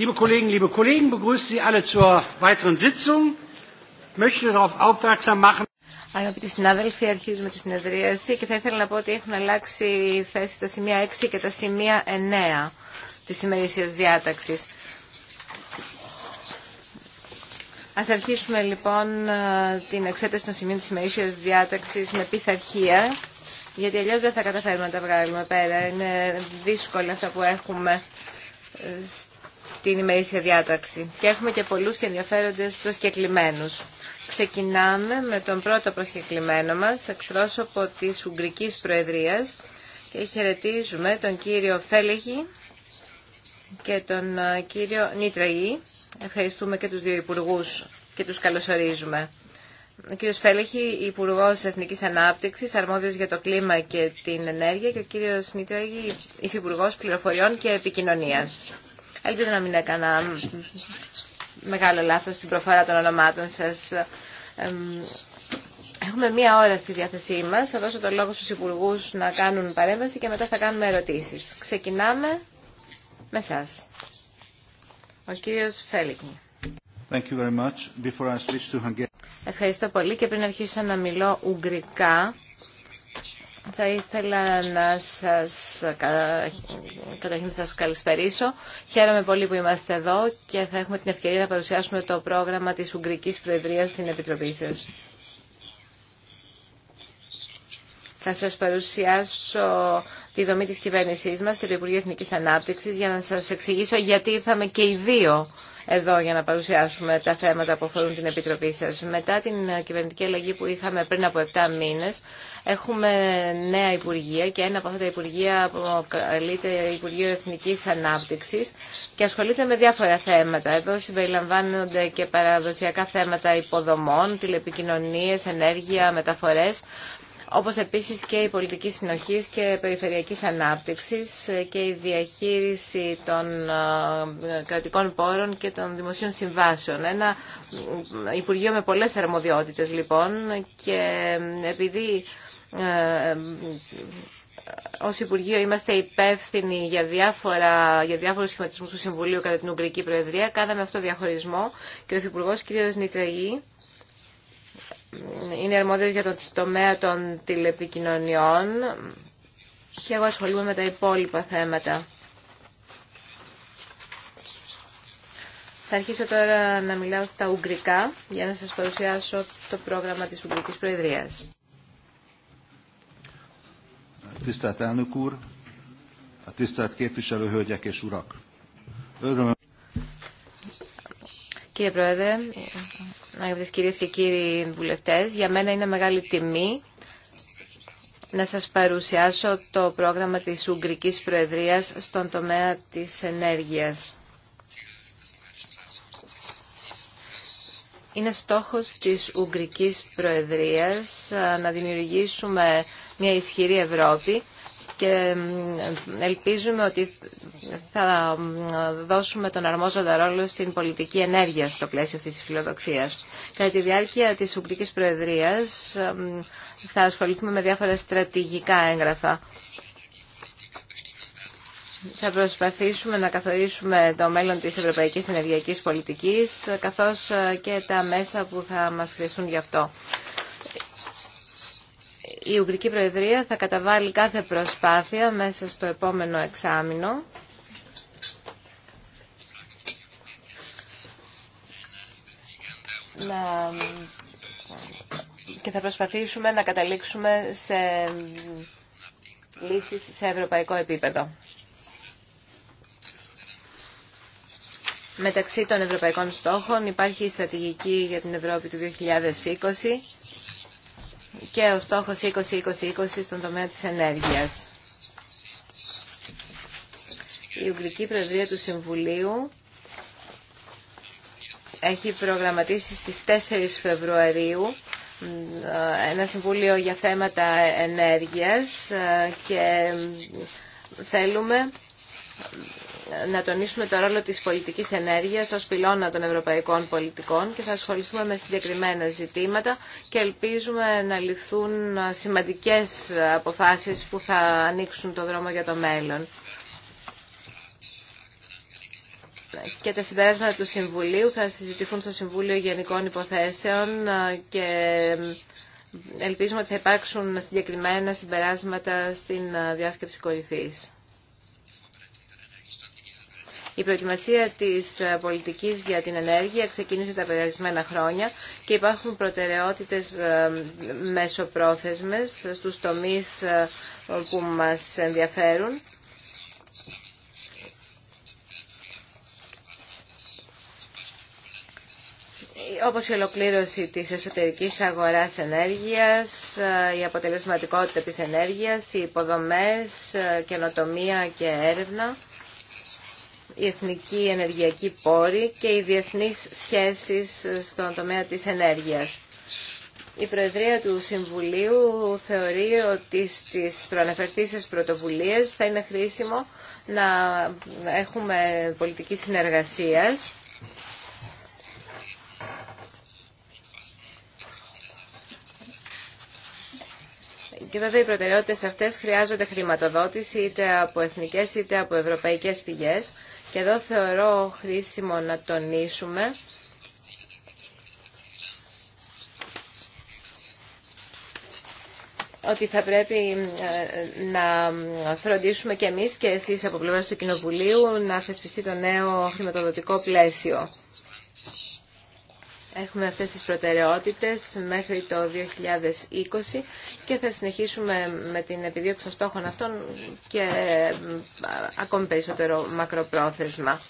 Liebe Kolleginnen, liebe Kollegen, begrüße Sie alle zur weiteren Sitzung. Ich möchte darauf aufmerksam machen. Αγαπητοί συνάδελφοι, αρχίζουμε τη συνεδρίαση και θα ήθελα να πω ότι έχουν αλλάξει θέση τα σημεία 6 και τα σημεία 9 της ημερήσιας διάταξης. Ας αρχίσουμε λοιπόν την εξέταση των σημείων της ημερήσιας διάταξης με πειθαρχία, γιατί αλλιώς δεν θα καταφέρουμε να τα βγάλουμε πέρα. Είναι δύσκολα σαν που έχουμε την ημερήσια διάταξη και έχουμε και πολλούς και ενδιαφέροντες προσκεκλημένους. Ξεκινάμε με τον πρώτο προσκεκλημένο μας, εκπρόσωπο της Ουγγρικής Προεδρίας και χαιρετίζουμε τον κύριο Φέλεχη και τον ε, κύριο Νίτραγη. Ευχαριστούμε και τους δύο υπουργούς και τους καλωσορίζουμε. Ο κύριος Φέλεχη, Υπουργό Εθνική Ανάπτυξη, αρμόδιος για το κλίμα και την ενέργεια και ο κύριος Νίτραγη, Υφυπουργό Πληροφοριών και επικοινωνία. Ελπίζω να μην έκανα μεγάλο λάθος στην προφορά των ονομάτων σας. Έχουμε μία ώρα στη διάθεσή μας. Θα δώσω το λόγο στους υπουργούς να κάνουν παρέμβαση και μετά θα κάνουμε ερωτήσεις. Ξεκινάμε με σας. Ο κύριος Φέλικνη. Thank you very much. Before I switch to Ευχαριστώ πολύ και πριν αρχίσω να μιλώ ουγγρικά, θα ήθελα να σας, καταρχήν να σας καλησπερίσω. Χαίρομαι πολύ που είμαστε εδώ και θα έχουμε την ευκαιρία να παρουσιάσουμε το πρόγραμμα της Ουγγρικής Προεδρίας στην Επιτροπή σας. Θα σας παρουσιάσω τη δομή της κυβέρνησής μας και του Υπουργείου Εθνικής Ανάπτυξης για να σας εξηγήσω γιατί ήρθαμε και οι δύο εδώ για να παρουσιάσουμε τα θέματα που αφορούν την Επιτροπή σας. Μετά την κυβερνητική αλλαγή που είχαμε πριν από 7 μήνες, έχουμε νέα Υπουργεία και ένα από αυτά τα Υπουργεία αποκαλείται Υπουργείο Εθνικής Ανάπτυξης και ασχολείται με διάφορα θέματα. Εδώ συμπεριλαμβάνονται και παραδοσιακά θέματα υποδομών, τηλεπικοινωνίες, ενέργεια, μεταφορές, όπως επίσης και η πολιτική συνοχής και περιφερειακής ανάπτυξης και η διαχείριση των ε, κρατικών πόρων και των δημοσίων συμβάσεων. Ένα ε, Υπουργείο με πολλές αρμοδιότητες λοιπόν και ε, επειδή ως Υπουργείο είμαστε υπεύθυνοι για, διάφορα, για διάφορους σχηματισμούς του Συμβουλίου κατά την Ουγγρική Προεδρία. Κάναμε αυτό διαχωρισμό και ο Υφυπουργός κ. Νιτραγή είναι αρμόδιος για το τομέα των τηλεπικοινωνιών και εγώ ασχολούμαι με τα υπόλοιπα θέματα. Θα αρχίσω τώρα να μιλάω στα Ουγγρικά για να σας παρουσιάσω το πρόγραμμα της Ουγγρικής Προεδρίας. Κύριε Πρόεδρε, αγαπητές κυρίες και κύριοι βουλευτές, για μένα είναι μεγάλη τιμή να σας παρουσιάσω το πρόγραμμα της Ουγγρικής Προεδρίας στον τομέα της ενέργειας. Είναι στόχος της Ουγγρικής Προεδρίας να δημιουργήσουμε μια ισχυρή Ευρώπη και ελπίζουμε ότι θα δώσουμε τον αρμόζοντα ρόλο στην πολιτική ενέργεια στο πλαίσιο αυτής της φιλοδοξίας. Κατά τη διάρκεια της Ουγγρικής Προεδρίας θα ασχοληθούμε με διάφορα στρατηγικά έγγραφα. Θα προσπαθήσουμε να καθορίσουμε το μέλλον της ευρωπαϊκής ενεργειακής πολιτικής, καθώς και τα μέσα που θα μας χρειαστούν γι' αυτό η Ουγγρική Προεδρία θα καταβάλει κάθε προσπάθεια μέσα στο επόμενο εξάμεινο να... και θα προσπαθήσουμε να καταλήξουμε σε λύσεις σε ευρωπαϊκό επίπεδο. Μεταξύ των ευρωπαϊκών στόχων υπάρχει η στρατηγική για την Ευρώπη του 2020 και ο στοχος 2020 20 στον τομέα της ενέργειας. Η Ουγγρική Προεδρία του Συμβουλίου έχει προγραμματίσει στις 4 Φεβρουαρίου ε, ένα συμβούλιο για θέματα ενέργειας ε, και θέλουμε να τονίσουμε το ρόλο της πολιτικής ενέργειας ως πυλώνα των ευρωπαϊκών πολιτικών και θα ασχοληθούμε με συγκεκριμένα ζητήματα και ελπίζουμε να ληφθούν σημαντικές αποφάσεις που θα ανοίξουν το δρόμο για το μέλλον. Και τα συμπεράσματα του Συμβουλίου θα συζητηθούν στο Συμβούλιο Γενικών Υποθέσεων και ελπίζουμε ότι θα υπάρξουν συγκεκριμένα συμπεράσματα στην διάσκεψη κορυφής. Η προετοιμασία της ε, πολιτικής για την ενέργεια ξεκίνησε τα περασμένα χρόνια και υπάρχουν προτεραιότητες ε, μεσοπρόθεσμες στους τομείς ε, που μας ενδιαφέρουν. όπως η ολοκλήρωση της εσωτερικής αγοράς ενέργειας, η αποτελεσματικότητα της ενέργειας, οι υποδομές, καινοτομία και έρευνα η εθνική ενεργειακή πόρη και οι διεθνείς σχέσεις στον τομέα της ενέργειας. Η Προεδρία του Συμβουλίου θεωρεί ότι στις προαναφερθήσεις πρωτοβουλίες θα είναι χρήσιμο να έχουμε πολιτική συνεργασίας Και βέβαια οι προτεραιότητε αυτές χρειάζονται χρηματοδότηση είτε από εθνικές είτε από ευρωπαϊκές πηγές και εδώ θεωρώ χρήσιμο να τονίσουμε ότι θα πρέπει ε, να φροντίσουμε και εμείς και εσείς από πλευράς του Κοινοβουλίου να θεσπιστεί το νέο χρηματοδοτικό πλαίσιο. Έχουμε αυτές τις προτεραιότητες μέχρι το 2020 και θα συνεχίσουμε με την επιδίωξη των στόχων αυτών και ε, ακόμη περισσότερο μακροπρόθεσμα.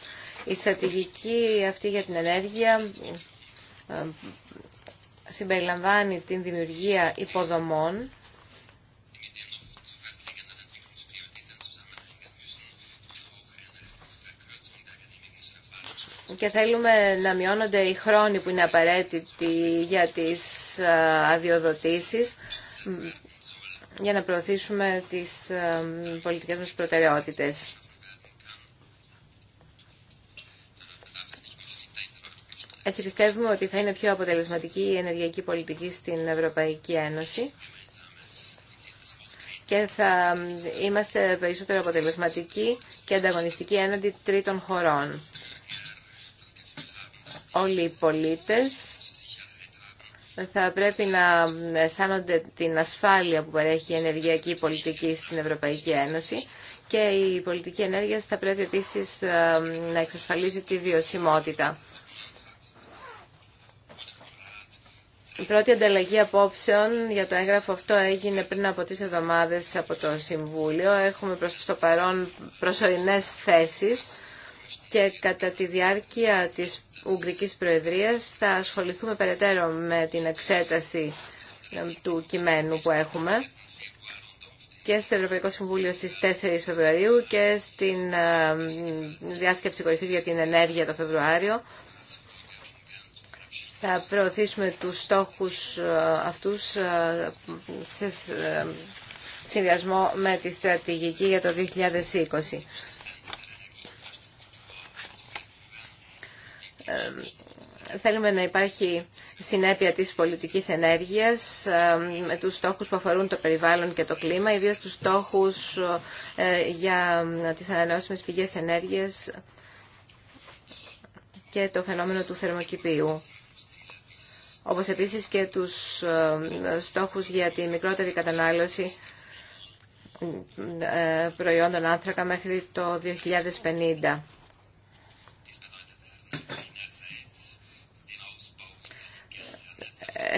Η στρατηγική αυτή για την ενέργεια ε, συμπεριλαμβάνει την δημιουργία υποδομών και θέλουμε να μειώνονται οι χρόνοι που είναι απαραίτητοι για τις ε, αδειοδοτήσεις για να προωθήσουμε τις ε, πολιτικές μας προτεραιότητες. Έτσι πιστεύουμε ότι θα είναι πιο αποτελεσματική η ενεργειακή πολιτική στην Ευρωπαϊκή Ένωση και θα είμαστε περισσότερο αποτελεσματικοί και ανταγωνιστικοί έναντι τρίτων χωρών όλοι οι πολίτες θα πρέπει να αισθάνονται την ασφάλεια που παρέχει η ενεργειακή πολιτική στην Ευρωπαϊκή Ένωση και η πολιτική ενέργεια θα πρέπει επίσης ε, να εξασφαλίζει τη βιωσιμότητα. Η πρώτη ανταλλαγή απόψεων για το έγγραφο αυτό έγινε πριν από τις εβδομάδες από το Συμβούλιο. Έχουμε προς το παρόν προσωρινές θέσεις και κατά τη διάρκεια της Ουγγρικής Προεδρίας θα ασχοληθούμε περαιτέρω με την εξέταση ε, του κειμένου που έχουμε και στο Ευρωπαϊκό Συμβούλιο στις 4 Φεβρουαρίου και στην ε, διάσκεψη κορυφής για την ενέργεια το Φεβρουάριο. Θα προωθήσουμε τους στόχους ε, αυτούς σε συνδυασμό με τη στρατηγική για το 2020. Ε, θέλουμε να υπάρχει συνέπεια της πολιτικής ενέργειας ε, με τους στόχους που αφορούν το περιβάλλον και το κλίμα, ιδίως τους στόχους ε, για τις ανανεώσιμες πηγές ενέργειας και το φαινόμενο του θερμοκηπίου. Όπως επίσης και τους στόχους για τη μικρότερη κατανάλωση προϊόντων άνθρακα μέχρι το 2050.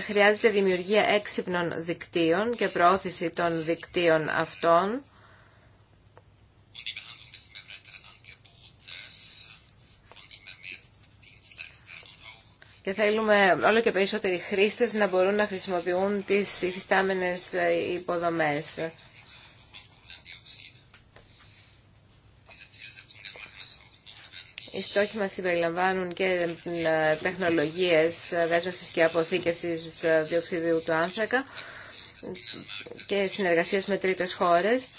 χρειάζεται δημιουργία έξυπνων δικτύων και προώθηση των δικτύων αυτών και θέλουμε όλο και περισσότεροι χρήστες να μπορούν να χρησιμοποιούν τις υφιστάμενες υποδομές. Οι στόχοι μας συμπεριλαμβάνουν και τεχνολογίες δέσμευσης και αποθήκευσης διοξιδίου του άνθρακα και συνεργασίες με τρίτες χώρες.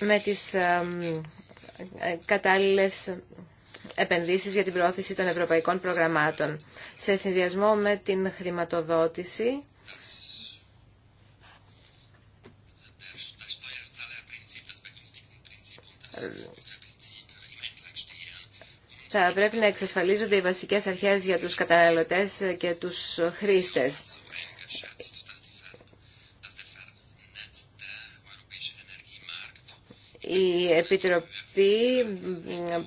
με τις κατάλληλες επενδύσεις για την προώθηση των ευρωπαϊκών προγραμμάτων. Σε συνδυασμό με την χρηματοδότηση θα πρέπει να εξασφαλίζονται οι βασικές αρχές για τους καταναλωτές και τους χρήστες. Η Επιτροπή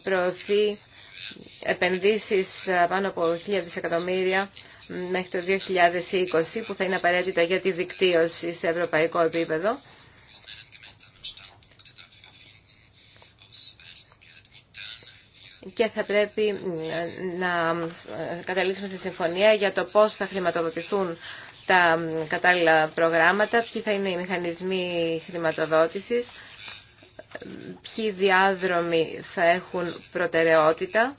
προωθεί επενδύσεις πάνω από 1.000 δισεκατομμύρια μέχρι το 2020 που θα είναι απαραίτητα για τη δικτύωση σε ευρωπαϊκό επίπεδο και θα πρέπει ε, να ε, καταλήξουμε στη συμφωνία για το πώς θα χρηματοδοτηθούν τα κατάλληλα προγράμματα, ποιοι θα είναι οι μηχανισμοί χρηματοδότησης, ποιοι διάδρομοι θα έχουν προτεραιότητα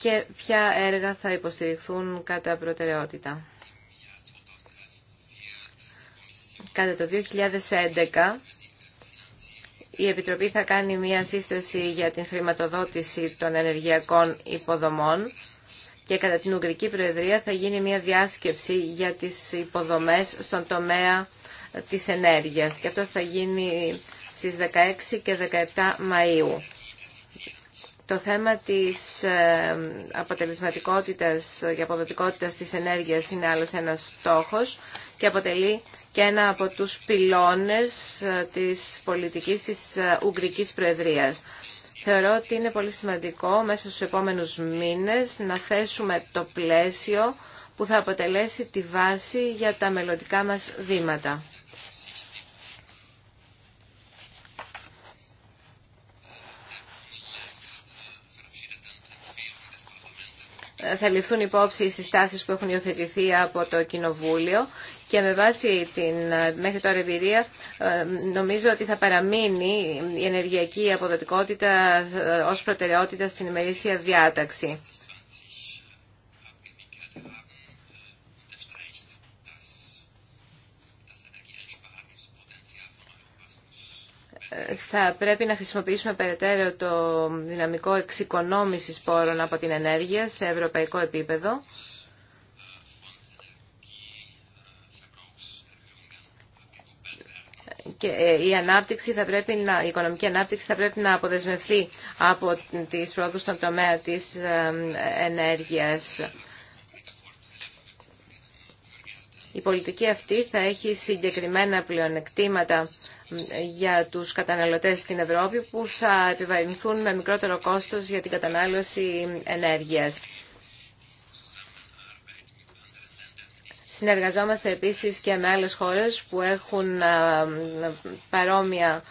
και ποια έργα θα υποστηριχθούν κατά προτεραιότητα. Κατά το 2011, η Επιτροπή θα κάνει μία σύσταση για την χρηματοδότηση των ενεργειακών υποδομών και κατά την Ουγγρική Προεδρία θα γίνει μία διάσκεψη για τις υποδομές στον τομέα της ενέργειας και αυτό θα γίνει στις 16 και 17 Μαΐου. Το θέμα της ε, αποτελεσματικότητας και αποδοτικότητας της ενέργειας είναι άλλος ένας στόχος και αποτελεί και ένα από τους πυλώνες ε, της πολιτικής της ε, Ουγγρικής Προεδρίας. Θεωρώ ότι είναι πολύ σημαντικό μέσα στους επόμενους μήνες να θέσουμε το πλαίσιο που θα αποτελέσει τη βάση για τα μελλοντικά μας βήματα. Ε, θα ληφθούν υπόψη οι συστάσεις που έχουν υιοθετηθεί από το Κοινοβούλιο και με βάση την μέχρι τώρα εμπειρία ε, νομίζω ότι θα παραμείνει η ενεργειακή αποδοτικότητα ε, ως προτεραιότητα στην ημερήσια διάταξη. Ε, θα πρέπει να χρησιμοποιήσουμε περαιτέρω το δυναμικό εξοικονόμησης πόρων από την ενέργεια σε ευρωπαϊκό επίπεδο. και ε, η, ανάπτυξη θα πρέπει να, η οικονομική ανάπτυξη θα πρέπει να αποδεσμευθεί από τις πρόοδους στον τομέα της ε, ενέργειας. Η πολιτική αυτή θα έχει συγκεκριμένα πλεονεκτήματα για τους καταναλωτές στην Ευρώπη που θα επιβαρυνθούν με μικρότερο κόστος για την κατανάλωση ενέργειας. Συνεργαζόμαστε επίσης και με άλλες χώρες που έχουν παρόμοια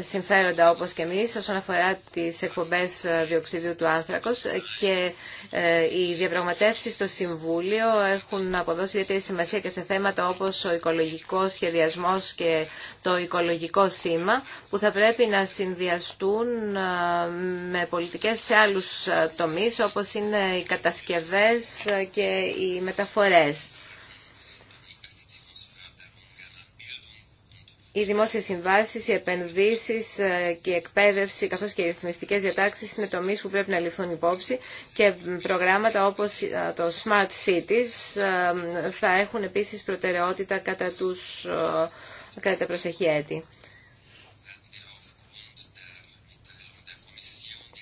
συμφέροντα όπως και εμείς όσον αφορά τις εκπομπές διοξιδίου του άνθρακος και ε, οι διαπραγματεύσεις στο Συμβούλιο έχουν αποδώσει ιδιαίτερη σημασία και σε θέματα όπως ο οικολογικός σχεδιασμός και το οικολογικό σήμα που θα πρέπει να συνδυαστούν με πολιτικές σε άλλους τομείς όπως είναι οι κατασκευές και οι μεταφορές. οι δημόσιε συμβάσεις, οι επενδύσει ε, και η εκπαίδευση καθώς και οι ρυθμιστικέ διατάξεις είναι τομεί που πρέπει να ληφθούν υπόψη και προγράμματα όπως ε, το Smart Cities ε, θα έχουν επίσης προτεραιότητα κατά, τους, κατά τα προσεχή έτη.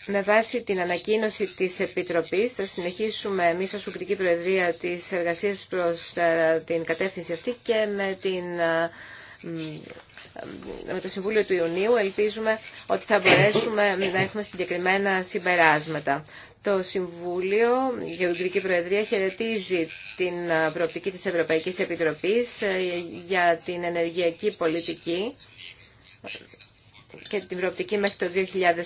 Με βάση την ανακοίνωση της Επιτροπής θα συνεχίσουμε εμείς ως Ουγγρική Προεδρία τις εργασίες προς την κατεύθυνση αυτή και με την με το Συμβούλιο του Ιουνίου ελπίζουμε ότι θα μπορέσουμε να έχουμε συγκεκριμένα συμπεράσματα. Το Συμβούλιο, η Ουγγρική Προεδρία χαιρετίζει την προοπτική της Ευρωπαϊκής Επιτροπής ε, για την ενεργειακή πολιτική και την προοπτική μέχρι το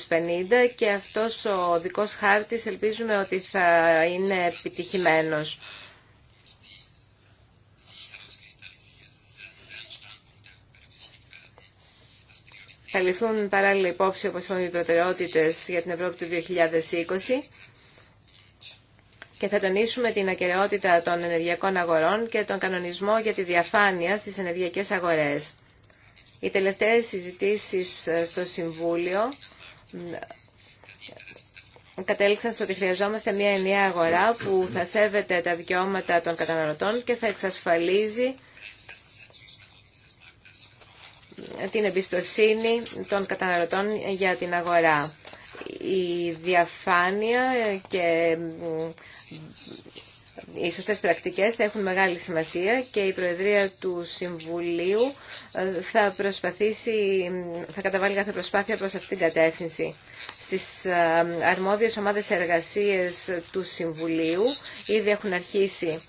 2050 και αυτός ο δικός χάρτης ελπίζουμε ότι θα είναι επιτυχημένος. Θα ληφθούν παράλληλα υπόψη, όπως είπαμε, οι προτεραιότητες για την Ευρώπη του 2020 και θα τονίσουμε την ακεραιότητα των ενεργειακών αγορών και τον κανονισμό για τη διαφάνεια στις ενεργειακές αγορές. Οι τελευταίες συζητήσεις ε, στο Συμβούλιο κατέληξαν στο ότι χρειαζόμαστε μια ενιαία αγορά που θα σέβεται τα δικαιώματα των καταναλωτών και θα εξασφαλίζει την εμπιστοσύνη των καταναλωτών για την αγορά. Η διαφάνεια και οι σωστές πρακτικές θα έχουν μεγάλη σημασία και η Προεδρία του Συμβουλίου ε, θα προσπαθήσει, θα καταβάλει κάθε προσπάθεια προς αυτήν την κατεύθυνση. Στις ε, αρμόδιες ομάδες εργασίες του Συμβουλίου ήδη έχουν αρχίσει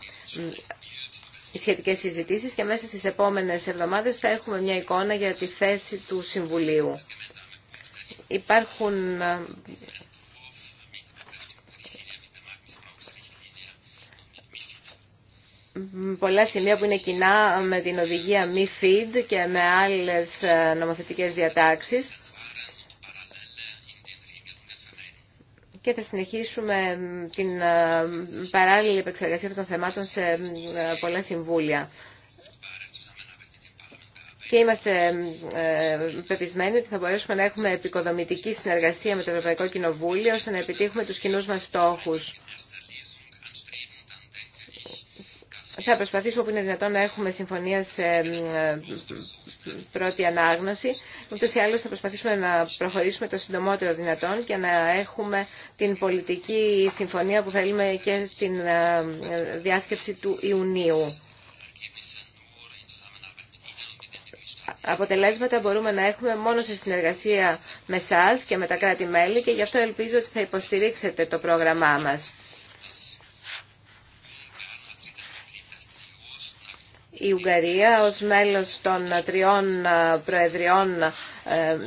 σχετικές συζητήσεις και μέσα στις επόμενες εβδομάδες θα έχουμε μια εικόνα για τη θέση του Συμβουλίου. Υπάρχουν ε, πολλά σημεία που είναι κοινά με την οδηγία MIFID και με άλλες ε, νομοθετικές διατάξεις. και θα συνεχίσουμε την ε, παράλληλη επεξεργασία των θεμάτων σε ε, πολλά συμβούλια. Και είμαστε ε, πεπισμένοι ότι θα μπορέσουμε να έχουμε επικοδομητική συνεργασία με το Ευρωπαϊκό Κοινοβούλιο ώστε να επιτύχουμε τους κοινούς μας στόχους. Θα προσπαθήσουμε που είναι δυνατόν να έχουμε συμφωνία σε ε, πρώτη ανάγνωση. Ούτως ή άλλως θα προσπαθήσουμε να προχωρήσουμε το συντομότερο δυνατόν και να έχουμε την πολιτική συμφωνία που θέλουμε και στην ε, ε, διάσκεψη του Ιουνίου. αποτελέσματα μπορούμε να έχουμε μόνο σε συνεργασία με εσά και με τα κράτη-μέλη και γι' αυτό ελπίζω ότι θα υποστηρίξετε το πρόγραμμά μας. η Ουγγαρία ως μέλος των τριών ε, προεδριών ε,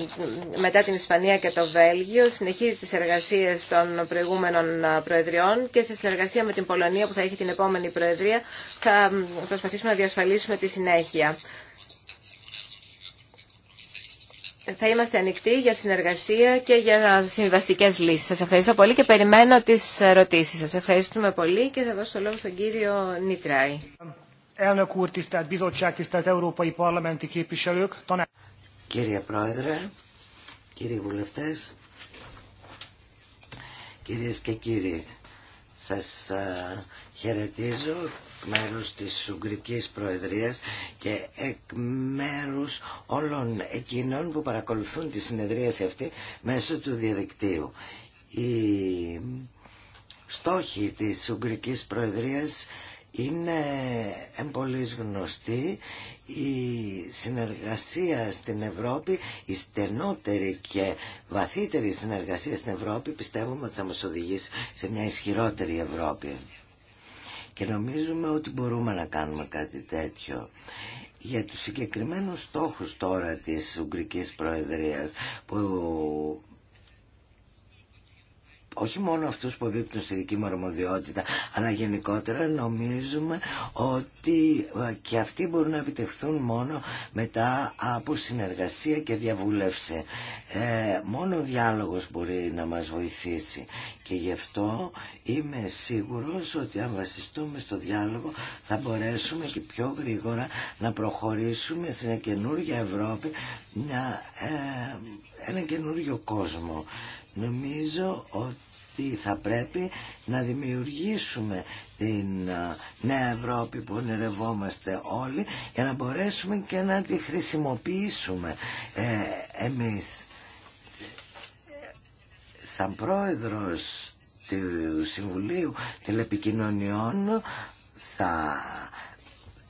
μετά την Ισπανία και το Βέλγιο συνεχίζει τις εργασίες των προηγούμενων ε, προεδριών και σε συνεργασία με την Πολωνία που θα έχει την επόμενη προεδρία θα προσπαθήσουμε να διασφαλίσουμε τη συνέχεια. Θα είμαστε ανοιχτοί για συνεργασία και για συμβιβαστικές λύσει. Σα ευχαριστώ πολύ και περιμένω τι ερωτήσει σα. Ευχαριστούμε πολύ και θα δώσω το λόγο στον κύριο Νίτραη. Κύριε Πρόεδρε, κύριοι κυρίες και κύριοι, σας χαιρετίζω εκ μέρους της Ουγγρικής Προεδρίας και εκ μέρους όλων εκείνων που παρακολουθούν τη συνεδρίαση αυτή μέσω του διαδικτύου. Οι στόχοι της Ουγγρικής Προεδρίας είναι πολύ γνωστή η συνεργασία στην Ευρώπη, η στενότερη και βαθύτερη συνεργασία στην Ευρώπη πιστεύουμε ότι θα μας οδηγήσει σε μια ισχυρότερη Ευρώπη. Και νομίζουμε ότι μπορούμε να κάνουμε κάτι τέτοιο. Για τους συγκεκριμένους στόχους τώρα της Ουγγρικής Προεδρίας που όχι μόνο αυτούς που επίπτουν στη δική μου αρμοδιότητα, αλλά γενικότερα νομίζουμε ότι ε, και αυτοί μπορούν να επιτευχθούν μόνο μετά από συνεργασία και διαβούλευση. Ε, μόνο ο διάλογος μπορεί να μας βοηθήσει και γι' αυτό είμαι σίγουρος ότι αν βασιστούμε στο διάλογο θα μπορέσουμε και πιο γρήγορα να προχωρήσουμε σε μια καινούργια Ευρώπη, ε, ένα καινούργιο κόσμο. Νομίζω ότι θα πρέπει να δημιουργήσουμε την νέα Ευρώπη που ονειρευόμαστε όλοι για να μπορέσουμε και να τη χρησιμοποιήσουμε ε, εμείς. Σαν πρόεδρος του Συμβουλίου Τηλεπικοινωνιών θα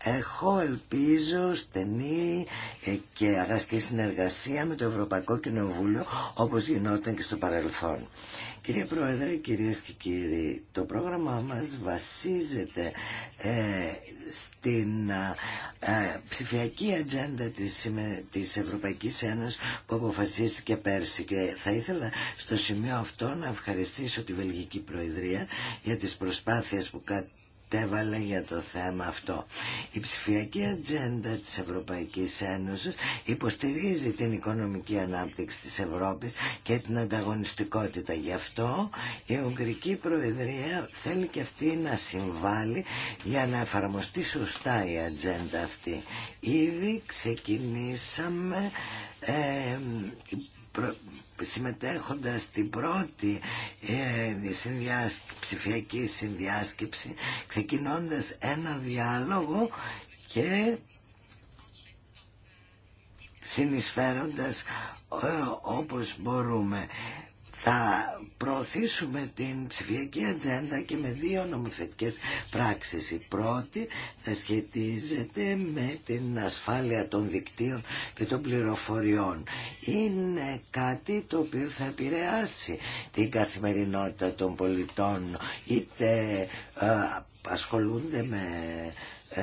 Έχω ελπίζω στενή ε, και αγαστή συνεργασία με το Ευρωπαϊκό Κοινοβούλιο όπως γινόταν και στο παρελθόν. Κύριε Πρόεδρε, κυρίες και κύριοι, το πρόγραμμά μας βασίζεται ε, στην ε, ψηφιακή ατζέντα της, της Ευρωπαϊκής Ένωσης που αποφασίστηκε πέρσι και θα ήθελα στο σημείο αυτό να ευχαριστήσω τη Βελγική Προεδρία για τις προσπάθειες που κατ κατέβαλα για το θέμα αυτό. Η ψηφιακή ατζέντα της Ευρωπαϊκής Ένωσης υποστηρίζει την οικονομική ανάπτυξη της Ευρώπης και την ανταγωνιστικότητα. Γι' αυτό η Ουγγρική Προεδρία θέλει και αυτή να συμβάλλει για να εφαρμοστεί σωστά η ατζέντα αυτή. Ήδη ξεκινήσαμε ε, συμμετέχοντας στην πρώτη ε, ψηφιακή συνδιάσκεψη ξεκινώντας ένα διάλογο και συνεισφέροντας ε, όπως μπορούμε θα προωθήσουμε την ψηφιακή ατζέντα και με δύο νομοθετικές πράξεις. Η πρώτη θα σχετίζεται με την ασφάλεια των δικτύων και των πληροφοριών. Είναι κάτι το οποίο θα επηρεάσει την καθημερινότητα των πολιτών είτε ε, ασχολούνται με ε,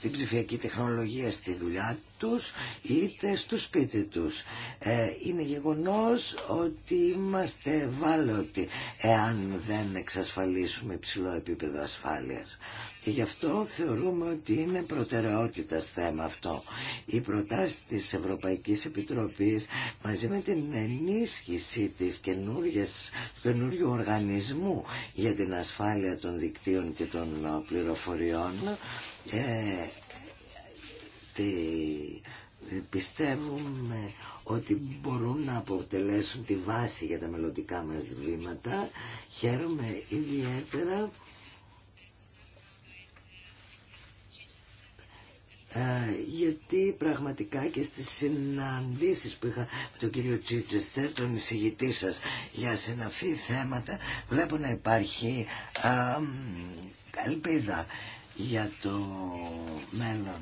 την ψηφιακή τεχνολογία στη δουλειά τους είτε στο σπίτι τους. Ε, είναι γεγονός ότι είμαστε ευάλωτοι εάν δεν εξασφαλίσουμε υψηλό επίπεδο ασφάλειας. Και γι' αυτό θεωρούμε ότι είναι προτεραιότητα θέμα αυτό. Η προτάσει της Ευρωπαϊκής Επιτροπής μαζί με την ενίσχυση της του καινούριου οργανισμού για την ασφάλεια των δικτύων και των πληροφοριών ε, ότι πιστεύουμε ότι μπορούν να αποτελέσουν τη βάση για τα μελλοντικά μας βήματα. Χαίρομαι ιδιαίτερα ε, γιατί πραγματικά και στις συναντήσεις που είχα με τον κύριο Τσίτσεστερ, τον εισηγητή σας για συναφή θέματα, βλέπω να υπάρχει ε, ελπίδα για το μέλλον.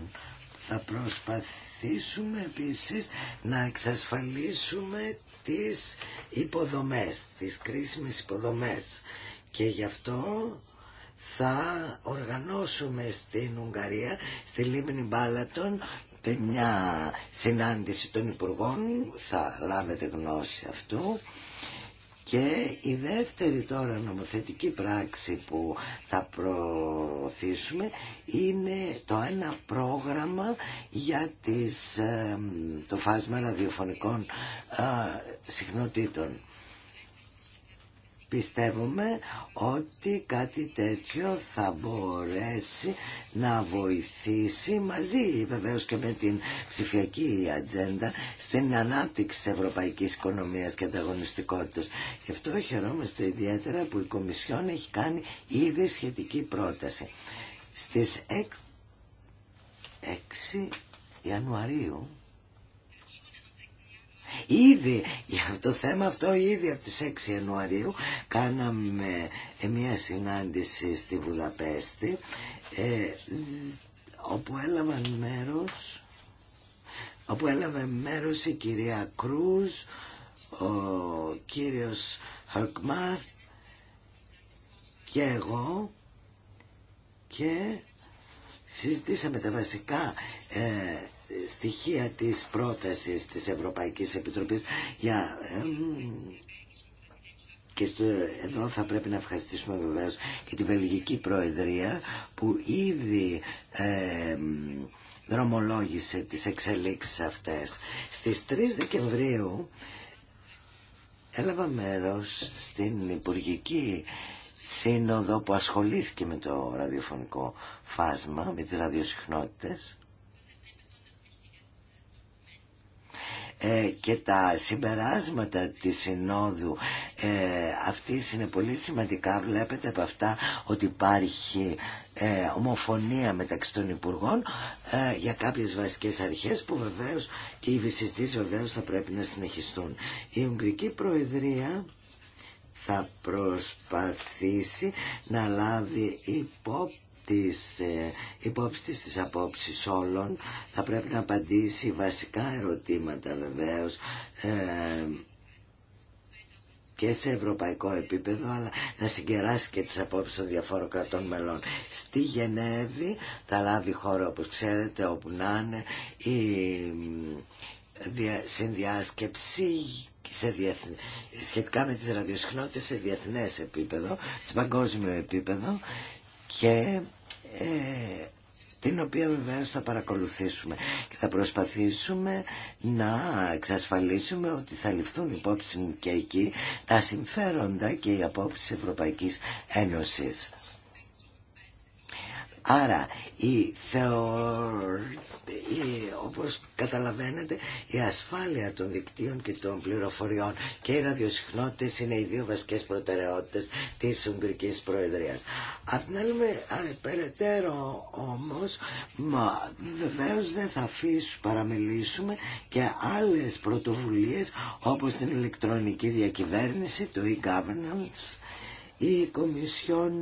Θα προσπαθήσουμε επίσης να εξασφαλίσουμε τις υποδομές, τις κρίσιμες υποδομές και γι' αυτό θα οργανώσουμε στην Ουγγαρία, στη Λίμνη Μπάλατον, μια συνάντηση των Υπουργών, θα λάβετε γνώση αυτού και η δεύτερη τώρα νομοθετική πράξη που θα προωθήσουμε είναι το ένα πρόγραμμα για τις, το φάσμα ραδιοφωνικών ε, συχνοτήτων πιστεύουμε ότι κάτι τέτοιο θα μπορέσει να βοηθήσει μαζί βεβαίως και με την ψηφιακή ατζέντα στην ανάπτυξη της ευρωπαϊκής οικονομίας και ανταγωνιστικότητας. Γι' αυτό χαιρόμαστε ιδιαίτερα που η Κομισιόν έχει κάνει ήδη σχετική πρόταση. Στις 6 Ιανουαρίου Ήδη για το θέμα αυτό ήδη από τις 6 Ιανουαρίου κάναμε ε, μια συνάντηση στη Βουδαπέστη ε, όπου έλαβαν μέρος όπου έλαβε μέρος η κυρία Κρούζ ο κύριος Χακμάρ και εγώ και συζητήσαμε τα βασικά ε, στοιχεία της πρότασης της Ευρωπαϊκής Επιτροπής για και εδώ θα πρέπει να ευχαριστήσουμε βεβαίως και τη Βελγική Προεδρία που ήδη δρομολόγησε τις εξελίξεις αυτές. Στις 3 Δεκεμβρίου έλαβα μέρος στην Υπουργική Σύνοδο που ασχολήθηκε με το ραδιοφωνικό φάσμα, με τις ραδιοσυχνότητες Ε, και τα συμπεράσματα της Συνόδου ε, αυτής είναι πολύ σημαντικά. Βλέπετε από αυτά ότι υπάρχει ε, ομοφωνία μεταξύ των Υπουργών ε, για κάποιες βασικές αρχές που βεβαίως και οι συζητήσεις βεβαίως θα πρέπει να συνεχιστούν. Η Ουγγρική Προεδρία θα προσπαθήσει να λάβει υπόψη της ε, υπόψη της, της απόψης όλων θα πρέπει να απαντήσει βασικά ερωτήματα βεβαίως ε, και σε ευρωπαϊκό επίπεδο αλλά να συγκεράσει και τις απόψεις των διαφόρων κρατών μελών. Στη Γενέβη θα λάβει χώρο όπως ξέρετε όπου να είναι η συνδιάσκεψη σε σχετικά με τις ραδιοσυχνότητες σε διεθνές επίπεδο, σε παγκόσμιο επίπεδο και ε, την οποία βεβαίω θα παρακολουθήσουμε και θα προσπαθήσουμε να εξασφαλίσουμε ότι θα ληφθούν υπόψη και εκεί τα συμφέροντα και οι της Ευρωπαϊκής Ένωσης. Άρα, η θεωρία όπως καταλαβαίνετε η ασφάλεια των δικτύων και των πληροφοριών και οι ραδιοσυχνότητες είναι οι δύο βασικές προτεραιότητες της Ουγγρικής Προεδρίας. Απ' την άλλη περαιτέρω όμως μα, βεβαίως δεν θα αφήσουμε παραμελήσουμε και άλλες πρωτοβουλίες όπως την ηλεκτρονική διακυβέρνηση, το e-governance, η Κομισιόν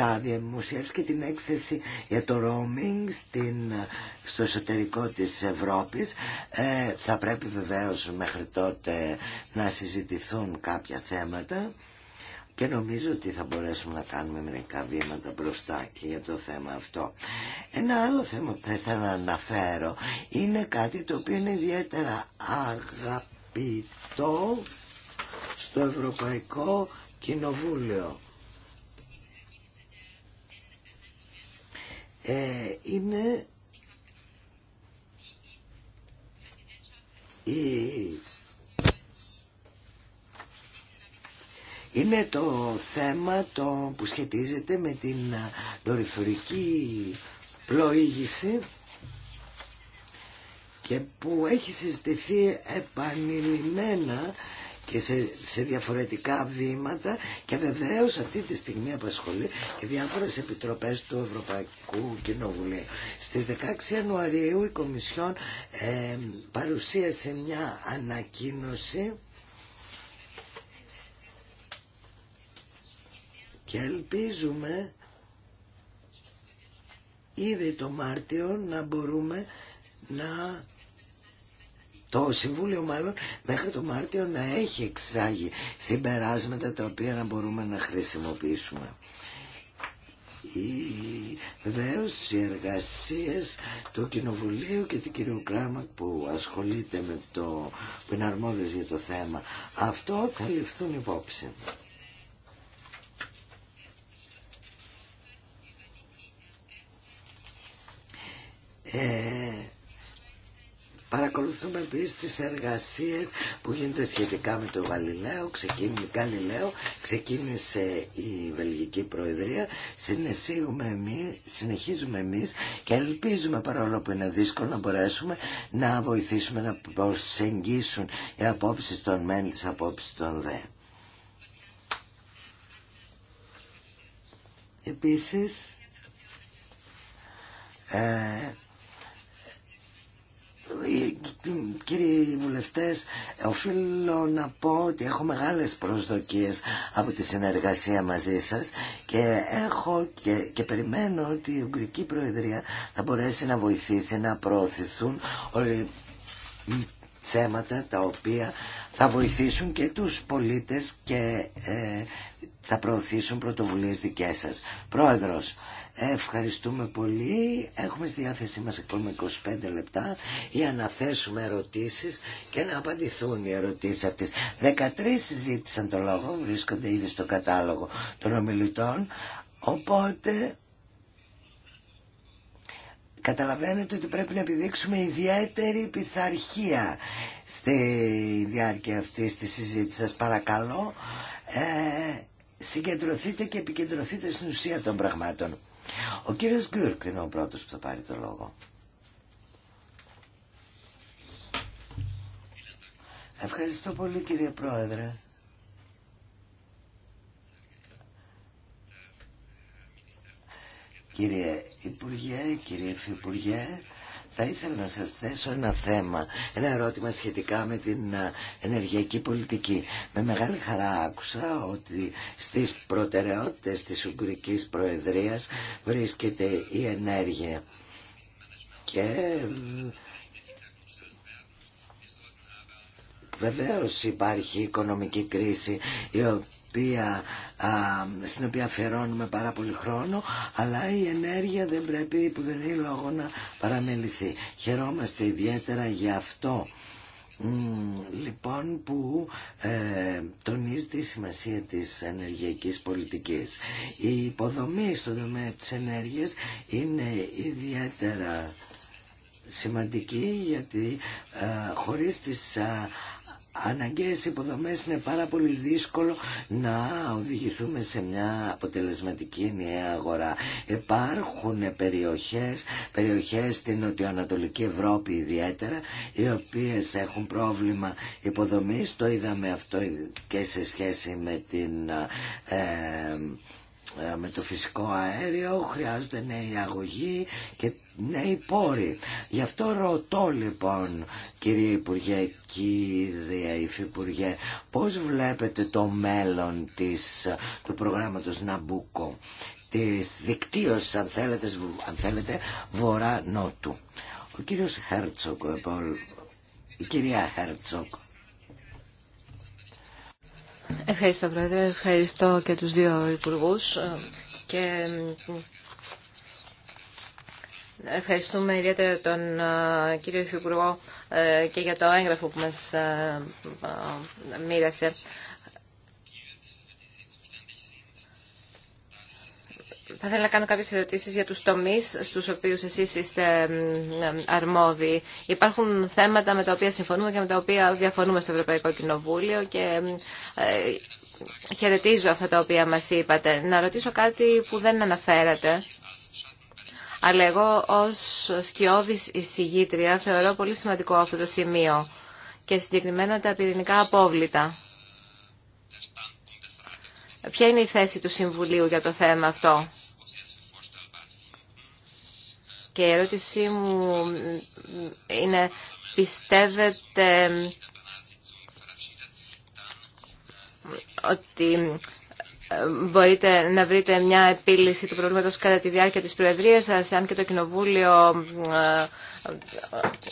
θα δημοσιεύσει και την έκθεση για το roaming στην, στο εσωτερικό της Ευρώπης. Ε, θα πρέπει βεβαίως μέχρι τότε να συζητηθούν κάποια θέματα και νομίζω ότι θα μπορέσουμε να κάνουμε μερικά βήματα μπροστά και για το θέμα αυτό. Ένα άλλο θέμα που θα ήθελα να αναφέρω είναι κάτι το οποίο είναι ιδιαίτερα αγαπητό στο Ευρωπαϊκό Κοινοβούλιο. Ε, είναι είναι το θέμα το που σχετίζεται με την δορυφορική πλοήγηση και που έχει συζητηθεί επανειλημμένα και σε, διαφορετικά βήματα και βεβαίως αυτή τη στιγμή απασχολεί και διάφορες επιτροπές του Ευρωπαϊκού Κοινοβουλίου. Στις 16 Ιανουαρίου η Κομισιόν παρουσίασε μια ανακοίνωση και ελπίζουμε ήδη το Μάρτιο να μπορούμε να το Συμβούλιο μάλλον μέχρι το Μάρτιο να έχει εξάγει συμπεράσματα τα οποία να μπορούμε να χρησιμοποιήσουμε. Βεβαίω οι εργασίε του Κοινοβουλίου και του κυρίου Κράμακ που ασχολείται με το που για το θέμα αυτό θα ληφθούν υπόψη. Ε, Παρακολουθούμε επίση τι εργασίε που γίνονται σχετικά με το Γαλιλαίο. Ξεκίνησε, Γαλιλαίο. Ξεκίνησε η Βελγική Προεδρία. συνεχίζουμε εμεί και ελπίζουμε παρόλο που είναι δύσκολο να μπορέσουμε να βοηθήσουμε να προσεγγίσουν οι απόψει των μεν τι απόψει των δε. Επίσης, ε, ε, κύριοι βουλευτές, οφείλω να πω ότι έχω μεγάλες προσδοκίες από τη συνεργασία μαζί σας και, έχω και, και περιμένω ότι η Ουγγρική Προεδρία θα μπορέσει να βοηθήσει να προωθηθούν όλοι θέματα τα οποία θα βοηθήσουν και τους πολίτες και ε, θα προωθήσουν πρωτοβουλίες δικές σας. Πρόεδρος, Ευχαριστούμε πολύ. Έχουμε στη διάθεσή μας ακόμα 25 λεπτά για να θέσουμε ερωτήσεις και να απαντηθούν οι ερωτήσεις αυτές. 13 συζήτησαν το λόγο, βρίσκονται ήδη στο κατάλογο των ομιλητών, οπότε καταλαβαίνετε ότι πρέπει να επιδείξουμε ιδιαίτερη πειθαρχία στη διάρκεια αυτής της συζήτηση Σας παρακαλώ, ε, συγκεντρωθείτε και επικεντρωθείτε στην ουσία των πραγμάτων. Ο κύριος Γκούρκ είναι ο πρώτος που θα πάρει το λόγο. Ευχαριστώ πολύ κύριε Πρόεδρε. Κύριε Υπουργέ, κύριε Υφυπουργέ, θα ήθελα να σας θέσω ένα θέμα, ένα ερώτημα σχετικά με την ε, ενεργειακή πολιτική. Με μεγάλη χαρά άκουσα ότι στις προτεραιότητες της Ουγγρικής Προεδρίας βρίσκεται η ενέργεια. Και βεβαίως υπάρχει οικονομική κρίση η οποία οποία, στην οποία αφιερώνουμε πάρα πολύ χρόνο αλλά η ενέργεια δεν πρέπει που δεν είναι λόγο να παραμεληθεί. Χαιρόμαστε ιδιαίτερα για αυτό λοιπόν που ε, τονίζει τη σημασία της ενεργειακής πολιτικής. Η υποδομή στον τομέα της ενέργειας είναι ιδιαίτερα σημαντική γιατί ε, χωρίς τις αναγκαίες υποδομές είναι πάρα πολύ δύσκολο να οδηγηθούμε σε μια αποτελεσματική ενιαία αγορά. Υπάρχουν περιοχές, περιοχές στην νοτιοανατολική Ευρώπη ιδιαίτερα, οι οποίες έχουν πρόβλημα υποδομής, το είδαμε αυτό και σε σχέση με την... Ε, ε, με το φυσικό αέριο, χρειάζονται νέοι αγωγοί και νέοι πόροι. Γι' αυτό ρωτώ λοιπόν κύριε Υπουργέ, κύριε Υφυπουργέ, πώς βλέπετε το μέλλον της, του προγράμματος Ναμπούκο, της δικτύωσης αν θέλετε, αν θέλετε βορρά-νότου. Ο κύριος Χέρτσοκ, η κυρία Χέρτσοκ. Ευχαριστώ, Πρόεδρε. Ευχαριστώ και τους δύο υπουργούς. Ε, και ε, Ευχαριστούμε ιδιαίτερα τον ε, κύριο Υφυπουργό και για το έγγραφο που μας μοίρασε. Θα ήθελα να κάνω κάποιες ερωτήσεις για τους τομείς στους οποίους εσείς είστε αρμόδιοι. Υπάρχουν θέματα με τα οποία συμφωνούμε και με τα οποία διαφωνούμε στο Ευρωπαϊκό Κοινοβούλιο και ε, χαιρετίζω αυτά τα οποία μας είπατε. Να ρωτήσω κάτι που δεν αναφέρατε. Αλλά εγώ ως σκιώδης εισηγήτρια θεωρώ πολύ σημαντικό αυτό το σημείο και συγκεκριμένα τα πυρηνικά απόβλητα. Ποια είναι η θέση του Συμβουλίου για το θέμα αυτό. Και η ερώτησή μου είναι πιστεύετε ότι ε, μπορείτε να βρείτε μια επίλυση του προβλήματος κατά τη διάρκεια της Προεδρίας σας, αν και το Κοινοβούλιο ε, ε,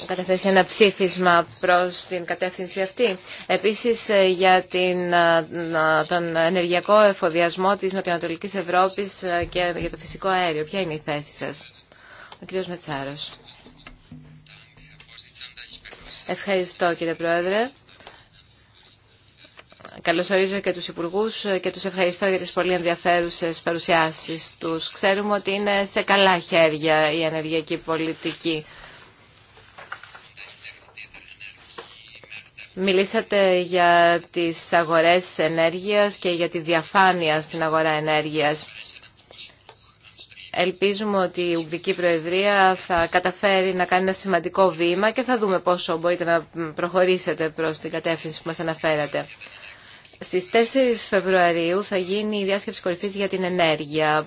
καταθέσει ένα ψήφισμα προς την κατεύθυνση αυτή. Επίσης, για την, τον ενεργειακό εφοδιασμό της Νοτιοανατολικής Ευρώπης και για το φυσικό αέριο. Ποια είναι η θέση σας. Ο κ. Ευχαριστώ κύριε Πρόεδρε. Καλωσορίζω και τους Υπουργούς και τους ευχαριστώ για τις πολύ ενδιαφέρουσες παρουσιάσεις τους. Ξέρουμε ότι είναι σε καλά χέρια η ενεργειακή πολιτική. Μιλήσατε για τις αγορές ενέργειας και για τη διαφάνεια στην αγορά ενέργειας. Ελπίζουμε ότι η Ουγγρική Προεδρία θα καταφέρει να κάνει ένα σημαντικό βήμα και θα δούμε πόσο μπορείτε να προχωρήσετε προς την κατεύθυνση που μας αναφέρατε. Στις 4 Φεβρουαρίου θα γίνει η διάσκεψη κορυφής για την ενέργεια.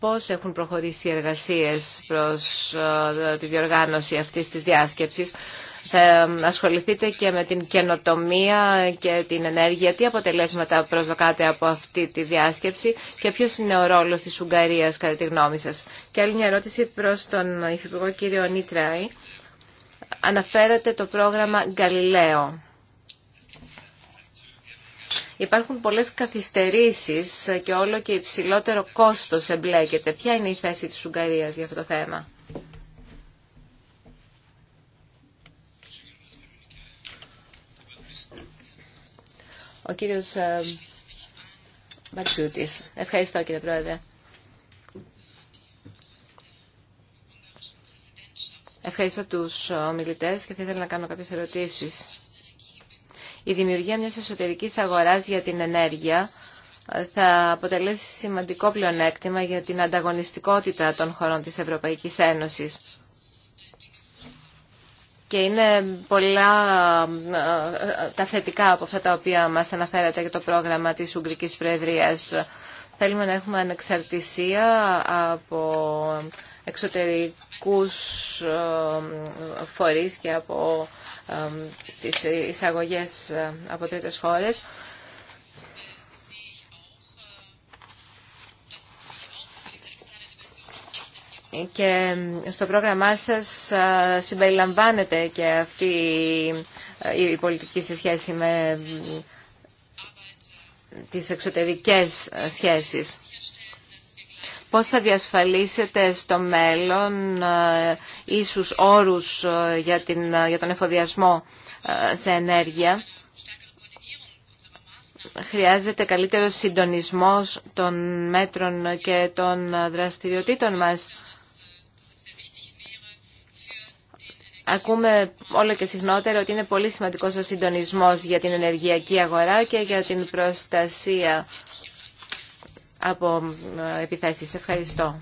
Πώς έχουν προχωρήσει οι εργασίες προς ε, τη διοργάνωση αυτής της διάσκεψης θα ασχοληθείτε και με την καινοτομία και την ενέργεια. Τι αποτελέσματα προσδοκάτε από αυτή τη διάσκεψη και ποιος είναι ο ρόλος τη Ουγγαρίας κατά τη γνώμη σα. Και άλλη μια ερώτηση προς τον Υφυπουργό κύριο Νίτραη. Αναφέρατε το πρόγραμμα Γαλιλαίο. Υπάρχουν πολλές καθυστερήσεις και όλο και υψηλότερο κόστος εμπλέκεται. Ποια είναι η θέση της Ουγγαρίας για αυτό το θέμα. Ο κύριος ε, Μπατσιούτης. Ευχαριστώ κύριε Πρόεδρε. Ευχαριστώ τους ομιλητές και θα ήθελα να κάνω κάποιες ερωτήσεις. Η δημιουργία μιας εσωτερικής αγοράς για την ενέργεια ε, θα αποτελέσει σημαντικό πλεονέκτημα για την ανταγωνιστικότητα των χωρών της Ευρωπαϊκής Ένωσης. Και είναι πολλά ε, ε, τα θετικά από αυτά τα οποία μας αναφέρατε για το πρόγραμμα της Ουγγρικής Προεδρίας. Θέλουμε να έχουμε ανεξαρτησία από εξωτερικούς ε, φορείς και από τις εισαγωγές από τέτοιες χώρες. και στο πρόγραμμά σας συμπεριλαμβάνεται και αυτή η πολιτική σε σχέση με τις εξωτερικές σχέσεις. Πώς θα διασφαλίσετε στο μέλλον ίσους όρους για, την, για τον εφοδιασμό σε ενέργεια. Χρειάζεται καλύτερο συντονισμός των μέτρων και των δραστηριοτήτων μας Ακούμε όλο και συχνότερα ότι είναι πολύ σημαντικός ο συντονισμός για την ενεργειακή αγορά και για την προστασία από ε, επιθέσεις. Ευχαριστώ.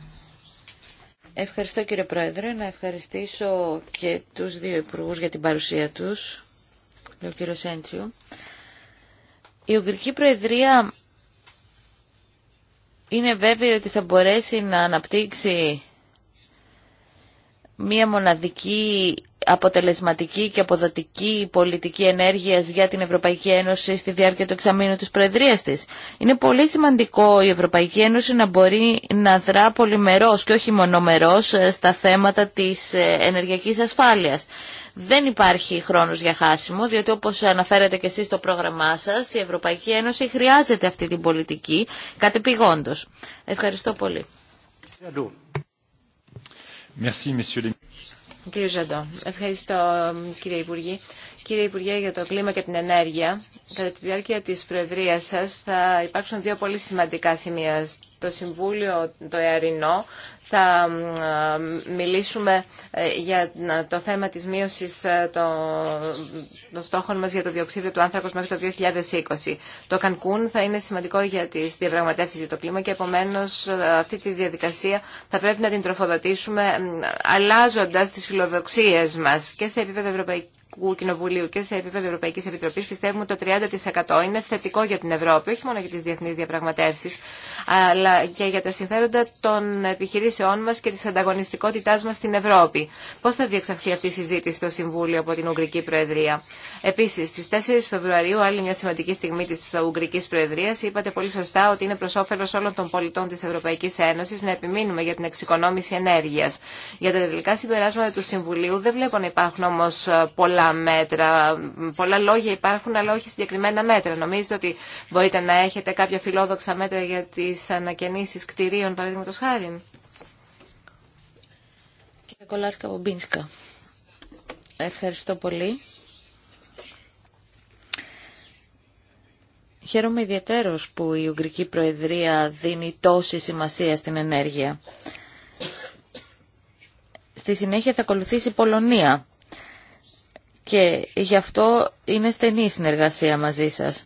Ευχαριστώ κύριε Πρόεδρε. Να ευχαριστήσω και τους δύο υπουργούς για την παρουσία τους. Λέω κύριο Σέντσιου. Η Ουγγρική Προεδρία είναι βέβαιη ότι θα μπορέσει να αναπτύξει μία μοναδική αποτελεσματική και αποδοτική πολιτική ενέργειας για την Ευρωπαϊκή Ένωση στη διάρκεια του εξαμήνου της Προεδρίας της. Είναι πολύ σημαντικό η Ευρωπαϊκή Ένωση να μπορεί να δρά πολυμερός και όχι μονομερός ε, στα θέματα της ε, ενεργειακής ασφάλειας. Δεν υπάρχει χρόνος για χάσιμο, διότι όπως αναφέρετε και εσείς στο πρόγραμμά σας, η Ευρωπαϊκή Ένωση χρειάζεται αυτή την πολιτική κατεπηγόντως. Ευχαριστώ πολύ. Merci, Κύριε Ζαντό, ευχαριστώ κύριε Υπουργή. Κύριε Υπουργέ, για το κλίμα και την ενέργεια, κατά τη διάρκεια της Προεδρίας σας θα υπάρξουν δύο πολύ σημαντικά σημεία. Το Συμβούλιο, το Εαρινό, θα μιλήσουμε ε, για το θέμα της μείωσης ε, των στόχων μας για το διοξίδιο του άνθρακος μέχρι το 2020. Το Κανκούν θα είναι σημαντικό για τις διαπραγματεύσεις για το κλίμα και επομένως ε, αυτή τη διαδικασία θα πρέπει να την τροφοδοτήσουμε αλλάζοντας τις φιλοδοξίες μας και σε επίπεδο Ευρωπαϊκής Ευρωπαϊκού Κοινοβουλίου και σε επίπεδο Ευρωπαϊκή Επιτροπή, πιστεύουμε ότι το 30% είναι θετικό για την Ευρώπη, όχι μόνο για τι διεθνεί διαπραγματεύσει, αλλά και για τα συμφέροντα των επιχειρήσεών μα και τη ανταγωνιστικότητά μα στην Ευρώπη. Πώ θα διεξαχθεί αυτή η συζήτηση στο Συμβούλιο από την Ουγγρική Προεδρία. Επίση, στι 4 Φεβρουαρίου, άλλη μια σημαντική στιγμή τη Ουγγρικής Προεδρία, είπατε πολύ σωστά ότι είναι προ όφελο όλων των πολιτών τη Ευρωπαϊκή Ένωση να επιμείνουμε για την εξοικονόμηση ενέργεια. Για τα τελικά συμπεράσματα του Συμβουλίου δεν βλέπω να υπάρχουν όμω πολλά πολλά μέτρα. Πολλά λόγια υπάρχουν, αλλά όχι συγκεκριμένα μέτρα. Νομίζετε ότι μπορείτε να έχετε κάποια φιλόδοξα μέτρα για τι ανακαινήσει κτηρίων, παραδείγματο χάρη. Κύριε Κολάρσκα ευχαριστώ πολύ. Χαίρομαι ιδιαίτερο που η Ουγγρική Προεδρία δίνει τόση σημασία στην ενέργεια. Στη συνέχεια θα ακολουθήσει η Πολωνία και γι' αυτό είναι στενή η συνεργασία μαζί σας.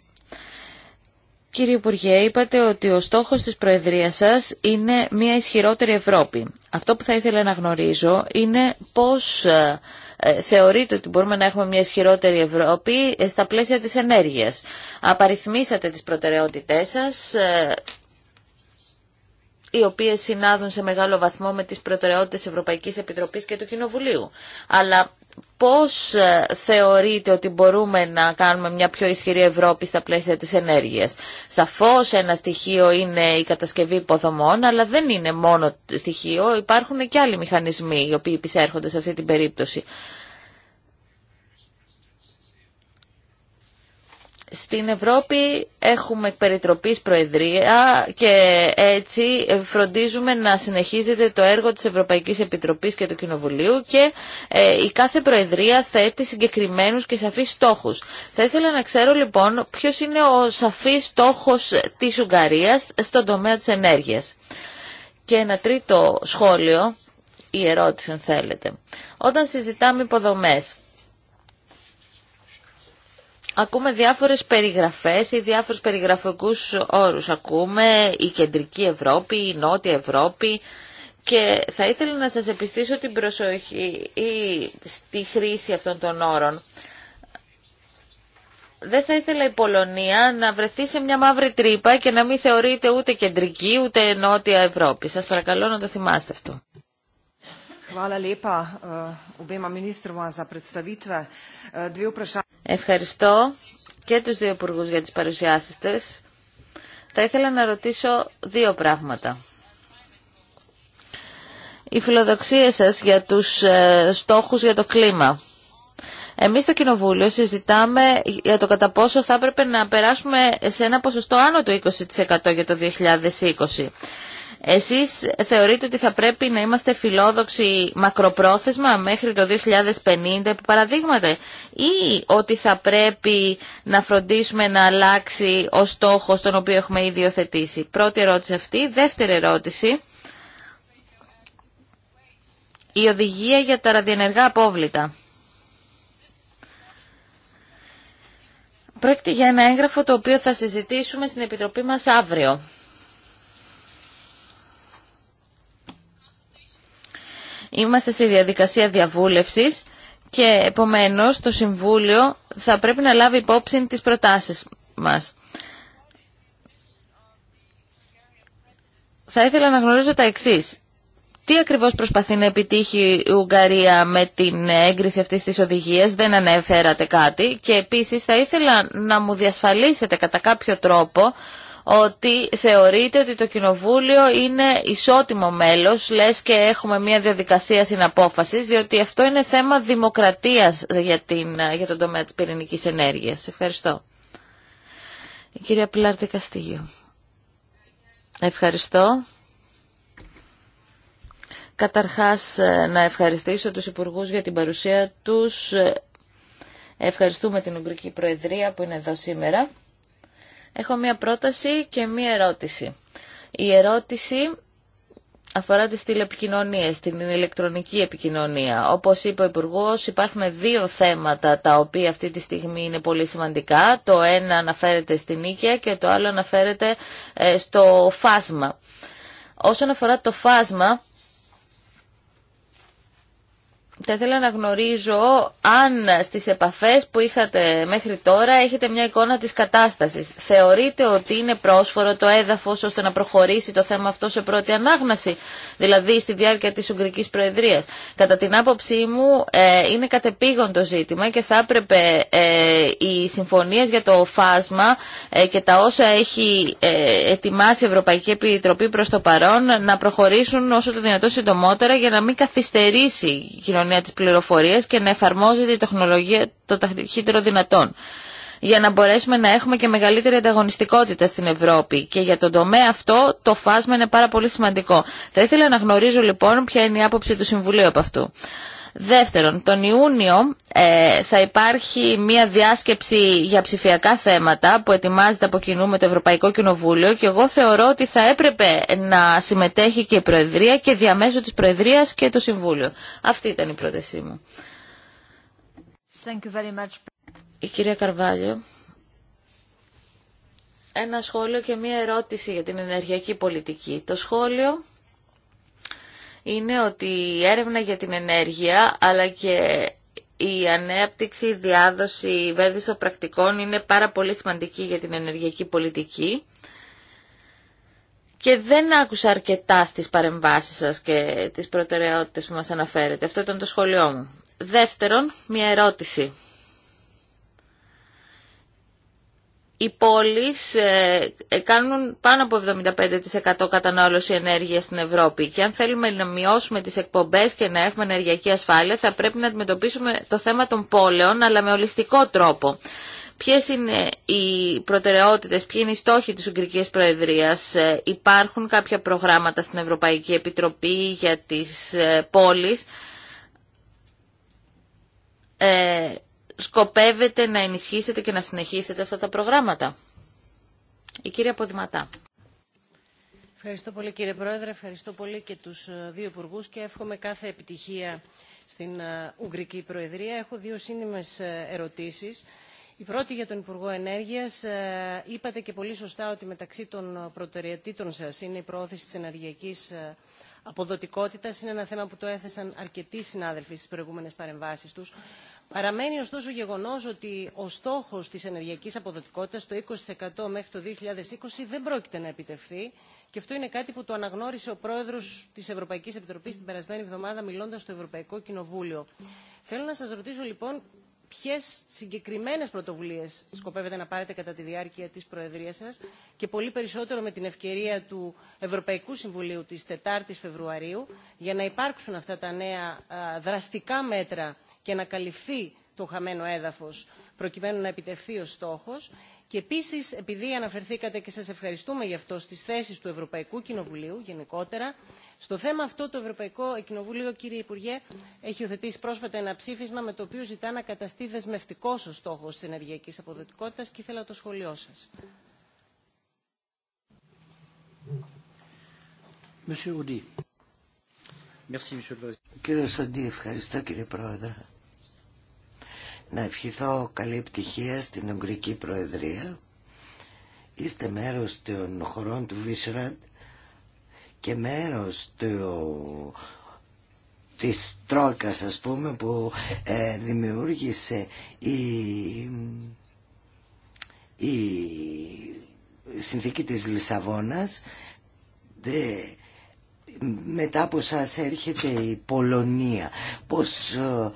Κύριε Υπουργέ, είπατε ότι ο στόχος της Προεδρίας σας είναι μια ισχυρότερη Ευρώπη. Αυτό που θα ήθελα να γνωρίζω είναι πώς ε, ε, θεωρείτε ότι μπορούμε να έχουμε μια ισχυρότερη Ευρώπη ε, στα πλαίσια της ενέργειας. Απαριθμίσατε τις προτεραιότητές σας, οι οποίες συνάδουν σε μεγάλο βαθμό με τις προτεραιότητες Ευρωπαϊκής Επιτροπής και του Κοινοβουλίου. Αλλά πώς ε, θεωρείτε ότι μπορούμε να κάνουμε μια πιο ισχυρή Ευρώπη στα πλαίσια της ενέργειας. Σαφώς ένα στοιχείο είναι η κατασκευή υποδομών, αλλά δεν είναι μόνο στοιχείο, υπάρχουν και άλλοι μηχανισμοί οι οποίοι επισέρχονται σε αυτή την περίπτωση. Στην Ευρώπη έχουμε περιτροπής προεδρία και έτσι φροντίζουμε να συνεχίζεται το έργο της Ευρωπαϊκής Επιτροπής και του Κοινοβουλίου και ε, η κάθε προεδρία θέτει συγκεκριμένους και σαφείς στόχους. Θα ήθελα να ξέρω λοιπόν ποιος είναι ο σαφής στόχος της Ουγγαρίας στον τομέα της ενέργειας. Και ένα τρίτο σχόλιο, η ερώτηση αν θέλετε. Όταν συζητάμε υποδομές, Ακούμε διάφορες περιγραφές ή διάφορους περιγραφικούς όρους. Ακούμε η Κεντρική Ευρώπη, η Νότια Ευρώπη και θα ήθελα να σας επιστήσω την προσοχή ή στη χρήση αυτών των όρων. Δεν θα ήθελα η Πολωνία να βρεθεί σε μια μαύρη τρύπα και να μην θεωρείται ούτε κεντρική ούτε νότια Ευρώπη. Σας παρακαλώ να το θυμάστε αυτό. Eh, eh, Ευχαριστώ και τους δύο υπουργούς για τις παρουσιάσεις τους. Θα ήθελα να ρωτήσω δύο πράγματα. Η φιλοδοξία σας για τους ε, στόχους για το κλίμα. Εμείς στο Κοινοβούλιο συζητάμε για το κατά πόσο θα έπρεπε να περάσουμε σε ένα ποσοστό άνω του 20% για το 2020. Εσείς θεωρείτε ότι θα πρέπει να είμαστε φιλόδοξοι μακροπρόθεσμα μέχρι το 2050 που παραδείγματα ή ότι θα πρέπει να φροντίσουμε να αλλάξει ο στόχος τον οποίο έχουμε ήδη υιοθετήσει. Πρώτη ερώτηση αυτή. Δεύτερη ερώτηση. Η οτι θα πρεπει να φροντισουμε να αλλαξει ο στοχος τον οποιο εχουμε ηδη οθετησει πρωτη ερωτηση αυτη δευτερη ερωτηση η οδηγια για τα ραδιενεργά απόβλητα. Πρόκειται για ένα έγγραφο το οποίο θα συζητήσουμε στην Επιτροπή μας αύριο. Είμαστε στη διαδικασία διαβούλευσης και επομένως το Συμβούλιο θα πρέπει να λάβει υπόψη τις προτάσεις μας. Θα ήθελα να γνωρίζω τα εξής. Τι ακριβώς προσπαθεί να επιτύχει η Ουγγαρία με την έγκριση αυτής της οδηγίας, δεν ανέφερατε κάτι και επίσης θα ήθελα να μου διασφαλίσετε κατά κάποιο τρόπο ότι θεωρείται ότι το Κοινοβούλιο είναι ισότιμο μέλος, λες και έχουμε μια διαδικασία συναπόφασης, διότι αυτό είναι θέμα δημοκρατίας για, την, για τον τομέα της πυρηνικής ενέργειας. Ευχαριστώ. Η κυρία Πιλάρτη Καστίγιο. Ευχαριστώ. Καταρχάς ε, να ευχαριστήσω τους Υπουργούς για την παρουσία τους. Ε, ευχαριστούμε την Ουγγρική Προεδρία που είναι εδώ σήμερα. Έχω μία πρόταση και μία ερώτηση. Η ερώτηση αφορά τις τηλεπικοινωνίες, την ηλεκτρονική επικοινωνία. Όπως είπε ο υπουργό, υπάρχουν δύο θέματα τα οποία αυτή τη στιγμή είναι πολύ σημαντικά. Το ένα αναφέρεται στην οίκαια και το άλλο αναφέρεται ε, στο φάσμα. Όσον αφορά το φάσμα, θα ήθελα να γνωρίζω αν στις επαφές που είχατε μέχρι τώρα έχετε μια εικόνα της κατάστασης. Θεωρείτε ότι είναι πρόσφορο το έδαφος ώστε να προχωρήσει το θέμα αυτό σε πρώτη ανάγνωση, δηλαδή στη διάρκεια της Ουγγρικής Προεδρίας. Κατά την άποψή μου ε, είναι κατεπήγον το ζήτημα και θα έπρεπε ε, οι συμφωνίες για το φάσμα ε, και τα όσα έχει ετοιμάσει η Ευρωπαϊκή Επιτροπή προς το παρόν να προχωρήσουν όσο το δυνατόν συντομότερα για να μην καθυστερήσει η κοινωνία της πληροφορίας και να εφαρμόζεται η τεχνολογία το ταχύτερο δυνατόν για να μπορέσουμε να έχουμε και μεγαλύτερη ανταγωνιστικότητα στην Ευρώπη. Και για τον τομέα αυτό το φάσμα είναι πάρα πολύ σημαντικό. Θα ήθελα να γνωρίζω λοιπόν ποια είναι η άποψη του Συμβουλίου από αυτού. Δεύτερον, τον Ιούνιο ε, θα υπάρχει μία διάσκεψη για ψηφιακά θέματα που ετοιμάζεται από κοινού με το Ευρωπαϊκό Κοινοβούλιο και εγώ θεωρώ ότι θα έπρεπε να συμμετέχει και η Προεδρία και διαμέσου της Προεδρίας και το Συμβούλιο. Αυτή ήταν η πρότασή μου. Η κυρία Καρβάλιο. Ένα σχόλιο και μία ερώτηση για την ενεργειακή πολιτική. Το σχόλιο είναι ότι η έρευνα για την ενέργεια αλλά και η ανέπτυξη, η διάδοση, βέβαιων πρακτικών είναι πάρα πολύ σημαντική για την ενεργειακή πολιτική και δεν άκουσα αρκετά στις παρεμβάσεις σας και τις προτεραιότητες που μας αναφέρετε. Αυτό ήταν το σχολείο μου. Δεύτερον, μια ερώτηση οι πόλεις ε, ε, κάνουν πάνω από 75% κατανάλωση ενέργειας στην Ευρώπη και αν θέλουμε να μειώσουμε τις εκπομπές και να έχουμε ενεργειακή ασφάλεια θα πρέπει να αντιμετωπίσουμε το θέμα των πόλεων αλλά με ολιστικό τρόπο. Ποιες είναι οι προτεραιότητες, ποιοι είναι οι στόχοι της Ουγγρικής Προεδρίας. Ε, υπάρχουν κάποια προγράμματα στην Ευρωπαϊκή Επιτροπή για τις πόλεις. Ε, σκοπεύετε να ενισχύσετε και να συνεχίσετε αυτά τα προγράμματα. Η κυρία Ποδηματά. Ευχαριστώ πολύ κύριε Πρόεδρε, ευχαριστώ πολύ και τους ε, δύο υπουργού και εύχομαι κάθε επιτυχία στην ε, Ουγγρική Προεδρία. Έχω δύο σύνδημες ε, ερωτήσεις. Η πρώτη για τον Υπουργό Ενέργειας. Είπατε και πολύ σωστά ότι μεταξύ των προτεραιοτήτων σας είναι η προώθηση της ενεργειακής αποδοτικότητας. Είναι ένα θέμα που το έθεσαν αρκετοί συνάδελφοι στι προηγούμενε παρεμβάσει του. Παραμένει ωστόσο γεγονό ότι ο στόχο τη ενεργειακή αποδοτικότητα το 20% μέχρι το 2020, δεν πρόκειται να επιτευχθεί και αυτό είναι κάτι που το αναγνώρισε ο πρόεδρο τη Ευρωπαϊκή Επιτροπή την περασμένη εβδομάδα μιλώντα στο Ευρωπαϊκό Κοινοβούλιο. Θέλω να σα ρωτήσω λοιπόν ποιε συγκεκριμένε πρωτοβουλίε σκοπεύετε να πάρετε κατά τη διάρκεια τη Προεδρία σα και πολύ περισσότερο με την ευκαιρία του Ευρωπαϊκού Συμβουλίου τη 4η Φεβρουαρίου για να υπάρξουν αυτά τα νέα δραστικά μέτρα και να καλυφθεί το χαμένο έδαφος προκειμένου να επιτευχθεί ο στόχος και επίσης επειδή αναφερθήκατε και σας ευχαριστούμε γι' αυτό στις θέσεις του Ευρωπαϊκού Κοινοβουλίου γενικότερα στο θέμα αυτό το Ευρωπαϊκό Κοινοβούλιο κύριε Υπουργέ έχει οθετήσει πρόσφατα ένα ψήφισμα με το οποίο ζητά να καταστεί δεσμευτικό ο στόχος της ενεργειακής αποδοτικότητας και ήθελα το σχολείο σας. Κύριε Σαντή ευχαριστώ κύριε Πρόεδρε να ευχηθώ καλή επιτυχία στην Ουγγρική Προεδρία. Είστε μέρος των χωρών του Βίσραντ και μέρος του, της Τρόικας ας πούμε που ε, δημιούργησε η, συνθήκη της Λισαβόνας δε, μετά που σας έρχεται η Πολωνία πως ε,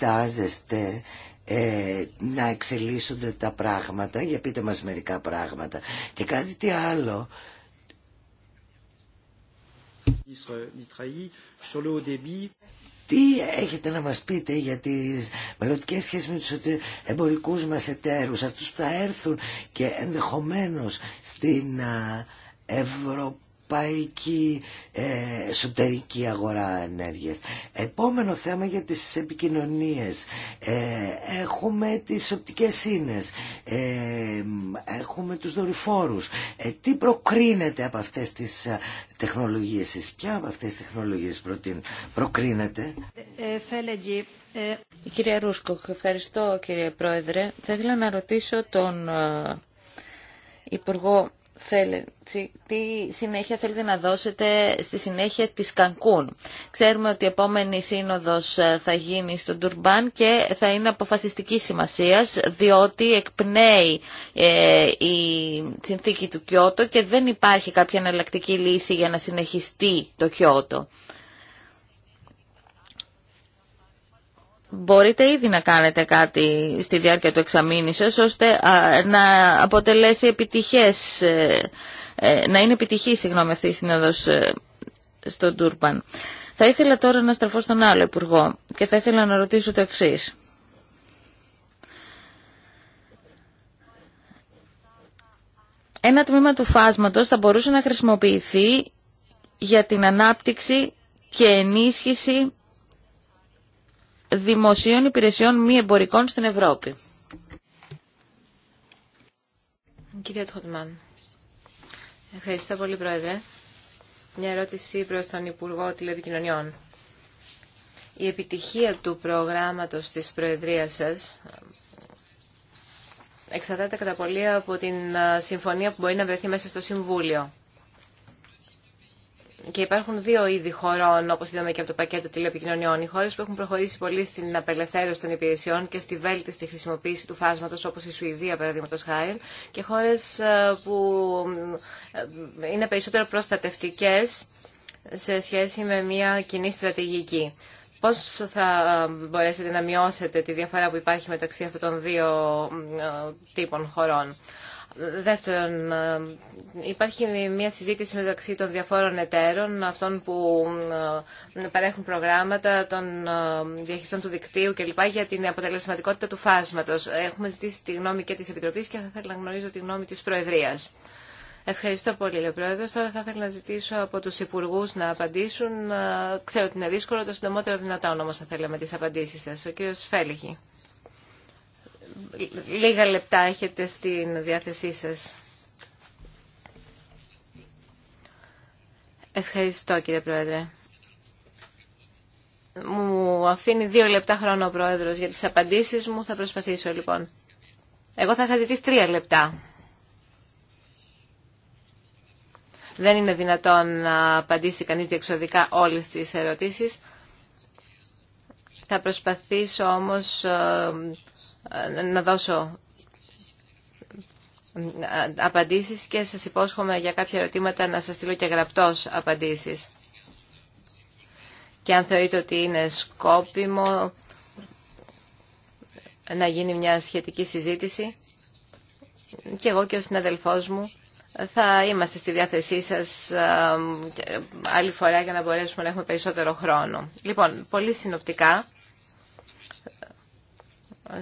κοιτάζεστε ε, να εξελίσσονται τα πράγματα, για πείτε μας μερικά πράγματα. Και κάτι τι άλλο. Τι έχετε να μας πείτε για τις μελλοντικές σχέσεις με τους εμπορικούς μας εταίρους, αυτούς που θα έρθουν και ενδεχομένως στην Ευρωπαϊκή ευρωπαϊκή ε, εσωτερική αγορά ενέργειας. Επόμενο θέμα για τις επικοινωνίες. Ε, έχουμε τις οπτικές σύνες. Ε, έχουμε τους δορυφόρους. Ε, τι προκρίνεται από αυτές τις ε, τεχνολογίες εσείς. Ποια από αυτές τις τεχνολογίες προκρίνεται. Η κυρία Ρούσκο, ευχαριστώ κύριε Πρόεδρε. Θα ήθελα να ρωτήσω τον Υπουργό θέλε, τι συνέχεια θέλετε να δώσετε στη συνέχεια της Κανκούν. Ξέρουμε ότι η επόμενη σύνοδος ε, θα γίνει στον Τουρμπάν και θα είναι αποφασιστική σημασίας διότι εκπνέει ε, η συνθήκη του Κιώτο και δεν υπάρχει κάποια εναλλακτική λύση για να συνεχιστεί το Κιώτο. μπορείτε ήδη να κάνετε κάτι στη διάρκεια του εξαμήνου ώστε να αποτελέσει επιτυχές, ε, ε, να είναι επιτυχή συγγνώμη, αυτή η σύνοδος ε, στον Τούρπαν. Θα ήθελα τώρα να στραφώ στον άλλο υπουργό και θα ήθελα να ρωτήσω το εξή. Ένα τμήμα του φάσματος θα μπορούσε να χρησιμοποιηθεί για την ανάπτυξη και ενίσχυση δημοσίων υπηρεσιών μη εμπορικών στην Ευρώπη. Κύριε Τχοντμάν, ευχαριστώ πολύ Πρόεδρε. Μια ερώτηση προς τον Υπουργό Τηλεπικοινωνιών. Η επιτυχία του προγράμματος της Προεδρίας σας εξαρτάται κατά πολύ από την συμφωνία που μπορεί να βρεθεί μέσα στο Συμβούλιο και υπάρχουν δύο είδη χωρών, όπω είδαμε και από το πακέτο τηλεπικοινωνιών. Οι χώρε που έχουν προχωρήσει πολύ στην απελευθέρωση των υπηρεσιών και στη βέλτιστη χρησιμοποίηση του φάσματο, όπω η Σουηδία, παραδείγματο χάρη, και χώρε ε, που ε, είναι περισσότερο προστατευτικέ σε σχέση με μια κοινή στρατηγική. Πώς θα ε, μπορέσετε να μειώσετε τη διαφορά που υπάρχει μεταξύ αυτών των δύο τύπων χωρών. Δεύτερον, ε, υπάρχει μια συζήτηση μεταξύ των διαφόρων εταίρων, αυτών που ε, παρέχουν προγράμματα, των ε, διαχειριστών του δικτύου κλπ. για την αποτελεσματικότητα του φάσματος. Έχουμε ζητήσει τη γνώμη και της Επιτροπής και θα ήθελα να γνωρίζω τη γνώμη της Προεδρίας. Ευχαριστώ πολύ, Λε Πρόεδρο. Τώρα θα ήθελα να ζητήσω από του υπουργού να απαντήσουν. Ξέρω ότι είναι δύσκολο, το συντομότερο δυνατόν όμω θα θέλαμε τι απαντήσει σα. Ο κύριο Φέλιχη λίγα λεπτά έχετε στην διάθεσή σας. Ευχαριστώ κύριε Πρόεδρε. Μου αφήνει δύο λεπτά χρόνο ο Πρόεδρος για τις απαντήσεις μου. Θα προσπαθήσω λοιπόν. Εγώ θα είχα ζητήσει τρία λεπτά. Δεν είναι δυνατόν να απαντήσει κανείς διεξοδικά όλες τις ερωτήσεις. Θα προσπαθήσω όμως ε, ε, να δώσω απαντήσεις και σας υπόσχομαι για κάποια ερωτήματα να σας στείλω και γραπτός απαντήσεις. Και αν θεωρείτε ότι είναι σκόπιμο να γίνει μια σχετική συζήτηση και εγώ και ο συναδελφός μου θα είμαστε στη διάθεσή σας ε, άλλη φορά για να μπορέσουμε να έχουμε περισσότερο χρόνο. Λοιπόν, πολύ συνοπτικά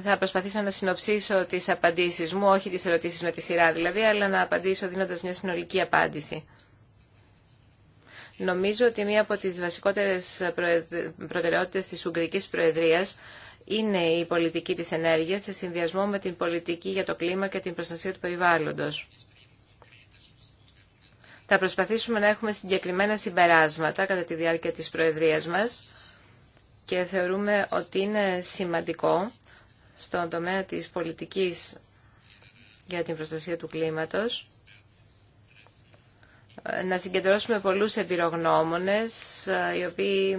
θα προσπαθήσω να συνοψίσω τις απαντήσεις μου, όχι τις ερωτήσεις με τη σειρά δηλαδή, αλλά να απαντήσω δίνοντας μια συνολική απάντηση. Νομίζω ότι μία από τις βασικότερες προτεραιότητες της Ουγγρικής Προεδρίας είναι η πολιτική της ενέργειας σε συνδυασμό με την πολιτική για το κλίμα και την προστασία του περιβάλλοντος. Θα προσπαθήσουμε να έχουμε συγκεκριμένα συμπεράσματα κατά τη διάρκεια της Προεδρίας μας και θεωρούμε ότι είναι σημαντικό στον τομέα της πολιτικής για την προστασία του κλίματος ε, να συγκεντρώσουμε πολλούς εμπειρογνώμονες ε, οι οποίοι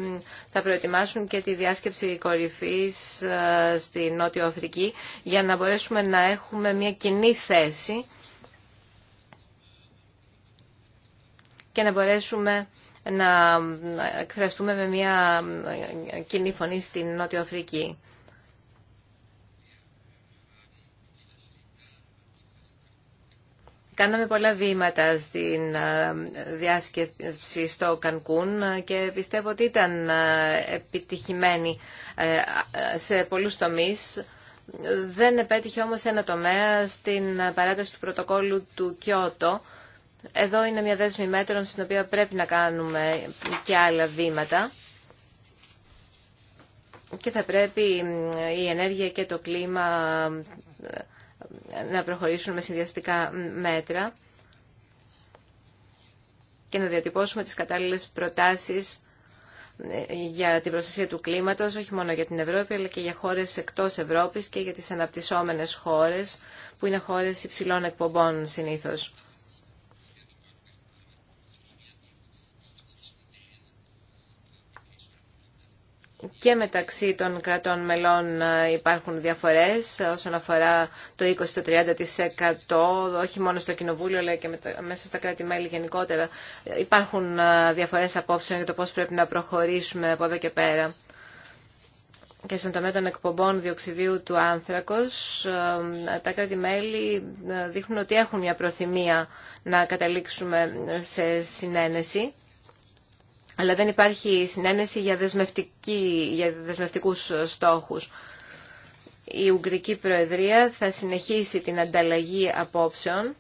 θα προετοιμάσουν και τη διάσκεψη κορυφής ε, στη Νότιο Αφρική για να μπορέσουμε να έχουμε μια κοινή θέση και να μπορέσουμε να εκφραστούμε με μια κοινή φωνή στην Νότιο Αφρική. Κάναμε πολλά βήματα στην ε, διάσκεψη στο Κανκούν και πιστεύω ότι ήταν ε, επιτυχημένη ε, σε πολλούς τομείς. Δεν επέτυχε όμως ένα τομέα στην παράταση του πρωτοκόλλου του Κιώτο. Εδώ είναι μια δέσμη μέτρων στην οποία πρέπει να κάνουμε και άλλα βήματα και θα πρέπει η ενέργεια και το κλίμα να προχωρήσουν με συνδυαστικά μέτρα και να διατυπώσουμε τις κατάλληλες προτάσεις ε, για την προστασία του κλίματος, όχι μόνο για την Ευρώπη, αλλά και για χώρες εκτός Ευρώπης και για τις αναπτυσσόμενες χώρες, που είναι χώρες υψηλών εκπομπών συνήθως. και μεταξύ των κρατών μελών ε, υπάρχουν διαφορές όσον αφορά το 20-30% όχι μόνο στο Κοινοβούλιο αλλά και μέσα στα κράτη-μέλη γενικότερα. Υπάρχουν ε, διαφορές απόψεων για το πώς πρέπει να προχωρήσουμε από εδώ και πέρα. Και στον τομέα των εκπομπών διοξιδίου του άνθρακος, ε, τα κράτη-μέλη δείχνουν ότι έχουν μια προθυμία να καταλήξουμε σε συνένεση αλλά δεν υπάρχει συνένεση για, για δεσμευτικούς στόχους. Η Ουγγρική Προεδρία θα συνεχίσει την ανταλλαγή απόψεων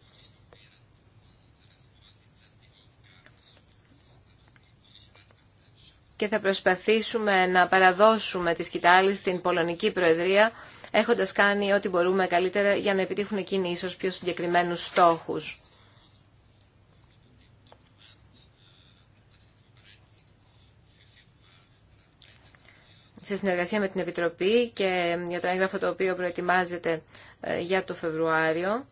και θα προσπαθήσουμε να παραδώσουμε τη σκητάλη στην Πολωνική Προεδρία έχοντας κάνει ό,τι μπορούμε καλύτερα για να επιτύχουν εκείνοι ίσως πιο συγκεκριμένους στόχους. σε συνεργασία με την Επιτροπή και για το έγγραφο το οποίο προετοιμάζεται ε, για το Φεβρουάριο.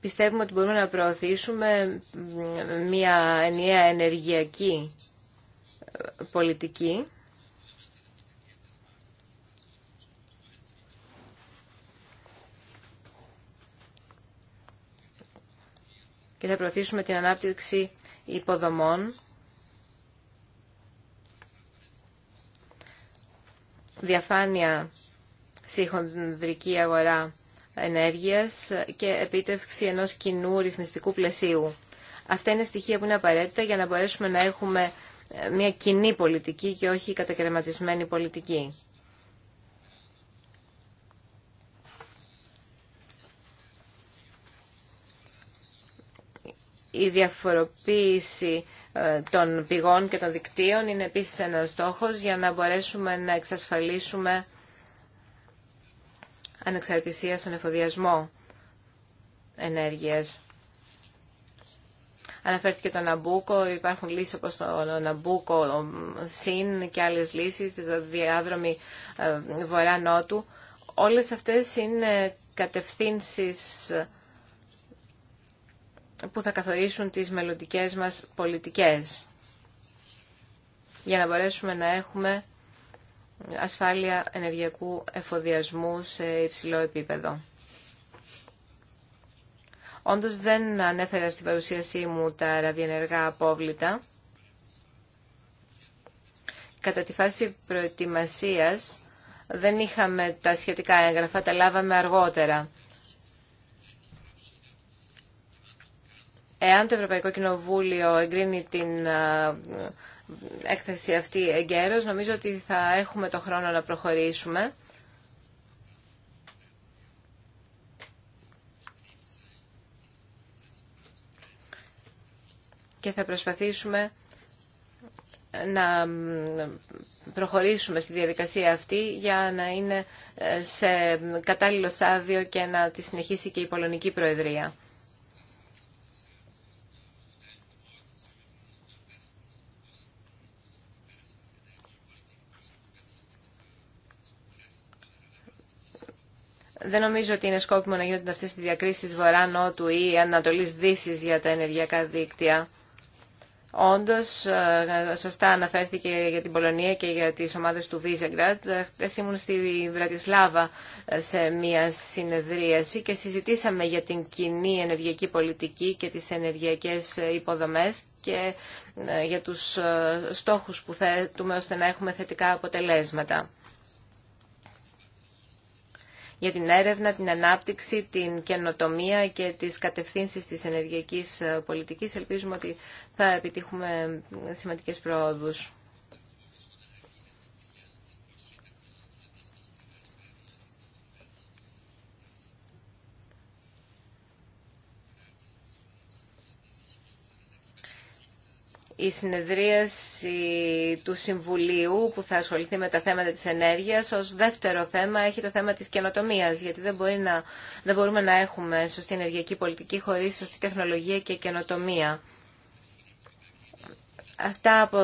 Πιστεύουμε ότι μπορούμε να προωθήσουμε μια ενιαία ενεργειακή ε, πολιτική. και θα προωθήσουμε την ανάπτυξη υποδομών διαφάνεια στη αγορά ενέργειας και επίτευξη ενός κοινού ρυθμιστικού πλαισίου. Αυτά είναι στοιχεία που είναι απαραίτητα για να μπορέσουμε να έχουμε μια κοινή πολιτική και όχι κατακαιρματισμένη πολιτική. Η διαφοροποίηση ε, των πηγών και των δικτύων είναι επίσης ένας στόχος για να μπορέσουμε να εξασφαλίσουμε ανεξαρτησία στον εφοδιασμό ενέργειας. Αναφέρθηκε το Ναμπούκο, υπάρχουν λύσεις όπως το Ναμπούκο, ΣΥΝ και άλλες λύσεις, το διάδρομη ε, βορρά-νότου. Όλες αυτές είναι κατευθύνσεις που θα καθορίσουν τις μελλοντικές μας πολιτικές για να μπορέσουμε να έχουμε ασφάλεια ενεργειακού εφοδιασμού σε υψηλό επίπεδο. Όντως δεν ανέφερα στην παρουσίασή μου τα ραδιενεργά απόβλητα. Κατά τη φάση προετοιμασίας δεν είχαμε τα σχετικά έγγραφα, τα λάβαμε αργότερα. Εάν το Ευρωπαϊκό Κοινοβούλιο εγκρίνει την ε, έκθεση αυτή εγκαίρως, νομίζω ότι θα έχουμε το χρόνο να προχωρήσουμε. Και θα προσπαθήσουμε να ε, προχωρήσουμε στη διαδικασία αυτή για να είναι ε, σε κατάλληλο στάδιο και να τη συνεχίσει και η Πολωνική Προεδρία. Δεν νομίζω ότι είναι σκόπιμο να γίνονται αυτέ οι διακρίσει βορρα βορρά-νότου η ανατολή ανατολή-δύση για τα ενεργειακά δίκτυα. όντω, ε, σωστά αναφέρθηκε για την Πολωνία και για τις ομάδες του Βίζεγκρατ. Χθε ήμουν στη Βρατισλάβα ε, σε μια συνεδρίαση και συζητήσαμε για την κοινή ενεργειακή πολιτική και τις ενεργειακέ ε, υποδομές και για του στόχους που θέτουμε ώστε να έχουμε θετικά αποτελέσματα για την έρευνα, την ανάπτυξη, την καινοτομία και τις κατευθύνσεις της ενεργειακής ε, πολιτικής. Ελπίζουμε ότι θα επιτύχουμε ε, σημαντικές προόδους. η συνεδρίαση του Συμβουλίου που θα ασχοληθεί με τα θέματα της ενέργειας ως δεύτερο θέμα έχει το θέμα της καινοτομίας γιατί δεν, να, δεν μπορούμε να έχουμε σωστή ενεργειακή πολιτική χωρίς σωστή τεχνολογία και καινοτομία. Αυτά από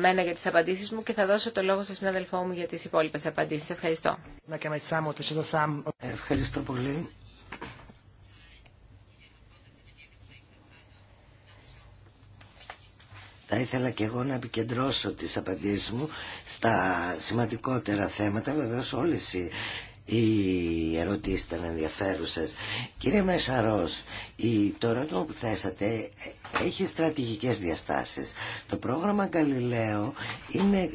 μένα για τις απαντήσεις μου και θα δώσω το λόγο στον συνάδελφό μου για τις υπόλοιπες απαντήσεις. Ευχαριστώ. Ευχαριστώ πολύ. Θα ήθελα και εγώ να επικεντρώσω τις απαντήσεις μου στα σημαντικότερα θέματα. Βεβαίως όλες οι, οι ερωτήσεις ήταν ενδιαφέρουσες. Κύριε Μεσαρός, η, το ερώτημα που θέσατε ε, έχει στρατηγικές διαστάσεις. Το πρόγραμμα καλλιλέο είναι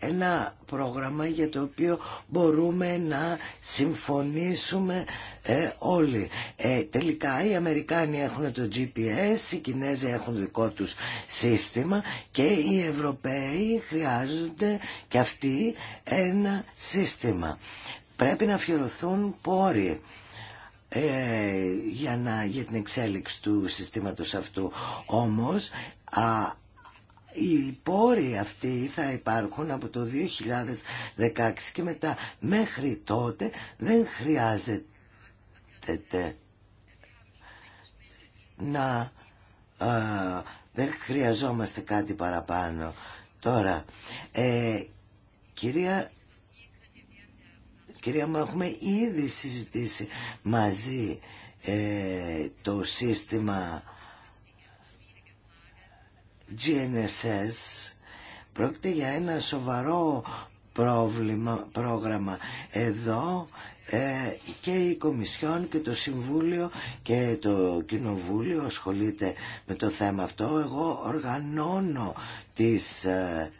ένα πρόγραμμα για το οποίο μπορούμε να συμφωνήσουμε ε, όλοι. Ε, τελικά οι Αμερικάνοι έχουν το GPS, οι Κινέζοι έχουν δικό τους σύστημα και οι Ευρωπαίοι χρειάζονται και αυτοί ένα σύστημα. Πρέπει να αφιερωθούν πόροι. Ε, για, να, για την εξέλιξη του συστήματος αυτού. Όμως α, οι πόροι αυτοί θα υπάρχουν από το 2016 και μετά. Μέχρι τότε δεν χρειάζεται να... Α, ε, δεν χρειαζόμαστε κάτι παραπάνω. Τώρα, ε, κυρία, κυρία μου, έχουμε ήδη συζητήσει μαζί ε, το σύστημα GNSS πρόκειται για ένα σοβαρό πρόβλημα, πρόγραμμα εδώ ε, και η Κομισιόν και το Συμβούλιο και το Κοινοβούλιο ασχολείται με το θέμα αυτό. Εγώ οργανώνω τις ε,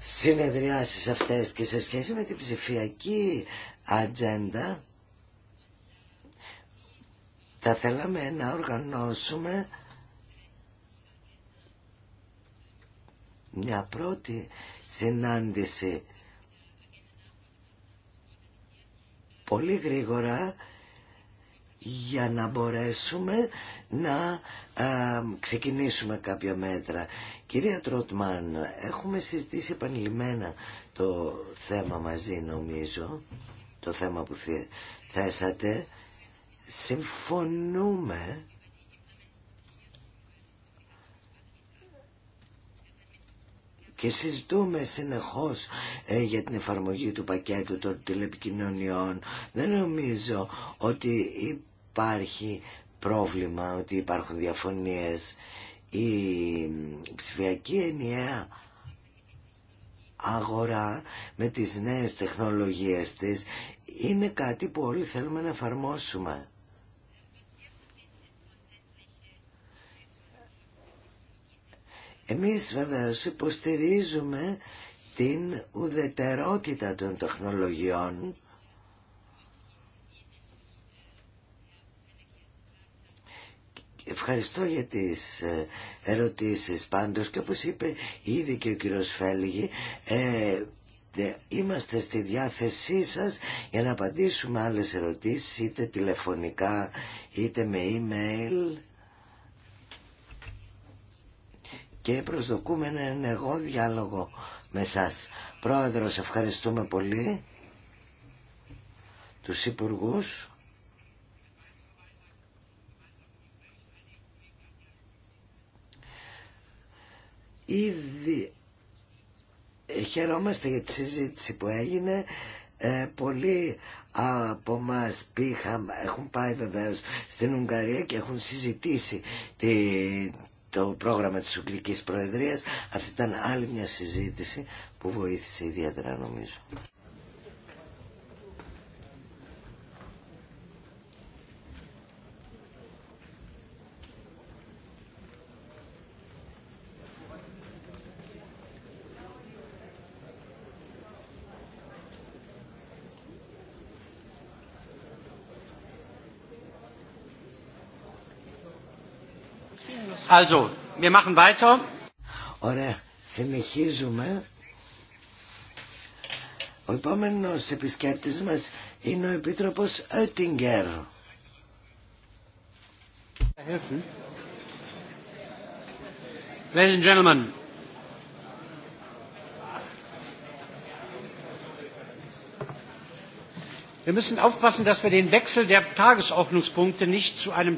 συνεδριάσεις αυτές και σε σχέση με την ψηφιακή ατζέντα θα θέλαμε να οργανώσουμε μια πρώτη συνάντηση πολύ γρήγορα για να μπορέσουμε να ε, ξεκινήσουμε κάποια μέτρα. Κυρία Τρότμαν, έχουμε συζητήσει επανειλημμένα το θέμα μαζί νομίζω, το θέμα που θέσατε. Συμφωνούμε και συζητούμε συνεχώς ε, για την εφαρμογή του πακέτου των τηλεπικοινωνιών. Δεν νομίζω ότι υπάρχει πρόβλημα, ότι υπάρχουν διαφωνίες. Η ψηφιακή ενιαία αγορά με τις νέες τεχνολογίες της είναι κάτι που όλοι θέλουμε να εφαρμόσουμε. Εμείς βεβαίως υποστηρίζουμε την ουδετερότητα των τεχνολογιών Ευχαριστώ για τις ε, ερωτήσεις πάντως και όπως είπε ήδη και ο κύριος Φέλγη ε, είμαστε στη διάθεσή σας για να απαντήσουμε άλλες ερωτήσεις είτε τηλεφωνικά είτε με email και προσδοκούμε ένα ενεργό διάλογο με σας. Πρόεδρος, ευχαριστούμε πολύ τους υπουργού. Ήδη χαιρόμαστε για τη συζήτηση που έγινε. Ε, πολλοί από εμά έχουν πάει βεβαίω στην Ουγγαρία και έχουν συζητήσει τη, το πρόγραμμα της Ουγγλικής Προεδρίας. Αυτή ήταν άλλη μια συζήτηση που βοήθησε ιδιαίτερα νομίζω. Also, wir machen weiter. Ωραία, συνεχίζουμε. Ο επόμενος επισκέπτης μας είναι ο Επίτροπος Oettinger. Ladies and gentlemen, wir müssen aufpassen, dass wir den Wechsel der Tagesordnungspunkte nicht zu einem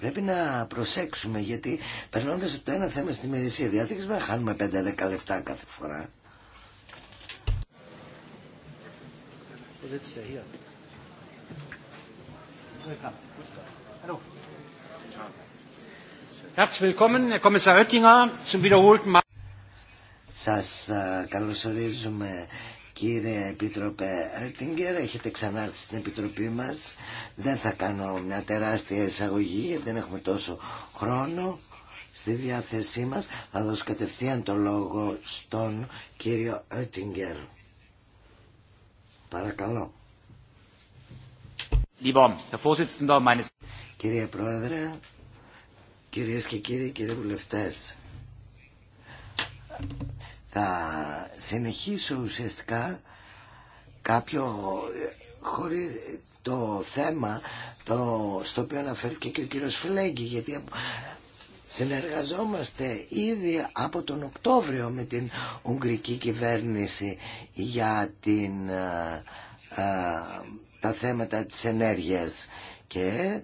Πρέπει να προσέξουμε γιατί περνώντα από το ένα θέμα στη μερισία διάθεση να χάνουμε 5-10 λεπτά κάθε φορά. Σας ε, καλωσορίζουμε Κύριε Επίτροπε Έτιγκερ, έχετε ξανάρθει στην Επιτροπή μας. Δεν θα κάνω μια τεράστια εισαγωγή γιατί δεν έχουμε τόσο χρόνο στη διάθεσή μας. Θα δώσω κατευθείαν το λόγο στον κύριο Έτιγκερ. Παρακαλώ. Λοιπόν, Κύριε Πρόεδρε, κυρίες και κύριοι, κύριοι βουλευτές, θα συνεχίσω ουσιαστικά κάποιο ε, χωρί το θέμα το, στο οποίο αναφέρθηκε και ο κύριος Φλέγκη γιατί συνεργαζόμαστε ήδη από τον Οκτώβριο με την Ουγγρική κυβέρνηση για την, ε, ε, τα θέματα της ενέργειας και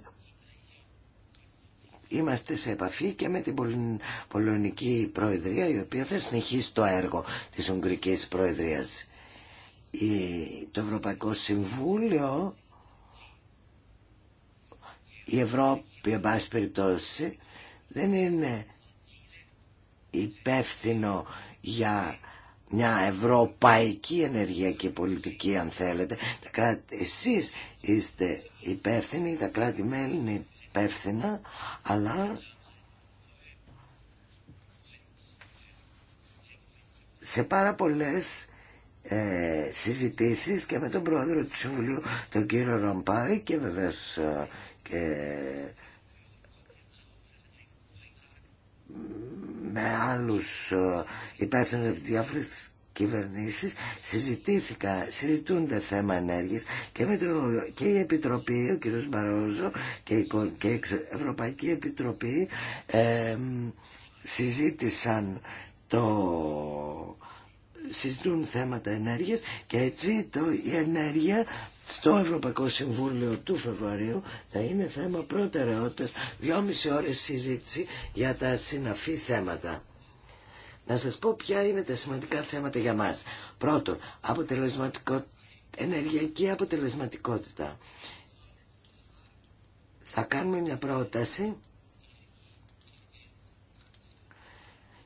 είμαστε σε επαφή και με την Πολωνική Προεδρία η οποία θα συνεχίσει το έργο της Ουγγρικής Προεδρίας. το Ευρωπαϊκό Συμβούλιο, η Ευρώπη, εν πάση περιπτώσει, δεν είναι υπεύθυνο για μια ευρωπαϊκή ενεργειακή πολιτική αν θέλετε τα κράτη, εσείς είστε υπεύθυνοι τα κράτη-μέλη υπεύθυνα, αλλά σε πάρα πολλές ε, συζητήσεις και με τον πρόεδρο του Συμβουλίου, τον κύριο Ρομπάη και βεβαίως ε, με άλλους ε, υπεύθυνους από διάφορες κυβερνήσεις συζητήθηκα, συζητούνται θέμα ενέργειας και, με το, και η Επιτροπή, ο κ. Μπαρόζο και η, και η Ευρωπαϊκή Επιτροπή συζήτησαν το συζητούν θέματα ενέργειας και έτσι το, η ενέργεια στο Ευρωπαϊκό Συμβούλιο του Φεβρουαρίου θα είναι θέμα προτεραιότητας δυόμιση ώρες συζήτηση για τα συναφή θέματα να σας πω ποια είναι τα σημαντικά θέματα για μας. Πρώτον, αποτελεσματικό... ενεργειακή αποτελεσματικότητα. Θα κάνουμε μια πρόταση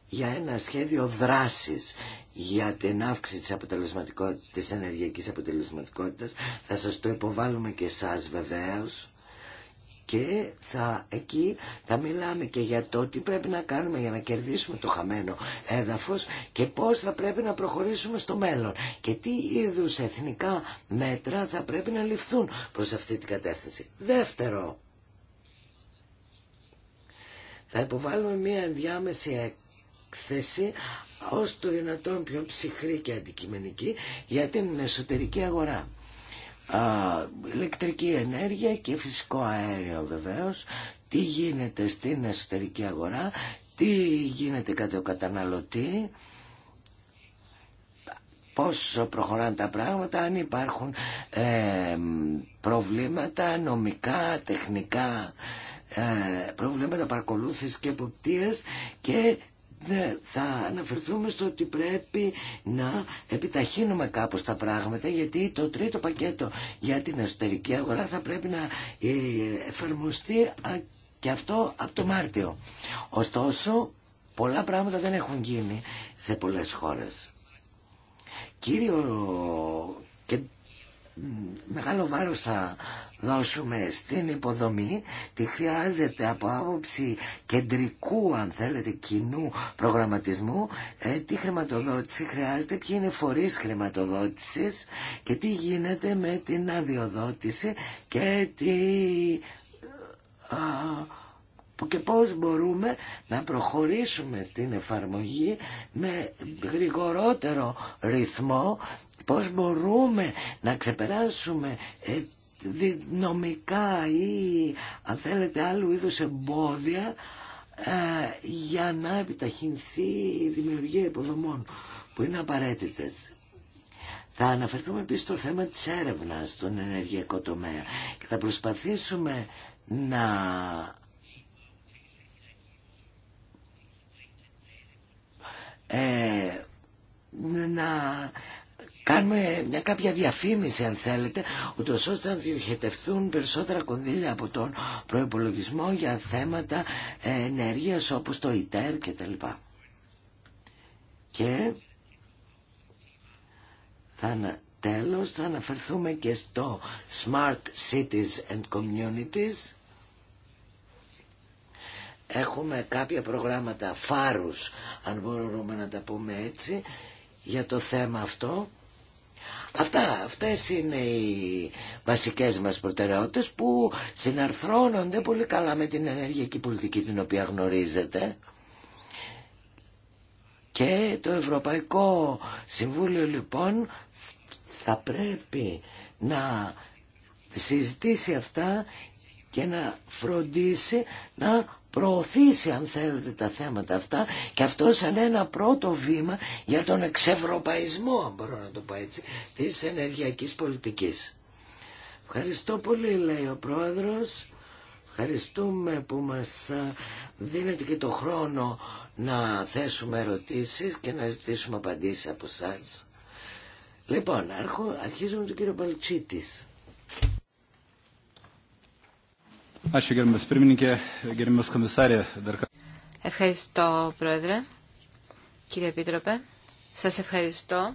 για ένα σχέδιο δράσης για την αύξηση της, αποτελεσματικότητας, της ενεργειακής αποτελεσματικότητας. Θα σας το υποβάλουμε και εσάς βεβαίως και θα, εκεί θα μιλάμε και για το τι πρέπει να κάνουμε για να κερδίσουμε το χαμένο έδαφος και πώς θα πρέπει να προχωρήσουμε στο μέλλον και τι είδους εθνικά μέτρα θα πρέπει να ληφθούν προς αυτή την κατεύθυνση. Δεύτερο, θα υποβάλουμε μια ενδιάμεση έκθεση ως το δυνατόν πιο ψυχρή και αντικειμενική για την εσωτερική αγορά ηλεκτρική ενέργεια και φυσικό αέριο βεβαίως, τι γίνεται στην εσωτερική αγορά, τι γίνεται κατά ο καταναλωτή, πώς προχωράνε τα πράγματα, αν υπάρχουν ε, προβλήματα νομικά, τεχνικά, ε, προβλήματα παρακολούθησης και εποπτείας και θα αναφερθούμε στο ότι πρέπει να επιταχύνουμε κάπως τα πράγματα γιατί το τρίτο πακέτο για την εσωτερική αγορά θα πρέπει να ε, εφαρμοστεί και αυτό από το Μάρτιο. Ωστόσο, πολλά πράγματα δεν έχουν γίνει σε πολλές χώρες. Κύριο μεγάλο βάρος θα δώσουμε στην υποδομή τι χρειάζεται από άποψη κεντρικού αν θέλετε κοινού προγραμματισμού ε, τι χρηματοδότηση χρειάζεται ποιοι είναι φορείς χρηματοδότησης και τι γίνεται με την αδειοδότηση και τι και πώς μπορούμε να προχωρήσουμε την εφαρμογή με γρηγορότερο ρυθμό, πώς μπορούμε να ξεπεράσουμε ε, δυναμικά ή αν θέλετε άλλου είδους εμπόδια ε, για να επιταχυνθεί η δημιουργία υποδομών που είναι απαραίτητες. Θα αναφερθούμε επίσης στο θέμα της έρευνας στον ενεργειακό τομέα και θα προσπαθήσουμε να ε, να κάνουμε μια κάποια διαφήμιση αν θέλετε ούτως ώστε να διοχετευθούν περισσότερα κονδύλια από τον προϋπολογισμό για θέματα ενέργειας όπως το ΙΤΕΡ και τα Και θα, τέλος θα αναφερθούμε και στο Smart Cities and Communities έχουμε κάποια προγράμματα φάρους, αν μπορούμε να τα πούμε έτσι, για το θέμα αυτό. Αυτά, αυτές είναι οι βασικές μας προτεραιότητες που συναρθρώνονται πολύ καλά με την ενεργειακή πολιτική την οποία γνωρίζετε. Και το Ευρωπαϊκό Συμβούλιο λοιπόν θα πρέπει να συζητήσει αυτά και να φροντίσει να προωθήσει αν θέλετε τα θέματα αυτά και αυτό σαν ένα πρώτο βήμα για τον εξευρωπαϊσμό αν μπορώ να το πω έτσι της ενεργειακής πολιτικής. Ευχαριστώ πολύ λέει ο Πρόεδρος. Ευχαριστούμε που μας δίνετε και το χρόνο να θέσουμε ερωτήσεις και να ζητήσουμε απαντήσεις από εσά. Λοιπόν, αρχίζουμε τον κύριο Παλτσίτης. Ευχαριστώ, Πρόεδρε. Κύριε Επίτροπε, σας ευχαριστώ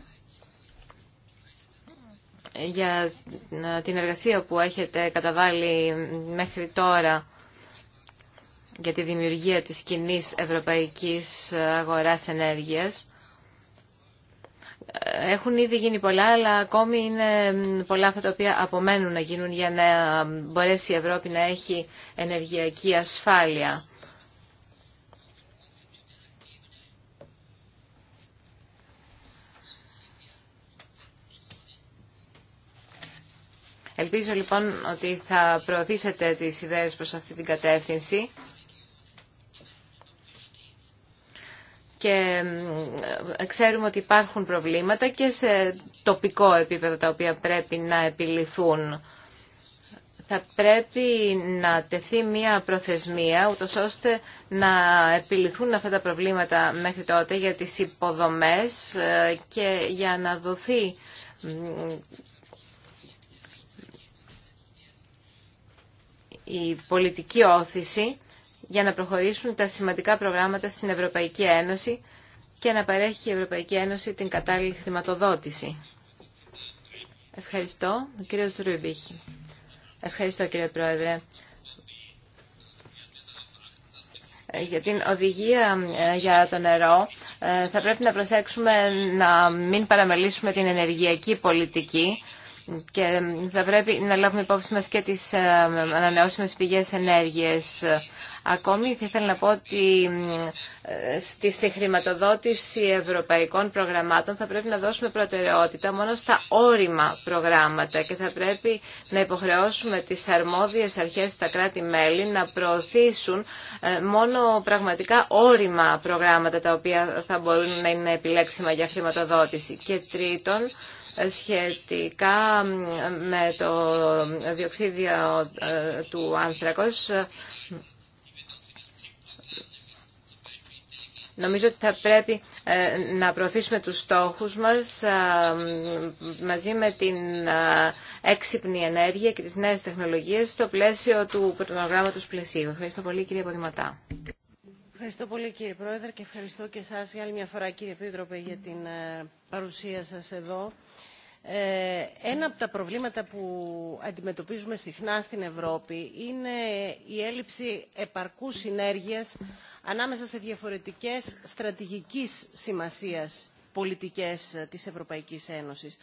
για ε, την εργασία που έχετε καταβάλει μέχρι τώρα για τη δημιουργία της κοινής ευρωπαϊκής αγοράς ενέργειας έχουν ήδη γίνει πολλά, αλλά ακόμη είναι πολλά αυτά τα οποία απομένουν να γίνουν για να μπορέσει η Ευρώπη να έχει ενεργειακή ασφάλεια. Ελπίζω λοιπόν ότι θα προωθήσετε τις ιδέες προς αυτή την κατεύθυνση. και ε, ξέρουμε ότι υπάρχουν προβλήματα και σε τοπικό επίπεδο τα οποία πρέπει να επιληθούν. Θα πρέπει να τεθεί μια προθεσμία, ούτως ώστε να επιληθούν αυτά τα προβλήματα μέχρι τότε για τις υποδομές ε, και για να δοθεί η πολιτική όθηση για να προχωρήσουν τα σημαντικά προγράμματα στην Ευρωπαϊκή Ένωση και να παρέχει η Ευρωπαϊκή Ένωση την κατάλληλη χρηματοδότηση. Ευχαριστώ. κύριε κύριος Ευχαριστώ κύριε Πρόεδρε. Ε, για την οδηγία ε, για το νερό ε, θα πρέπει να προσέξουμε να μην παραμελήσουμε την ενεργειακή πολιτική και θα πρέπει να λάβουμε υπόψη μας και τις ανανεώσιμες πηγές ενέργειας. Ακόμη θα ήθελα να πω ότι ε, στη χρηματοδότηση ευρωπαϊκών προγραμμάτων θα πρέπει να δώσουμε προτεραιότητα μόνο στα όριμα προγράμματα και θα πρέπει να υποχρεώσουμε τις αρμόδιες αρχές στα κράτη-μέλη να προωθήσουν ε, μόνο πραγματικά όρημα προγράμματα τα οποία θα μπορούν να είναι επιλέξιμα για χρηματοδότηση. Και τρίτον, ε, σχετικά με το διοξίδιο του άνθρακος, Νομίζω ότι θα πρέπει ε, να προωθήσουμε τους στόχους μας ε, μαζί με την ε, έξυπνη ενέργεια και τις νέες τεχνολογίες στο πλαίσιο του προγράμματος πλαισίου. Ευχαριστώ πολύ κύριε Ποδηματά. Ευχαριστώ πολύ κύριε Πρόεδρε και ευχαριστώ και εσάς για άλλη μια φορά κύριε Επίτροπε για την παρουσία σας εδώ. ένα από τα προβλήματα που αντιμετωπίζουμε συχνά στην Ευρώπη είναι η έλλειψη επαρκούς συνέργειας ανάμεσα σε διαφορετικές στρατηγικής σημασίας πολιτικές ε, της Ευρωπαϊκής Ένωσης.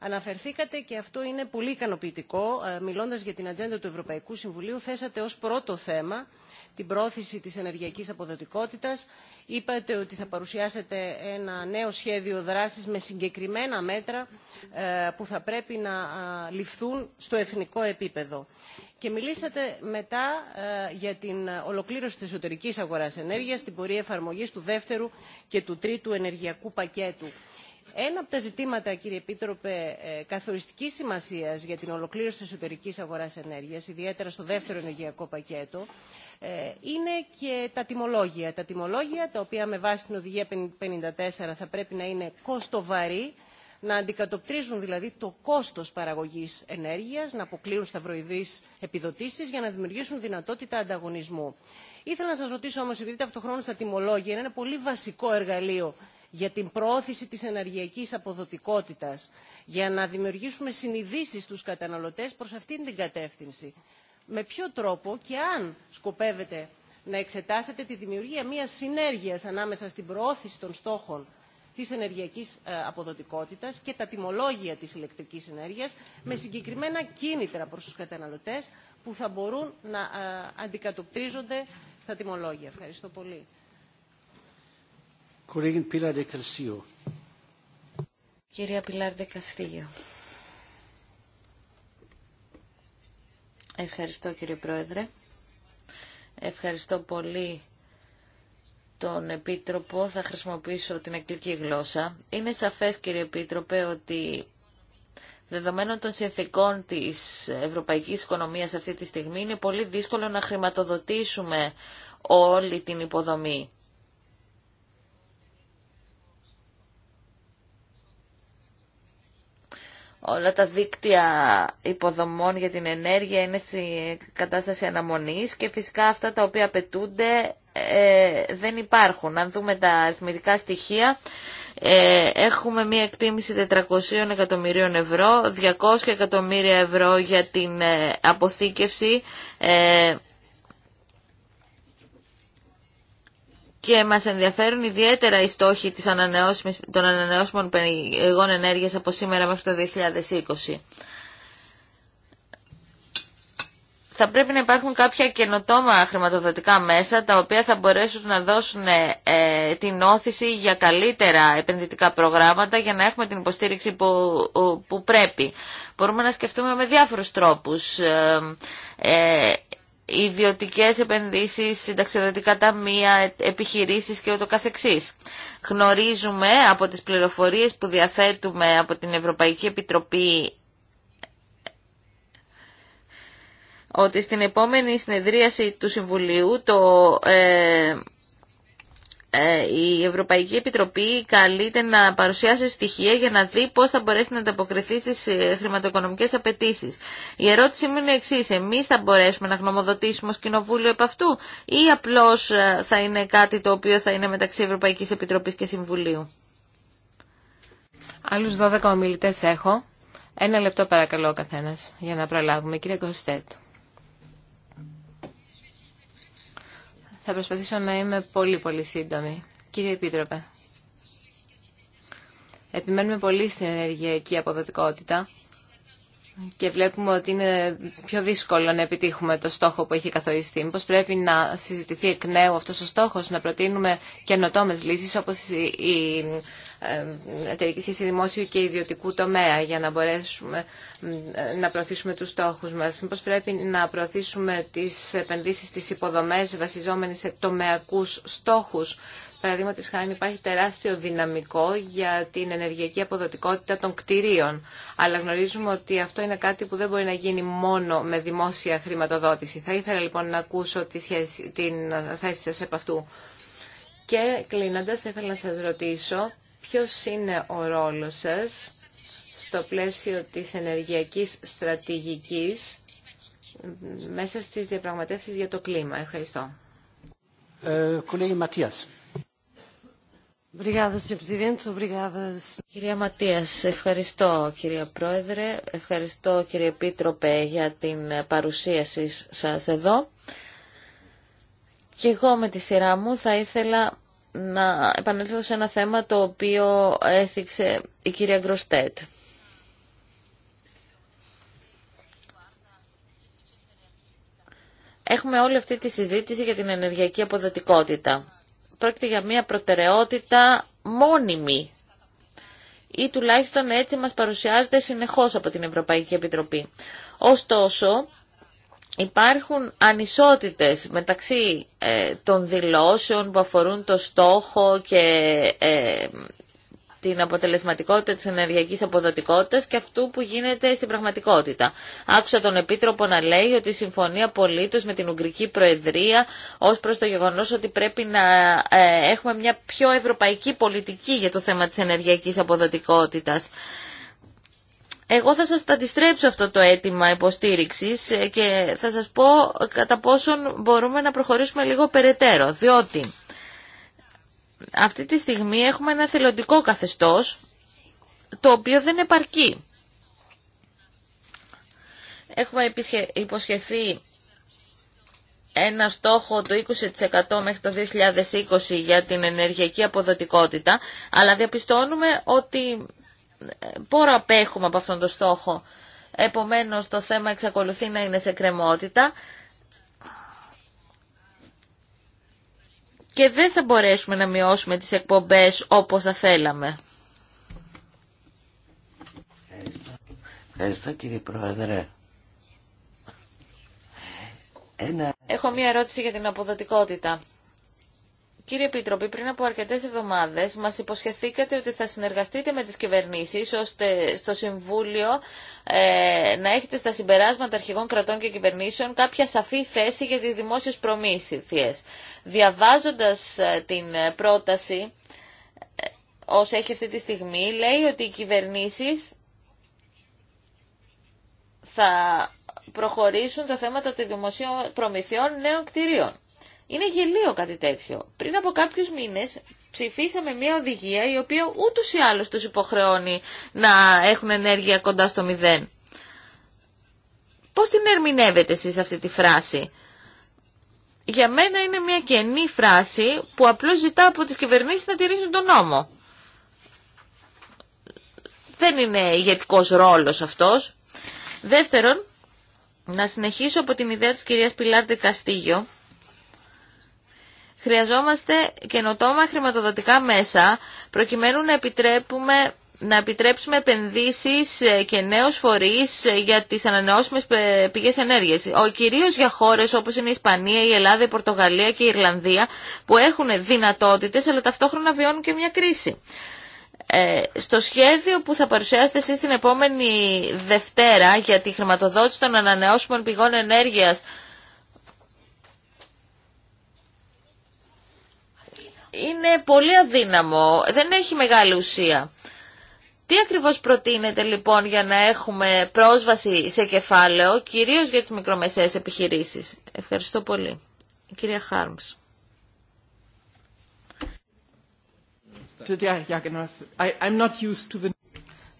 Αναφερθήκατε και αυτό είναι πολύ ικανοποιητικό. Ε, μιλώντας για την ατζέντα του Ευρωπαϊκού Συμβουλίου θέσατε ως πρώτο θέμα την πρόθεση της ενεργειακής αποδοτικότητας. Είπατε ότι θα παρουσιάσετε ένα νέο σχέδιο δράσης με συγκεκριμένα μέτρα ε, που θα πρέπει να ληφθούν στο εθνικό επίπεδο. Και μιλήσατε μετά ε, για την ολοκλήρωση της εσωτερικής αγοράς ενέργειας, την πορεία εφαρμογής του δεύτερου και του τρίτου ενεργειακού πακέτου. Ένα από τα ζητήματα, κύριε Επίτροπε, ε, καθοριστικής σημασίας για την ολοκλήρωση της εσωτερικής αγοράς ενέργειας, ιδιαίτερα στο δεύτερο ενεργειακό πακέτο, ε, είναι και τα τιμολόγια. Τα τιμολόγια, τα οποία με βάση την Οδηγία 54 θα πρέπει να είναι κόστοβαροι να αντικατοπτρίζουν δηλαδή το κόστος παραγωγής ενέργειας, να αποκλείουν σταυροειδείς επιδοτήσεις για να δημιουργήσουν δυνατότητα ανταγωνισμού. Ήθελα να σας ρωτήσω όμως, επειδή ταυτοχρόνω στα τιμολόγια είναι ένα πολύ βασικό εργαλείο για την προώθηση της ενεργειακής αποδοτικότητας, για να δημιουργήσουμε συνειδήσεις στους καταναλωτές προς αυτήν την κατεύθυνση με ποιο τρόπο και αν σκοπεύετε να εξετάσετε τη δημιουργία μιας συνέργειας ανάμεσα στην προώθηση των στόχων της ενεργειακής ε, αποδοτικότητας και τα τιμολόγια της ηλεκτρικής ενέργειας με ναι. συγκεκριμένα κίνητρα προς τους καταναλωτές που θα μπορούν να ε, αντικατοπτρίζονται στα τιμολόγια. Ευχαριστώ πολύ. Κυρία Ευχαριστώ κύριε Πρόεδρε. Ευχαριστώ πολύ τον Επίτροπο. Θα χρησιμοποιήσω την εκκληκή γλώσσα. Είναι σαφές κύριε Επίτροπε ότι δεδομένων των συνθήκων της ευρωπαϊκής οικονομίας αυτή τη στιγμή είναι πολύ δύσκολο να χρηματοδοτήσουμε όλη την υποδομή. όλα τα δίκτυα υποδομών για την ενέργεια είναι σε κατάσταση αναμονής και φυσικά αυτά τα οποία απαιτούνται ε, δεν υπάρχουν. Αν δούμε τα αριθμητικά στοιχεία, ε, έχουμε μία εκτίμηση 400 εκατομμυρίων ευρώ, 200 εκατομμύρια ευρώ για την ε, αποθήκευση, και μας ενδιαφέρουν ιδιαίτερα οι στόχοι της των ανανεώσιμων πηγών ενέργειας από σήμερα μέχρι το 2020. Θα πρέπει να υπάρχουν κάποια καινοτόμα χρηματοδοτικά μέσα τα οποία θα μπορέσουν να δώσουν ε, την όθηση για καλύτερα επενδυτικά προγράμματα για να έχουμε την υποστήριξη που, που πρέπει. Μπορούμε να σκεφτούμε με διάφορους τρόπους. ε, ε ιδιωτικέ επενδύσεις, συνταξιοδοτικά ταμεία, ε, επιχειρήσεις και ούτω καθεξής. Γνωρίζουμε από τις πληροφορίες που διαθέτουμε από την Ευρωπαϊκή Επιτροπή ότι στην επόμενη συνεδρίαση του Συμβουλίου το ε, ε, η Ευρωπαϊκή Επιτροπή καλείται να παρουσιάσει στοιχεία για να δει πώς θα μπορέσει να ανταποκριθεί στις ε, χρηματοοικονομικές απαιτήσεις. Η ερώτηση μου είναι εξή. Εμείς θα μπορέσουμε να γνωμοδοτήσουμε ως Κοινοβούλιο επ' αυτού ή απλώς ε, θα είναι κάτι το οποίο θα είναι μεταξύ Ευρωπαϊκής Επιτροπής και Συμβουλίου. Άλλους 12 ομιλητές έχω. Ένα λεπτό παρακαλώ ο καθένας για να προλάβουμε. Κύριε Κωστέτ. Θα προσπαθήσω να είμαι πολύ πολύ σύντομη. Κύριε Επίτροπε, επιμένουμε πολύ στην ενεργειακή αποδοτικότητα και βλέπουμε ότι είναι πιο δύσκολο να επιτύχουμε το στόχο που έχει καθοριστεί. Μήπως πρέπει να συζητηθεί εκ νέου αυτός ο στόχος, να προτείνουμε καινοτόμε λύσεις όπως η ε, εταιρική σχέση δημόσιου και ιδιωτικού τομέα για να μπορέσουμε να προωθήσουμε τους στόχους μας. Μήπως πρέπει να προωθήσουμε τις επενδύσεις στις υποδομές βασιζόμενες σε τομεακούς στόχους Παραδείγματο χάρη υπάρχει τεράστιο δυναμικό για την ενεργειακή αποδοτικότητα των κτηρίων. Αλλά γνωρίζουμε ότι αυτό είναι κάτι που δεν μπορεί να γίνει μόνο με δημόσια χρηματοδότηση. Θα ήθελα λοιπόν να ακούσω τη την θέση σας επ' αυτού. Και κλείνοντα, θα ήθελα να σας ρωτήσω ποιο είναι ο ρόλος σας στο πλαίσιο της ενεργειακής στρατηγικής μέσα στις διαπραγματεύσεις για το κλίμα. Ευχαριστώ. Ε, Ματίας. Κυρία Ματίας, ευχαριστώ κυρία Πρόεδρε, ευχαριστώ κύριε Επίτροπε για την παρουσίαση σας εδώ. Και εγώ με τη σειρά μου θα ήθελα να επανέλθω σε ένα θέμα το οποίο έθιξε η κυρία Γκροστέτ. Έχουμε όλη αυτή τη συζήτηση για την ενεργειακή αποδοτικότητα πρόκειται για μια προτεραιότητα μόνιμη ή τουλάχιστον έτσι μας παρουσιάζεται συνεχώς από την Ευρωπαϊκή Επιτροπή. Ωστόσο, υπάρχουν ανισότητες μεταξύ ε, των δηλώσεων που αφορούν το στόχο και ε, την αποτελεσματικότητα της ενεργειακής αποδοτικότητας και αυτού που γίνεται στην πραγματικότητα. Άκουσα τον Επίτροπο να λέει ότι συμφωνεί απολύτως με την Ουγγρική Προεδρία ως προς το γεγονός ότι πρέπει να ε, έχουμε μια πιο ευρωπαϊκή πολιτική για το θέμα της ενεργειακής αποδοτικότητας. Εγώ θα σας αντιστρέψω αυτό το αίτημα υποστήριξης ε, και θα σας πω κατά πόσον μπορούμε να προχωρήσουμε λίγο περαιτέρω, διότι αυτή τη στιγμή έχουμε ένα θελοντικό καθεστώς το οποίο δεν επαρκεί. Έχουμε υποσχεθεί ένα στόχο του 20% μέχρι το 2020 για την ενεργειακή αποδοτικότητα, αλλά διαπιστώνουμε ότι ε, πόρο απέχουμε από αυτόν τον στόχο. Επομένως το θέμα εξακολουθεί να είναι σε κρεμότητα και δεν θα μπορέσουμε να μειώσουμε τις εκπομπές όπως θα θέλαμε. Ευχαριστώ κύριε Πρόεδρε. Ένα... Έχω μία ερώτηση για την αποδοτικότητα. Κύριε Επίτροπη, πριν από αρκετές εβδομάδες μας υποσχεθήκατε ότι θα συνεργαστείτε με τις κυβερνήσεις ώστε στο Συμβούλιο ε, να έχετε στα συμπεράσματα αρχηγών κρατών και κυβερνήσεων κάποια σαφή θέση για τις δημόσιες προμήθειες. Διαβάζοντας ε, την πρόταση ε, ως έχει αυτή τη στιγμή, λέει ότι οι κυβερνήσεις θα προχωρήσουν το θέμα των δημοσίων προμηθειών νέων κτηρίων. Είναι γελίο κάτι τέτοιο. Πριν από κάποιους μήνες ψηφίσαμε μια οδηγία η οποία ούτως ή άλλως τους υποχρεώνει να έχουν ενέργεια κοντά στο μηδέν. Πώς την ερμηνεύετε εσείς αυτή τη φράση. Για μένα είναι μια κενή φράση που απλώς ζητά από τις κυβερνήσεις να τηρήσουν τον νόμο. Δεν είναι ηγετικός ρόλος αυτός. Δεύτερον, να συνεχίσω από την ιδέα της κυρίας Πιλάρντε Καστίγιο Χρειαζόμαστε καινοτόμα χρηματοδοτικά μέσα προκειμένου να επιτρέπουμε να επιτρέψουμε επενδύσεις και νέους φορείς για τις ανανεώσιμες πηγές ενέργειας. Ο κυρίως για χώρες όπως είναι η Ισπανία, η Ελλάδα, η Πορτογαλία και η Ιρλανδία που έχουν δυνατότητες αλλά ταυτόχρονα βιώνουν και μια κρίση. Ε, στο σχέδιο που θα παρουσιάσετε εσείς την επόμενη Δευτέρα για τη χρηματοδότηση των ανανεώσιμων πηγών ενέργειας είναι πολύ αδύναμο, δεν έχει μεγάλη ουσία. Τι ακριβώς προτείνετε, λοιπόν για να έχουμε πρόσβαση σε κεφάλαιο, κυρίως για τις μικρομεσαίες επιχειρήσεις. Ευχαριστώ πολύ. Η κυρία Χάρμς.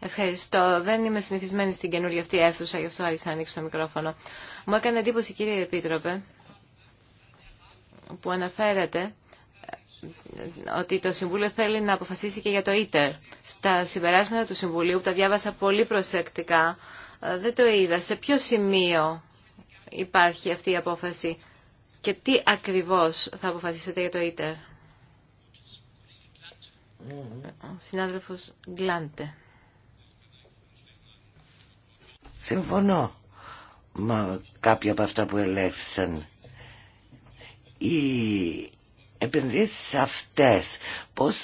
Ευχαριστώ. Δεν είμαι συνηθισμένη στην καινούργια αυτή αίθουσα, γι' αυτό άρχισα να ανοίξω το μικρόφωνο. Μου έκανε εντύπωση, κύριε Επίτροπε, που αναφέρατε ότι το Συμβούλιο θέλει να αποφασίσει και για το ΙΤΕΡ. Στα συμπεράσματα του Συμβουλίου, που τα διάβασα πολύ προσεκτικά, ε, δεν το είδα. Σε ποιο σημείο υπάρχει αυτή η απόφαση και τι ακριβώς θα αποφασίσετε για το ΙΤΕΡ. συνάδελφος Γκλάντε. Συμφωνώ με κάποια από αυτά που ελέγχθησαν. Η επενδύσεις αυτές πώς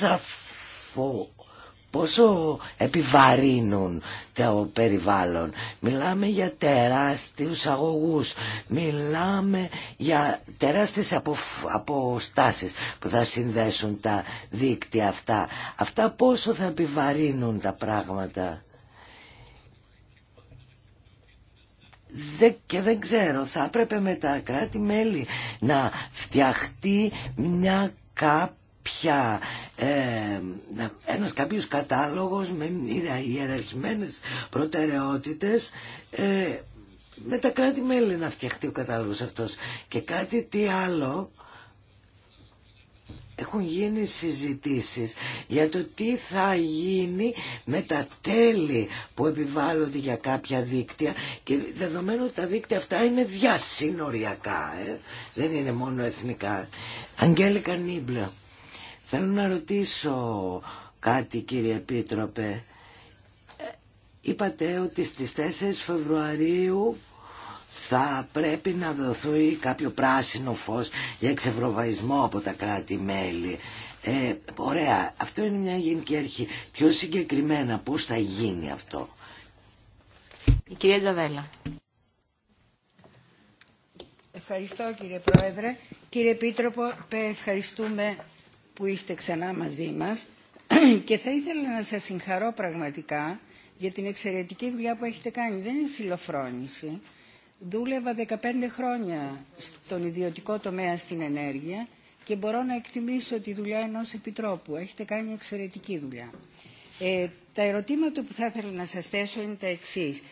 πόσο επιβαρύνουν το περιβάλλον. Μιλάμε για τεράστιους αγωγούς, μιλάμε για τεράστιες αποστάσεις που θα συνδέσουν τα δίκτυα αυτά. Αυτά πόσο θα επιβαρύνουν τα πράγματα. Δε, και δεν ξέρω, θα έπρεπε με τα κράτη-μέλη να φτιαχτεί μια κάποια, ε, ένας κάποιος κατάλογος με ιεραρχημένες προτεραιότητες ε, με τα κράτη-μέλη να φτιαχτεί ο κατάλογος αυτός. Και κάτι τι άλλο έχουν γίνει συζητήσεις για το τι θα γίνει με τα τέλη που επιβάλλονται για κάποια δίκτυα και δεδομένου ότι τα δίκτυα αυτά είναι διασύνοριακά, ε, δεν είναι μόνο εθνικά. Αγγέλικα Νίμπλε, θέλω να ρωτήσω κάτι κύριε Επίτροπε. Ε, είπατε ότι στις 4 Φεβρουαρίου θα πρέπει να δοθεί κάποιο πράσινο φως για εξευρωβαϊσμό από τα κράτη-μέλη. Ε, ωραία, αυτό είναι μια γενική αρχή. Πιο συγκεκριμένα πώς θα γίνει αυτό. Η κυρία Τζαβέλα. Ευχαριστώ κύριε Πρόεδρε. Κύριε Επίτροπο, ευχαριστούμε που είστε ξανά μαζί μας και θα ήθελα να σας συγχαρώ πραγματικά για την εξαιρετική δουλειά που έχετε κάνει. Δεν είναι φιλοφρόνηση. Δούλευα 15 χρόνια στον ιδιωτικό τομέα στην ενέργεια και μπορώ να εκτιμήσω τη δουλειά ενός επιτρόπου. Έχετε κάνει εξαιρετική δουλειά. Ε, τα ερωτήματα που θα ήθελα να σας θέσω είναι τα εξής.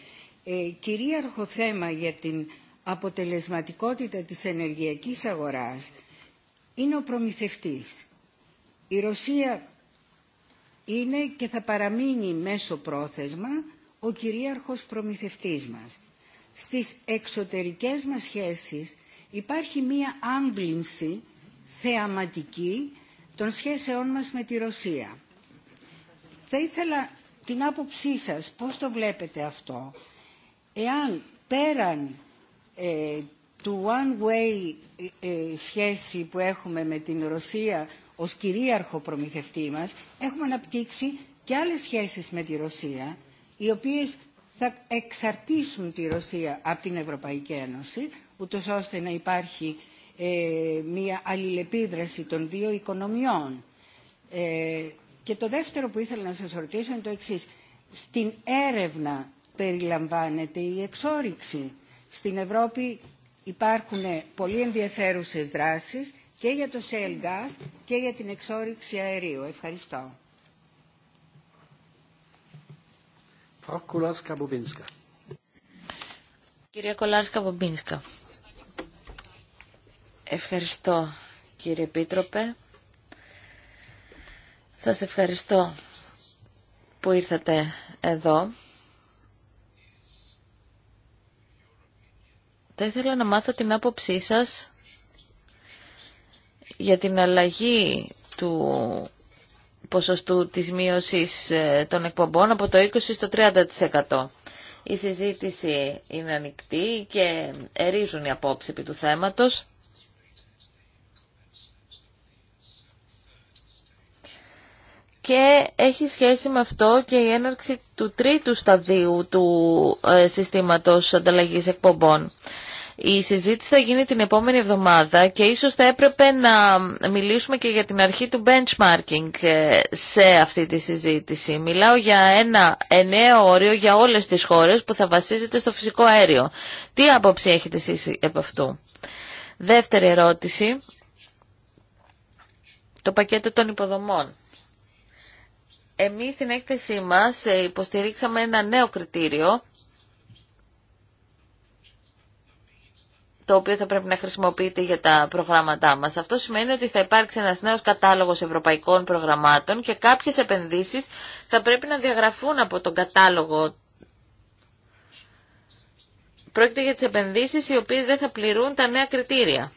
Ε, κυρίαρχο θέμα για την αποτελεσματικότητα της ενεργειακής αγοράς είναι ο προμηθευτής. Η Ρωσία είναι και θα παραμείνει μέσω πρόθεσμα ο κυρίαρχος προμηθευτής μας στις εξωτερικές μας σχέσεις υπάρχει μία άμβλυνση θεαματική των σχέσεών μας με τη Ρωσία. Θα ήθελα την άποψή σας, πώς το βλέπετε αυτό, εάν πέραν ε, του one-way ε, σχέση που έχουμε με την Ρωσία ως κυρίαρχο προμηθευτή μας, έχουμε αναπτύξει και άλλες σχέσεις με τη Ρωσία, οι οποίες θα εξαρτήσουν τη Ρωσία από την Ευρωπαϊκή Ένωση, ούτως ώστε να υπάρχει ε, μια αλληλεπίδραση των δύο οικονομιών. Ε, και το δεύτερο που ήθελα να σας ρωτήσω είναι το εξής. Στην έρευνα περιλαμβάνεται η εξόριξη. Στην Ευρώπη υπάρχουν πολύ ενδιαφέρουσες δράσεις και για το shale gas και για την εξόριξη αερίου. Ευχαριστώ. Κυρία Κολάρσκα-Μπομπίνσκα. Ευχαριστώ κύριε Επίτροπε. Σας ευχαριστώ που ήρθατε εδώ. Θα ήθελα να μάθω την άποψή σας για την αλλαγή του ποσοστού της μείωσης ε, των εκπομπών από το 20% στο 30%. Η συζήτηση είναι ανοιχτή και ερίζουν οι απόψεις επί του θέματος. Και έχει σχέση με αυτό και η έναρξη του τρίτου σταδίου του ε, συστήματος ανταλλαγής εκπομπών. Η συζήτηση θα γίνει την επόμενη εβδομάδα και ίσως θα έπρεπε να μιλήσουμε και για την αρχή του benchmarking ε, σε αυτή τη συζήτηση. Μιλάω για ένα νέο όριο για όλες τις χώρες που θα βασίζεται στο φυσικό αέριο. Τι άποψη έχετε εσείς από αυτού. Δεύτερη ερώτηση. Το πακέτο των υποδομών. Εμείς στην έκθεσή μας ε, υποστηρίξαμε ένα νέο κριτήριο το οποίο θα πρέπει να χρησιμοποιείται για τα προγράμματά μας. Αυτό σημαίνει ότι θα υπάρξει ένας νέος κατάλογος ευρωπαϊκών προγραμμάτων και κάποιες επενδύσεις θα πρέπει να διαγραφούν από τον κατάλογο Πρόκειται για τις επενδύσεις οι οποίες δεν θα πληρούν τα νέα κριτήρια.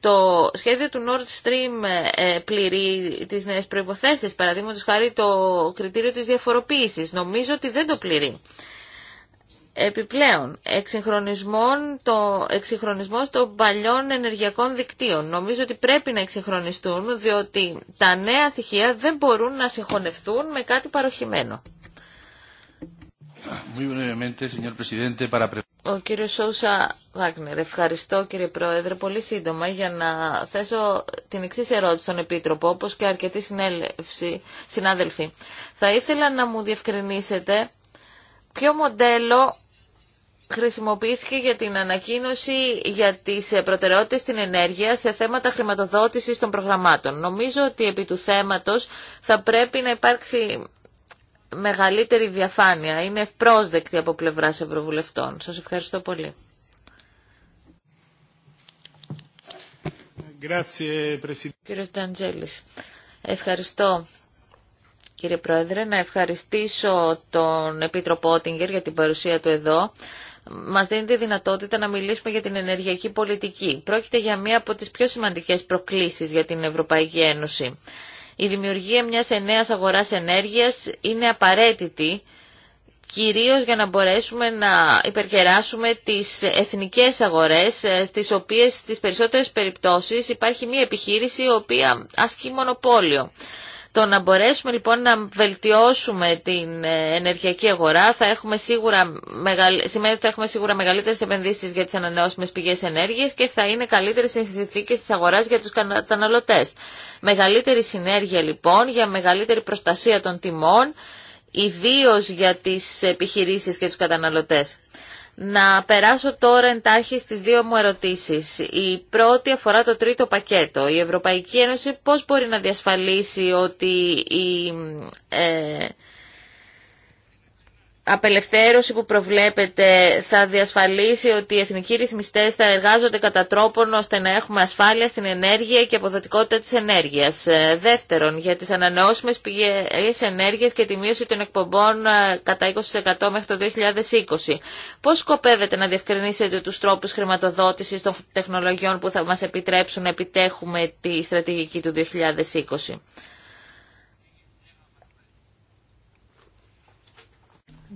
Το σχέδιο του Nord Stream ε, πληρεί τις νέες προϋποθέσεις, παραδείγματος χάρη το κριτήριο της διαφοροποίησης. Νομίζω ότι δεν το πληρεί. Επιπλέον, το, εξυγχρονισμός των παλιών ενεργειακών δικτύων. Νομίζω ότι πρέπει να εξυγχρονιστούν, διότι τα νέα στοιχεία δεν μπορούν να συγχωνευτούν με κάτι παροχημένο. Ο κύριο Σόουσα Βάγνερ, ευχαριστώ κύριε Πρόεδρε. Πολύ σύντομα για να θέσω την εξή ερώτηση στον Επίτροπο, όπω και αρκετοί συνάδελφοι. Θα ήθελα να μου διευκρινίσετε ποιο μοντέλο χρησιμοποιήθηκε για την ανακοίνωση για τις ε, προτεραιότητες στην ενέργεια σε θέματα χρηματοδότησης των προγραμμάτων. Νομίζω ότι επί του θέματος θα πρέπει να υπάρξει μεγαλύτερη διαφάνεια. Είναι ευπρόσδεκτη από πλευράς ευρωβουλευτών. Σας ευχαριστώ πολύ. Κύριε Νταντζέλης, ευχαριστώ. Κύριε Πρόεδρε, να ευχαριστήσω τον Επίτροπο Ότιγκερ για την παρουσία του εδώ μας δίνει τη δυνατότητα να μιλήσουμε για την ενεργειακή πολιτική. Πρόκειται για μία από τις πιο σημαντικές προκλήσεις για την Ευρωπαϊκή Ένωση. Η δημιουργία μιας νέας αγοράς ενέργειας είναι απαραίτητη κυρίως για να μπορέσουμε να υπερκεράσουμε τις εθνικές αγορές, ε, στις οποίες στις περισσότερες περιπτώσεις υπάρχει μία επιχείρηση η οποία ασκεί μονοπόλιο. Το να μπορέσουμε λοιπόν να βελτιώσουμε την ε, ενεργειακή αγορά θα έχουμε σίγουρα σημαίνει ότι θα έχουμε σίγουρα μεγαλύτερε επενδύσει για τι ανανεώσιμε πηγέ ενέργειας και θα είναι καλύτερε οι συνθήκε τη αγορά για του καταναλωτέ. Μεγαλύτερη συνέργεια λοιπόν για μεγαλύτερη προστασία των τιμών, ιδίω για τι επιχειρήσει και του καταναλωτέ. Να περάσω τώρα εντάχει στις δύο μου ερωτήσεις. Η πρώτη αφορά το τρίτο πακέτο. Η Ευρωπαϊκή Ένωση πώς μπορεί να διασφαλίσει ότι η ε, απελευθέρωση που προβλέπεται θα διασφαλίσει ότι οι εθνικοί ρυθμιστές θα εργάζονται κατά τρόπον ώστε να έχουμε ασφάλεια στην ενέργεια και αποδοτικότητα της ενέργειας. Ε, δεύτερον, για τις ανανεώσιμες πηγές ενέργειας και τη μείωση των εκπομπών ε, κατά 20% μέχρι το 2020. Πώς σκοπεύετε να διευκρινίσετε τους τρόπους χρηματοδότησης των τεχνολογιών που θα μας επιτρέψουν να επιτέχουμε τη στρατηγική του 2020.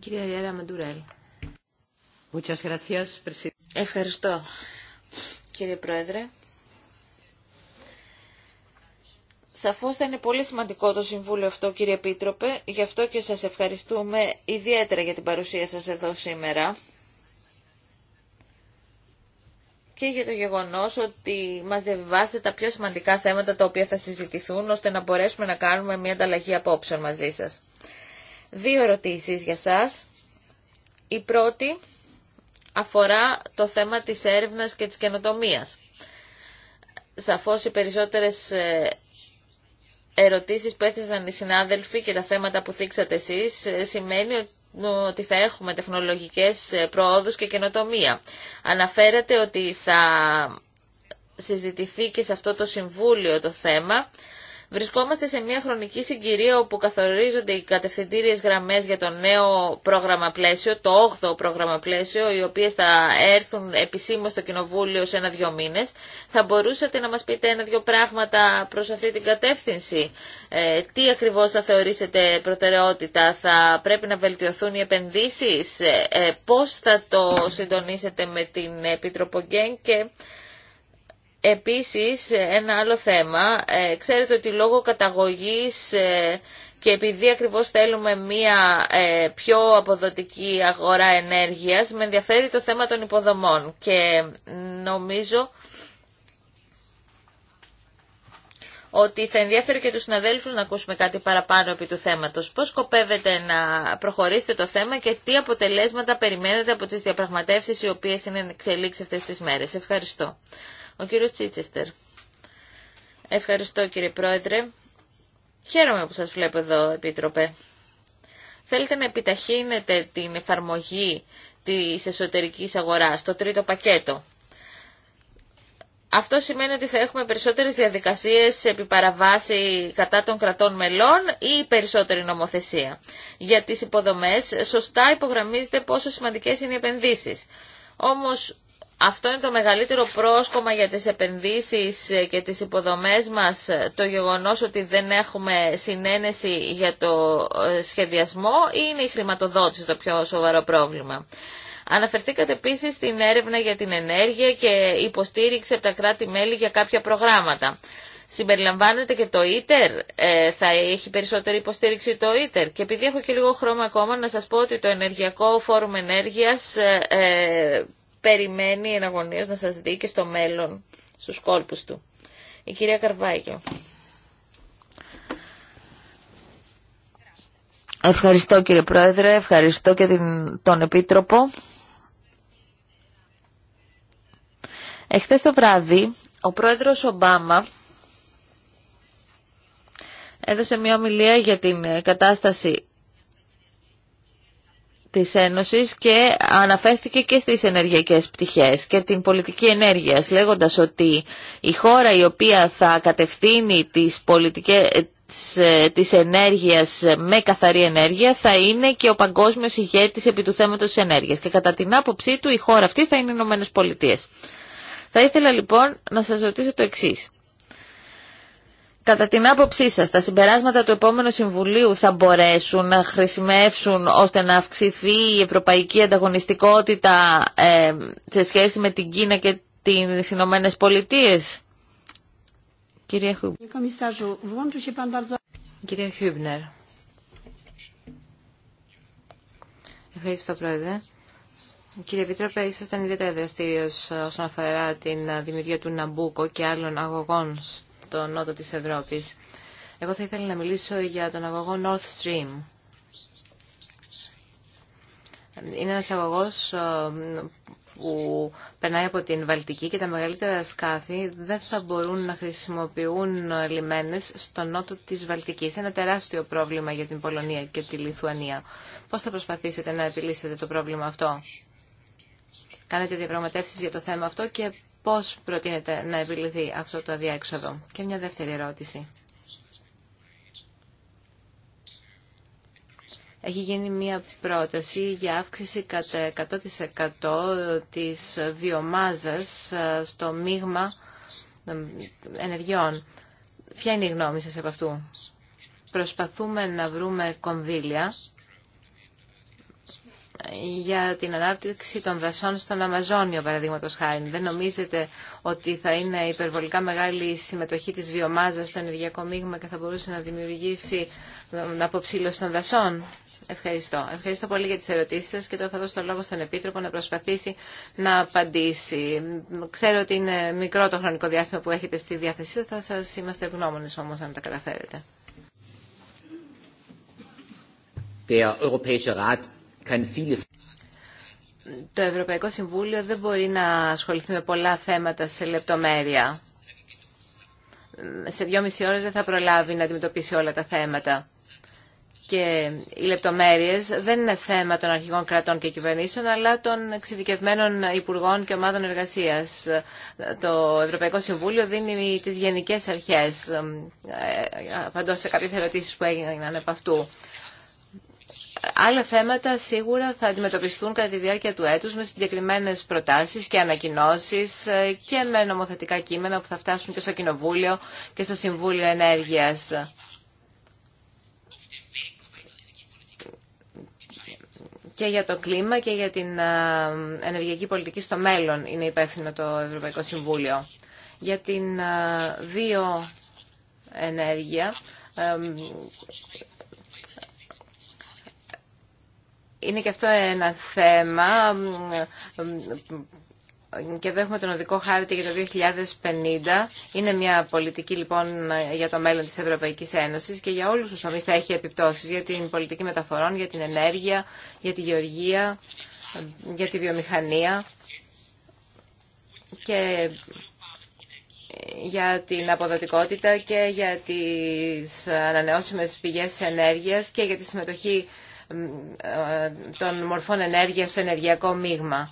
Κυρία Ευχαριστώ, κύριε Πρόεδρε. Σαφώς θα είναι πολύ σημαντικό το Συμβούλιο αυτό, κύριε Επίτροπε. Γι' αυτό και σας ευχαριστούμε ιδιαίτερα για την παρουσία σας εδώ σήμερα και για το γεγονός ότι μας διαβιβάσετε τα πιο σημαντικά θέματα τα οποία θα συζητηθούν, ώστε να μπορέσουμε να κάνουμε μια ανταλλαγή απόψεων μαζί σας. Δύο ερωτήσεις για σας. Η πρώτη αφορά το θέμα της έρευνας και της καινοτομίας. Σαφώς οι περισσότερες ε, ερωτήσεις που έθεσαν οι συνάδελφοι και τα θέματα που θίξατε εσείς ε, σημαίνει ότι θα έχουμε τεχνολογικές ε, προόδους και καινοτομία. Αναφέρατε ότι θα συζητηθεί και σε αυτό το Συμβούλιο το θέμα, Βρισκόμαστε σε μια χρονική συγκυρία όπου καθορίζονται οι κατευθυντήριες γραμμές για το νέο πρόγραμμα πλαίσιο, το 8ο πρόγραμμα πλαίσιο, οι οποίες θα έρθουν επισήμως στο Κοινοβούλιο σε ένα-δυο μήνες. Θα μπορούσατε να μας πείτε ένα-δυο πράγματα προς αυτή την κατεύθυνση. Ε, τι ακριβώς θα θεωρήσετε προτεραιότητα, θα πρέπει να βελτιωθούν οι επενδύσεις, ε, ε πώς θα το συντονίσετε με την Επίτροπο Γκέν και Επίσης, ένα άλλο θέμα. Ε, ξέρετε ότι λόγω καταγωγής ε, και επειδή ακριβώς θέλουμε μία ε, πιο αποδοτική αγορά ενέργειας, με ενδιαφέρει το θέμα των υποδομών. Και νομίζω ότι θα ενδιαφέρει και τους συναδέλφους να ακούσουμε κάτι παραπάνω επί του θέματος. Πώς σκοπεύετε να προχωρήσετε το θέμα και τι αποτελέσματα περιμένετε από τις διαπραγματεύσεις οι οποίες είναι εξελίξει αυτές τις μέρες. Ευχαριστώ. Ο κύριος Τσίτσεστερ. Ευχαριστώ κύριε Πρόεδρε. Χαίρομαι που σας βλέπω εδώ, Επίτροπε. Θέλετε να επιταχύνετε την εφαρμογή της εσωτερικής αγοράς, το τρίτο πακέτο. Αυτό σημαίνει ότι θα έχουμε περισσότερες διαδικασίες επί παραβάση κατά των κρατών μελών ή περισσότερη νομοθεσία. Για τις υποδομές, σωστά υπογραμμίζεται πόσο σημαντικές είναι οι επενδύσεις. Όμως, αυτό είναι το μεγαλύτερο πρόσκομα για τις επενδύσεις και τις υποδομές μας, το γεγονός ότι δεν έχουμε συνένεση για το ε, σχεδιασμό ή είναι η χρηματοδότηση το πιο σοβαρό πρόβλημα. Αναφερθήκατε επίση στην έρευνα για την ενέργεια και υποστήριξη από τα κράτη-μέλη για κάποια προγράμματα. Συμπεριλαμβάνεται και το ίτερ, ε, θα έχει περισσότερη υποστήριξη το ίτερ. Και επειδή έχω και λίγο χρώμα ακόμα, να σας πω ότι το Ενεργειακό Φόρουμ Ενέργειας ε, ε περιμένει εναγωνίως να σας δει και στο μέλλον, στους κόλπους του. Η κυρία Καρβάγιο. Ευχαριστώ κύριε Πρόεδρε, ευχαριστώ και την, τον Επίτροπο. Εχθές το βράδυ ο Πρόεδρος Ομπάμα έδωσε μια ομιλία για την κατάσταση της Ένωσης και αναφέρθηκε και στις ενεργειακές πτυχές και την πολιτική ενέργεια. λέγοντας ότι η χώρα η οποία θα κατευθύνει τις πολιτικές, ε, της ενέργειας με καθαρή ενέργεια θα είναι και ο παγκόσμιος ηγέτης επί του θέματος της ενέργειας και κατά την άποψή του η χώρα αυτή θα είναι οι Ηνωμένες Πολιτείες. Θα ήθελα λοιπόν να σας ρωτήσω το εξής. Κατά την άποψή σας, τα συμπεράσματα του επόμενου Συμβουλίου θα μπορέσουν να χρησιμεύσουν ώστε να αυξηθεί η ευρωπαϊκή ανταγωνιστικότητα ε, σε σχέση με την Κίνα και τις Ηνωμένε Πολιτείε. Κυρία Χούμπνερ. Χούμπνερ. Ευχαριστώ, Πρόεδρε. Κύριε Επιτρόπε, ήσασταν ιδιαίτερα δραστήριο όσον αφορά την δημιουργία του Ναμπούκο και άλλων αγωγών το νότο της Ευρώπης. Εγώ θα ήθελα να μιλήσω για τον αγωγό North Stream. Είναι ένας αγωγός ε, που περνάει από την Βαλτική και τα μεγαλύτερα σκάφη δεν θα μπορούν να χρησιμοποιούν ε, λιμένες στο νότο της Βαλτικής. Ένα τεράστιο πρόβλημα για την Πολωνία και τη Λιθουανία. Πώς θα προσπαθήσετε να επιλύσετε το πρόβλημα αυτό. Κάνετε διαπραγματεύσει για το θέμα αυτό και Πώς προτείνετε να επιληθεί αυτό το αδιέξοδο. Και μια δεύτερη ερώτηση. Έχει γίνει μια πρόταση για αύξηση κατά 100% της βιομάζας ε, στο μείγμα ε, ενεργειών. Ποια είναι η γνώμη σας από αυτού. Προσπαθούμε να βρούμε κονδύλια για την ανάπτυξη των δασών στον Αμαζόνιο, παραδείγματο χάρη. Δεν νομίζετε ότι θα είναι υπερβολικά μεγάλη η συμμετοχή τη βιομάζα στο ενεργειακό μείγμα και θα μπορούσε να δημιουργήσει ε, αποψήλωση των δασών. Ευχαριστώ. Ευχαριστώ πολύ για τις ερωτήσεις σας και τώρα θα δώσω το λόγο στον Επίτροπο να προσπαθήσει να απαντήσει. Ξέρω ότι είναι μικρό το χρονικό διάστημα που έχετε στη διάθεσή σας, θα σας είμαστε ευγνώμονες όμω αν τα καταφέρετε. Der Europäische Rat το Ευρωπαϊκό Συμβούλιο δεν μπορεί να ασχοληθεί με πολλά θέματα σε λεπτομέρεια. Σε δυόμιση ώρες δεν θα προλάβει να αντιμετωπίσει όλα τα θέματα. Και οι λεπτομέρειες δεν είναι θέμα των αρχηγών κρατών και κυβερνήσεων, αλλά των εξειδικευμένων υπουργών και ομάδων εργασίας. Το Ευρωπαϊκό Συμβούλιο δίνει τις γενικές αρχές, ε, ε, απαντώ σε κάποιες ερωτήσεις που έγιναν από αυτού. Άλλα θέματα σίγουρα θα αντιμετωπιστούν κατά τη διάρκεια του έτους με συγκεκριμένες προτάσεις και ανακοινώσεις ε, και με νομοθετικά κείμενα που θα φτάσουν και στο Κοινοβούλιο και στο Συμβούλιο Ενέργειας. Και για το κλίμα και για την ε, ενεργειακή πολιτική στο μέλλον είναι υπεύθυνο το Ευρωπαϊκό Συμβούλιο. Για την ε, βιοενέργεια είναι και αυτό ένα θέμα και εδώ έχουμε τον οδικό χάρτη για το 2050. Είναι μια πολιτική λοιπόν για το μέλλον της Ευρωπαϊκής Ένωσης και για όλους τους τομείς θα έχει επιπτώσεις για την πολιτική μεταφορών, για την ενέργεια, για τη γεωργία, για τη βιομηχανία και για την αποδοτικότητα και για τις ανανεώσιμες πηγές ενέργειας και για τη συμμετοχή των μορφών ενέργειας στο ενεργειακό μείγμα.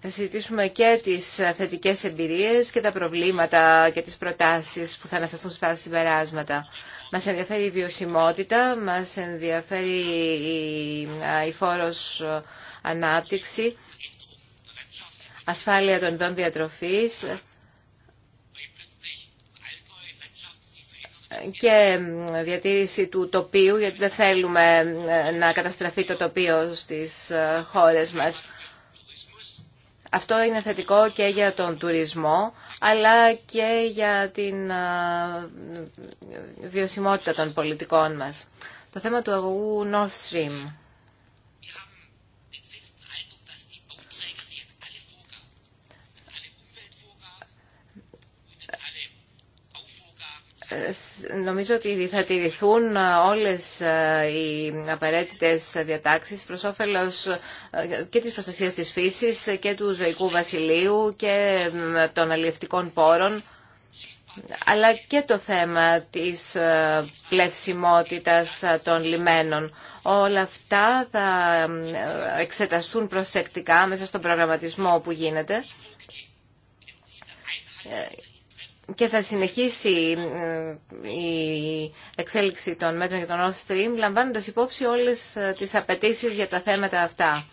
Θα συζητήσουμε και τις θετικές εμπειρίες και τα προβλήματα και τις προτάσεις που θα αναφερθούν στα συμπεράσματα. Μας ενδιαφέρει η βιωσιμότητα, μας ενδιαφέρει η φόρος ανάπτυξη, ασφάλεια των ειδών διατροφής, και διατήρηση του τοπίου, γιατί δεν θέλουμε ε, να καταστραφεί το τοπίο στις ε, χώρες μας. Αυτό είναι θετικό και για τον τουρισμό, αλλά και για την ε, βιωσιμότητα των πολιτικών μας. Το θέμα του αγωγού North Stream. Νομίζω ότι θα τηρηθούν όλες ε, οι απαραίτητες διατάξεις προς όφελος ε, και της προστασίας της φύσης και του ζωικού βασιλείου και των αλλιευτικών πόρων αλλά και το θέμα της ε, πλευσιμότητας των λιμένων. Όλα αυτά θα εξεταστούν προσεκτικά μέσα στον προγραμματισμό που γίνεται και θα συνεχίσει ε, η εξέλιξη των μέτρων για τον North Stream, λαμβάνοντας υπόψη όλες ε, τις απαιτήσεις για τα θέματα αυτά.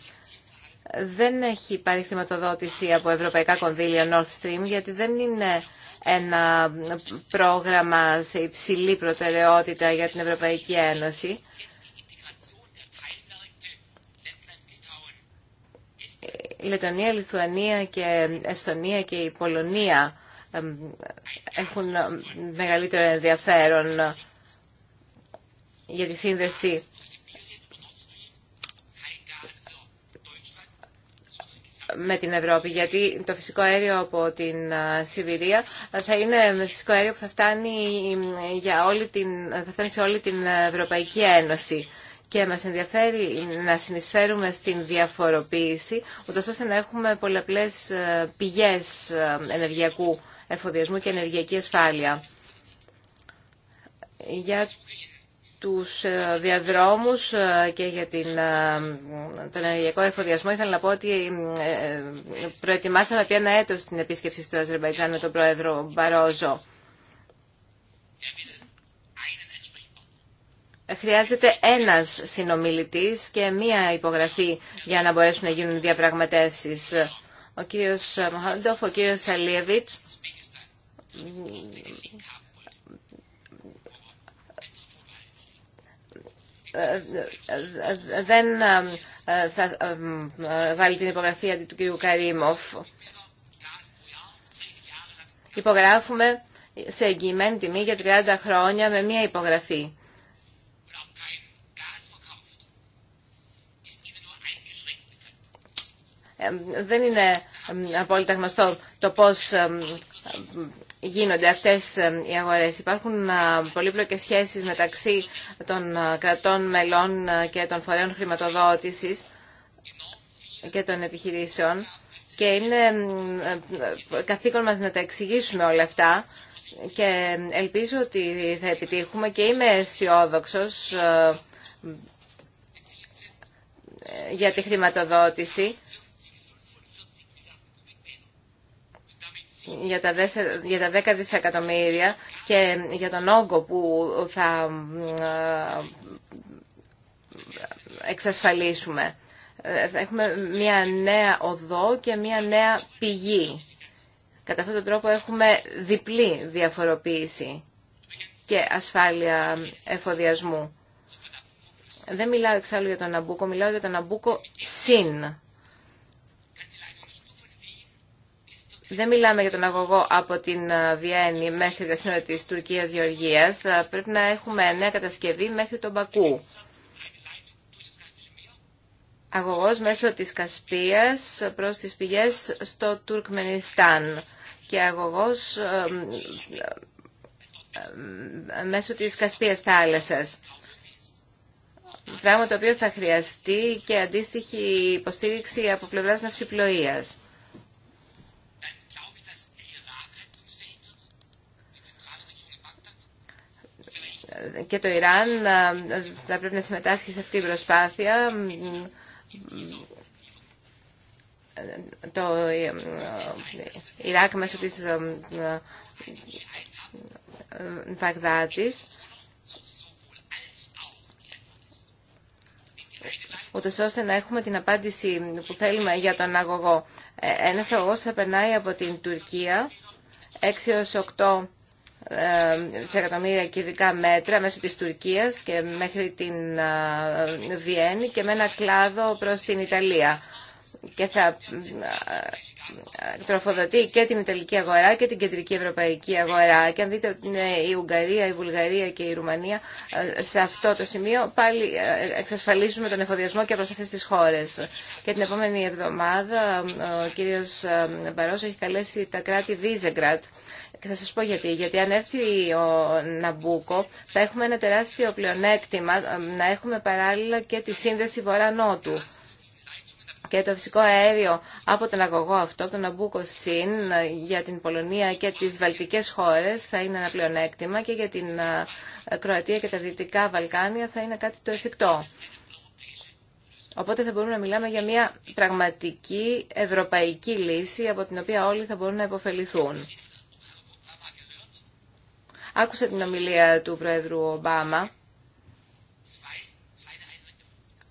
Δεν έχει πάρει χρηματοδότηση από ευρωπαϊκά κονδύλια North Stream, γιατί δεν είναι ένα πρόγραμμα σε υψηλή προτεραιότητα για την Ευρωπαϊκή Ένωση. Η Λετωνία, Λιθουανία και Εστονία και η Πολωνία έχουν μεγαλύτερο ενδιαφέρον για τη σύνδεση με την Ευρώπη, γιατί το φυσικό αέριο από την Σιβηρία θα είναι φυσικό αέριο που θα φτάνει, για όλη την, θα σε όλη την Ευρωπαϊκή Ένωση και μας ενδιαφέρει να συνεισφέρουμε στην διαφοροποίηση, ούτως ώστε να έχουμε πολλαπλές ε, πηγές ε, ενεργειακού εφοδιασμού και ενεργειακή ασφάλεια. Για τους ε, διαδρόμους ε, και για την, ε, τον ενεργειακό εφοδιασμό ήθελα να πω ότι προετοιμάσαμε πια ένα έτος την επίσκεψη στο Αζερβαϊτζάν με τον πρόεδρο Μπαρόζο. Χρειάζεται ένας συνομιλητής και μία υπογραφή για να μπορέσουν να γίνουν διαπραγματεύσεις. Ο κύριος Μοχαντοφ, ο κύριος Σαλίεβιτς δεν ε, θα ε, βάλει την υπογραφή του κ. Καρίμοφ. Υπογράφουμε σε εγγυημένη τιμή για 30 χρόνια με μία υπογραφή. Ε, δεν είναι απόλυτα γνωστό το πώς γίνονται αυτές ε, οι αγορές. Υπάρχουν ε, πολύπλοκες σχέσεις μεταξύ των ε, κρατών μελών και των φορέων χρηματοδότησης και των επιχειρήσεων και είναι καθήκον μας να τα εξηγήσουμε όλα αυτά και ελπίζω ότι θα επιτύχουμε και είμαι αισιόδοξο για τη χρηματοδότηση για τα, 10, για τα δισεκατομμύρια και για τον όγκο που θα ε, εξασφαλίσουμε. Ε, έχουμε μια νέα οδό και μια νέα πηγή. Κατά αυτόν τον τρόπο έχουμε διπλή διαφοροποίηση και ασφάλεια εφοδιασμού. Δεν μιλάω εξάλλου για τον Αμπούκο, μιλάω για τον Αμπούκο συν. Δεν μιλάμε για τον αγωγό από την ε, Βιέννη μέχρι τα σύνορα της Τουρκίας-Γεωργίας. Ε, πρέπει να έχουμε νέα κατασκευή μέχρι τον Πακού. Αγωγός μέσω της Κασπίας προς τις πηγές στο Τουρκμενιστάν και αγωγός ε, μέσω της Κασπίας θάλασσας. Πράγμα το οποίο θα χρειαστεί και αντίστοιχη υποστήριξη από πλευράς ναυσιπλοείας. και το Ιράν ε, θα πρέπει να συμμετάσχει σε αυτή την προσπάθεια. Το ε, ε, Ιράκ μέσω της Βαγδάτης ούτω ώστε να έχουμε την απάντηση που θέλουμε για τον αγωγό. Ένας αγωγός θα περνάει από την Τουρκία 6 ε, σε δισεκατομμύρια κυβικά μέτρα μέσω της Τουρκίας και μέχρι την ε, Βιέννη και με ένα κλάδο προς την Ιταλία και θα ε, τροφοδοτεί και την Ιταλική αγορά και την Κεντρική Ευρωπαϊκή αγορά. Και αν δείτε ότι είναι η Ουγγαρία, η Βουλγαρία και η Ρουμανία σε αυτό το σημείο πάλι εξασφαλίζουμε τον εφοδιασμό και προς αυτές τις χώρες. Και την επόμενη εβδομάδα ο κύριος Μπαρός έχει καλέσει τα κράτη Βίζεγκρατ και θα σας πω γιατί. Γιατί αν έρθει ο Ναμπούκο θα έχουμε ένα τεράστιο πλεονέκτημα ε, να έχουμε παράλληλα και τη σύνδεση βορρά-νότου. Και το φυσικό αέριο από τον αγωγό αυτό, τον Ναμπούκο Συν, ε, για την Πολωνία και τις Βαλτικές χώρες θα είναι ένα πλεονέκτημα και για την ε, Κροατία και τα Δυτικά Βαλκάνια θα είναι κάτι το εφικτό. Οπότε θα μπορούμε να μιλάμε για μια πραγματική ευρωπαϊκή λύση από την οποία όλοι θα μπορούν να υποφεληθούν. Άκουσα την ομιλία του Πρόεδρου Ομπάμα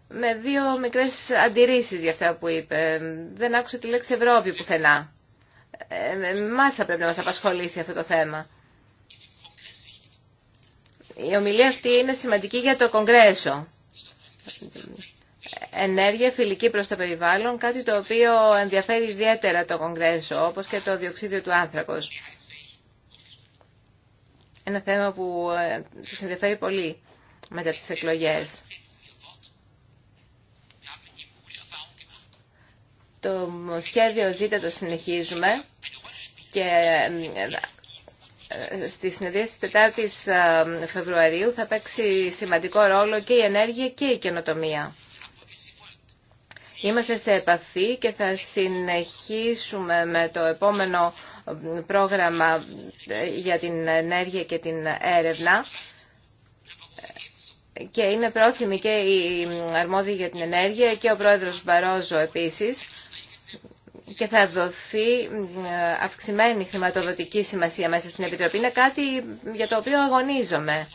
με δύο μικρές αντιρρήσεις για αυτά που είπε. Δεν άκουσα τη λέξη Ευρώπη πουθενά. Ε, μας θα πρέπει να μας απασχολήσει αυτό το θέμα. Η ομιλία αυτή είναι σημαντική για το Κογκρέσο. Ενέργεια φιλική προς το περιβάλλον, κάτι το οποίο ενδιαφέρει ιδιαίτερα το Κογκρέσο, όπως και το διοξίδιο του άνθρακος ένα θέμα που ε, τους ενδιαφέρει πολύ μετά τις εκλογές. Το σχέδιο ζήτα το συνεχίζουμε και ε, ε, στη συνεδρία της 4 Φεβρουαρίου θα παίξει σημαντικό ρόλο και η ενέργεια και η καινοτομία. Είμαστε σε επαφή και θα συνεχίσουμε με το επόμενο πρόγραμμα ε, για την ενέργεια και την έρευνα και είναι πρόθυμοι και οι αρμόδιοι για την ενέργεια και ο πρόεδρος Μπαρόζο επίσης και θα δοθεί ε, αυξημένη χρηματοδοτική σημασία μέσα στην Επιτροπή. Είναι κάτι για το οποίο αγωνίζομαι.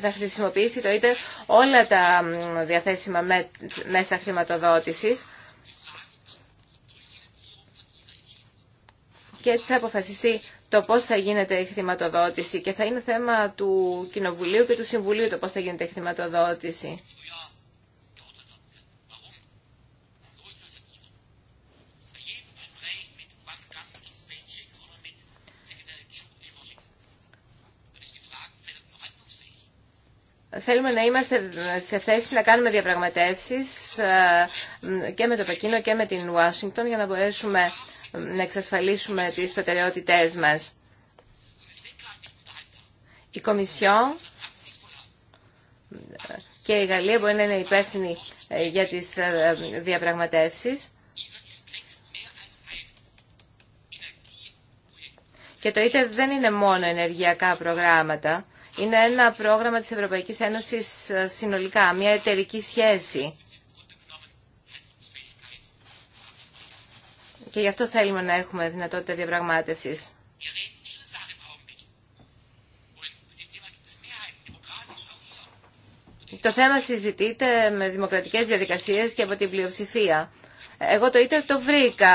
θα χρησιμοποιήσει το ίτερ όλα τα διαθέσιμα μέσα χρηματοδότησης και θα αποφασιστεί το πώς θα γίνεται η χρηματοδότηση και θα είναι θέμα του Κοινοβουλίου και του Συμβουλίου το πώς θα γίνεται η χρηματοδότηση. Θέλουμε να είμαστε σε θέση να κάνουμε διαπραγματεύσεις ε, και με το Πεκίνο και με την Ουάσιγκτον για να μπορέσουμε να εξασφαλίσουμε τις προτεραιότητές μας. Η Κομισιό ε, και η Γαλλία μπορεί να είναι υπεύθυνη ε, για τις διαπραγματεύσεις. Και το ίτερ δεν είναι μόνο ενεργειακά προγράμματα. Είναι ένα πρόγραμμα της Ευρωπαϊκής Ένωσης ε, συνολικά, μια εταιρική σχέση. Και γι' αυτό θέλουμε να έχουμε δυνατότητα διαπραγμάτευσης. Το θέμα συζητείται με δημοκρατικές διαδικασίες και από την πλειοψηφία. Εγώ το είτε το βρήκα.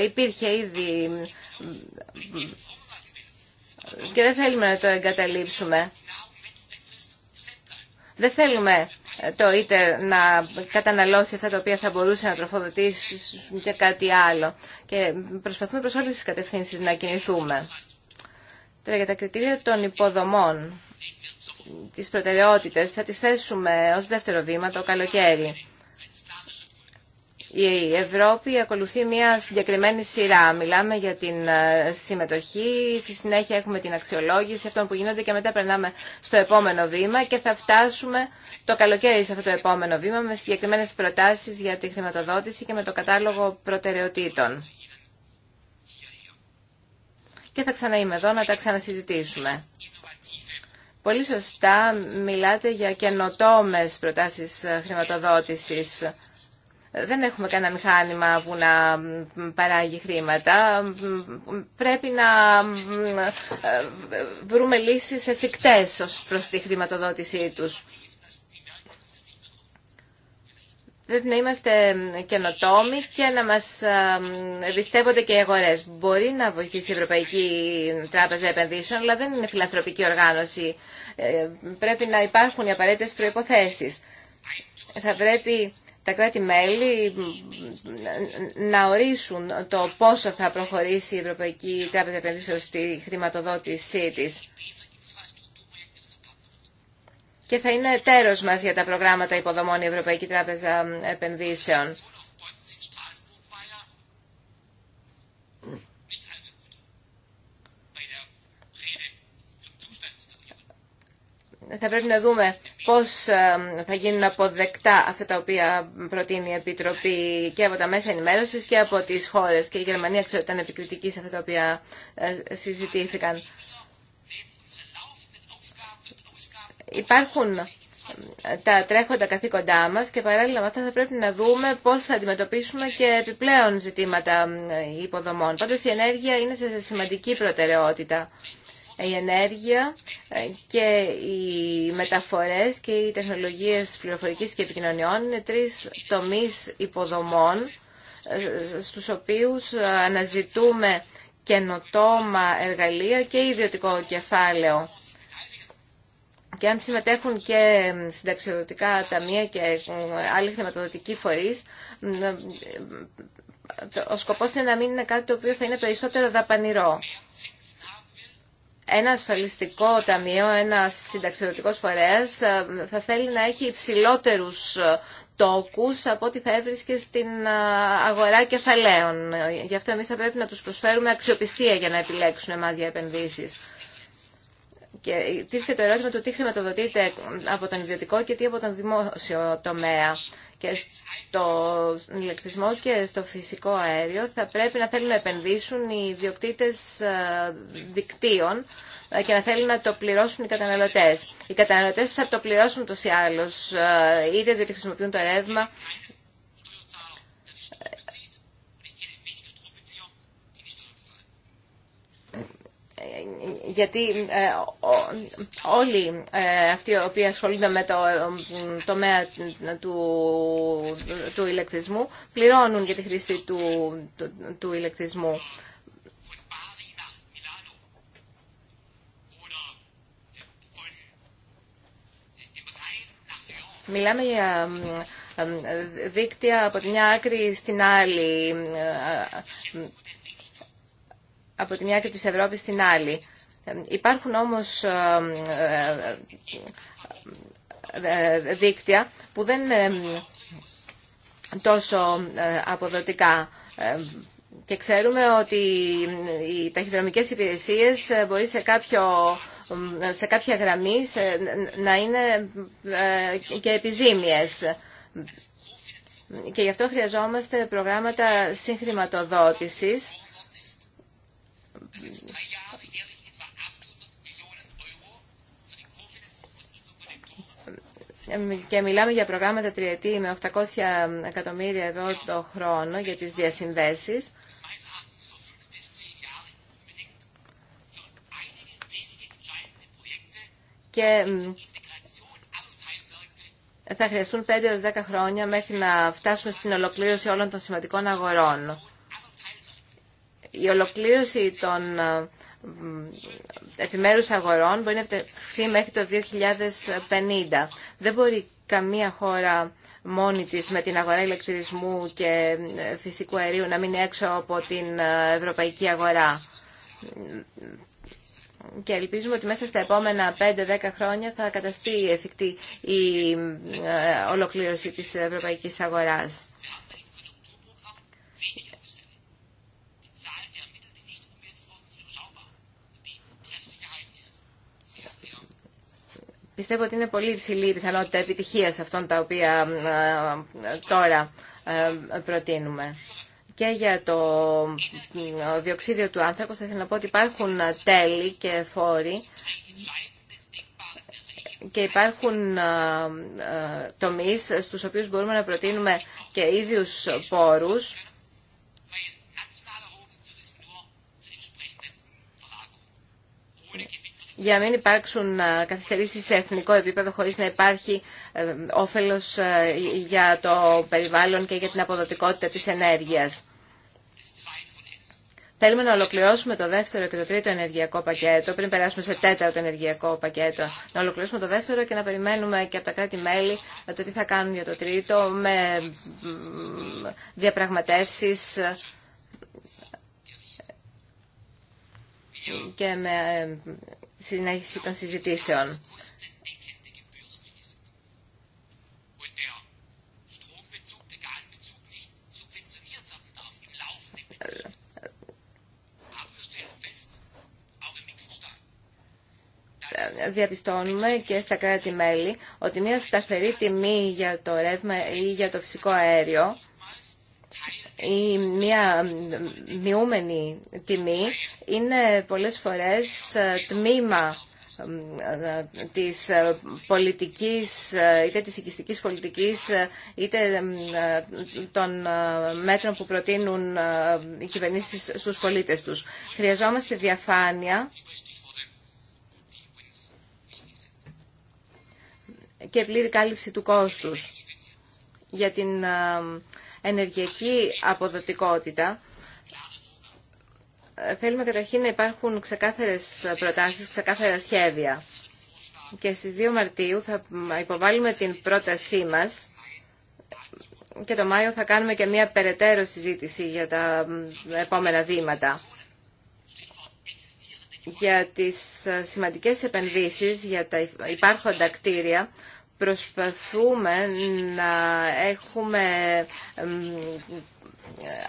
Υπήρχε ήδη και δεν θέλουμε να το εγκαταλείψουμε. Δεν θέλουμε το ίτερ να καταναλώσει αυτά τα οποία θα μπορούσε να τροφοδοτήσει και κάτι άλλο. Και προσπαθούμε προς όλες τις κατευθύνσεις να κινηθούμε. Τώρα για τα κριτήρια των υποδομών, τις προτεραιότητες, θα τις θέσουμε ως δεύτερο βήμα το καλοκαίρι. Η Ευρώπη ακολουθεί μια συγκεκριμένη σειρά. Μιλάμε για την ε, συμμετοχή, στη συνέχεια έχουμε την αξιολόγηση αυτών που γίνονται και μετά περνάμε στο επόμενο βήμα και θα φτάσουμε το καλοκαίρι σε αυτό το επόμενο βήμα με συγκεκριμένε προτάσεις για τη χρηματοδότηση και με το κατάλογο προτεραιοτήτων. Και θα ξαναείμαι εδώ να τα ξανασυζητήσουμε. Πολύ σωστά μιλάτε για καινοτόμες προτάσεις ε, χρηματοδότησης δεν έχουμε κανένα μηχάνημα που να παράγει χρήματα. Πρέπει να βρούμε λύσεις εφικτές ως προς τη χρηματοδότησή τους. Πρέπει να είμαστε καινοτόμοι και να μας εμπιστεύονται και οι αγορές. Μπορεί να βοηθήσει η Ευρωπαϊκή Τράπεζα Επενδύσεων, αλλά δεν είναι φιλανθρωπική οργάνωση. Ε, πρέπει να υπάρχουν οι απαραίτητες προϋποθέσεις. Θα πρέπει τα κράτη-μέλη να ορίσουν το πόσο θα προχωρήσει η Ευρωπαϊκή Τράπεζα Επενδύσεων στη χρηματοδότησή της. Και θα είναι τέρος μας για τα προγράμματα υποδομών η Ευρωπαϊκή Τράπεζα Επενδύσεων. θα πρέπει να δούμε πώς θα γίνουν αποδεκτά αυτά τα οποία προτείνει η Επιτροπή και από τα μέσα ενημέρωσης και από τις χώρες. Και η Γερμανία ξέρω ήταν επικριτική σε αυτά τα οποία ε, συζητήθηκαν. Υπάρχουν τα τρέχοντα καθήκοντά μας και παράλληλα με αυτά θα πρέπει να δούμε πώς θα αντιμετωπίσουμε και επιπλέον ζητήματα υποδομών. Πάντως η ενέργεια είναι σε σημαντική προτεραιότητα η ενέργεια ε, και οι μεταφορές και οι τεχνολογίες πληροφορικής και επικοινωνιών είναι τρεις τομείς υποδομών ε, στους οποίους ε, αναζητούμε καινοτόμα εργαλεία και ιδιωτικό κεφάλαιο. Και αν συμμετέχουν και συνταξιοδοτικά ταμεία και άλλοι χρηματοδοτικοί φορείς, ο σκοπός είναι να μην είναι κάτι το οποίο θα είναι περισσότερο δαπανηρό ένα ασφαλιστικό ταμείο, ένα συνταξιδοτικό φορέας ε, θα θέλει να έχει υψηλότερου ε, τόκους από ό,τι θα έβρισκε στην ε, αγορά κεφαλαίων. Γι' αυτό εμείς θα πρέπει να τους προσφέρουμε αξιοπιστία για να επιλέξουν εμά για επενδύσει. Και τίθεται το ερώτημα του τι χρηματοδοτείται από τον ιδιωτικό και τι από τον δημόσιο τομέα και στο ηλεκτρισμό και στο φυσικό αέριο θα πρέπει να θέλουν να επενδύσουν οι ιδιοκτήτες ε, δικτύων ε, και να θέλουν να το πληρώσουν οι καταναλωτές. Οι καταναλωτές θα το πληρώσουν τους ή άλλως, είτε διότι χρησιμοποιούν το ρεύμα, γιατί ε, όλοι ε, αυτοί οι οποίοι ασχολούνται με το τομέα του, του ηλεκτρισμού πληρώνουν για τη χρήση του, του, ηλεκτρισμού. Μιλάμε για ε, δίκτυα από τη μια άκρη στην άλλη από τη μια άκρη της Ευρώπης στην άλλη. Υπάρχουν όμως ε, ε, ε, δίκτυα που δεν είναι τόσο αποδοτικά. Και ξέρουμε ότι οι ταχυδρομικές υπηρεσίες μπορεί σε, κάποιο, σε κάποια γραμμή να είναι και επιζήμιες. Και γι' αυτό χρειαζόμαστε προγράμματα συγχρηματοδότησης και μιλάμε για προγράμματα τριετή με 800 εκατομμύρια ευρώ το χρόνο για τις διασυνδέσεις. Και θα χρειαστούν 5 έως 10 χρόνια μέχρι να φτάσουμε στην ολοκλήρωση όλων των σημαντικών αγορών η ολοκλήρωση των ε, επιμέρους αγορών μπορεί να επιτευχθεί μέχρι το 2050. Δεν μπορεί καμία χώρα μόνη της με την αγορά ηλεκτρισμού και ε, φυσικού αερίου να μείνει έξω από την ε, ευρωπαϊκή αγορά. Και ελπίζουμε ότι μέσα στα επόμενα 5-10 χρόνια θα καταστεί εφικτή η ολοκλήρωση της ευρωπαϊκής αγοράς. Πιστεύω ότι είναι πολύ υψηλή η πιθανότητα επιτυχίας αυτών τα οποία ε, ε, τώρα ε, προτείνουμε. Και για το διοξίδιο του άνθρακου θα ήθελα να πω ότι υπάρχουν τέλη και φόροι και υπάρχουν τομείς στους οποίους μπορούμε να προτείνουμε και ίδιους πόρους για να μην υπάρξουν ε, καθυστερήσεις σε εθνικό επίπεδο χωρίς να υπάρχει ε, όφελος ε, για το περιβάλλον και για την αποδοτικότητα της ενέργειας. Θέλουμε να ολοκληρώσουμε το δεύτερο και το τρίτο ενεργειακό πακέτο, πριν περάσουμε σε τέταρτο ενεργειακό πακέτο. Να ολοκληρώσουμε το δεύτερο και να περιμένουμε και από τα κράτη-μέλη το τι θα κάνουν για το τρίτο με διαπραγματεύσεις και με συνέχιση των συζητήσεων. διαπιστώνουμε και στα κράτη-μέλη ότι μια σταθερή τιμή για το ρεύμα ή για το φυσικό αέριο ή μια μειούμενη τιμή είναι πολλές φορές ε, τμήμα ε, της ε, πολιτικής είτε της οικιστικής πολιτικής είτε των μέτρων που προτείνουν οι κυβερνήσεις στους πολίτες τους. Χρειαζόμαστε διαφάνεια και πλήρη κάλυψη του κόστους για την ενεργειακή αποδοτικότητα θέλουμε καταρχήν να υπάρχουν ξεκάθαρες προτάσεις, ξεκάθαρα σχέδια. Και στις 2 Μαρτίου θα υποβάλουμε την πρότασή μας και το Μάιο θα κάνουμε και μια περαιτέρω συζήτηση για τα επόμενα βήματα. Για τις σημαντικές επενδύσεις, για τα υπάρχοντα κτίρια, προσπαθούμε να έχουμε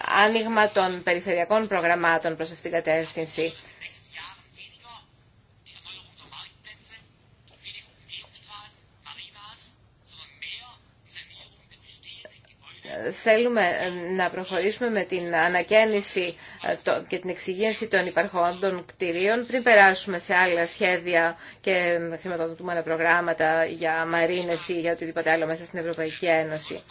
άνοιγμα των περιφερειακών προγραμμάτων προς αυτήν την κατεύθυνση. θέλουμε να προχωρήσουμε με την ανακαίνιση ε, και την εξυγίανση των υπαρχόντων κτηρίων πριν περάσουμε σε άλλα σχέδια και χρηματοδοτούμενα προγράμματα για μαρίνες ή για οτιδήποτε άλλο μέσα στην Ευρωπαϊκή Ένωση.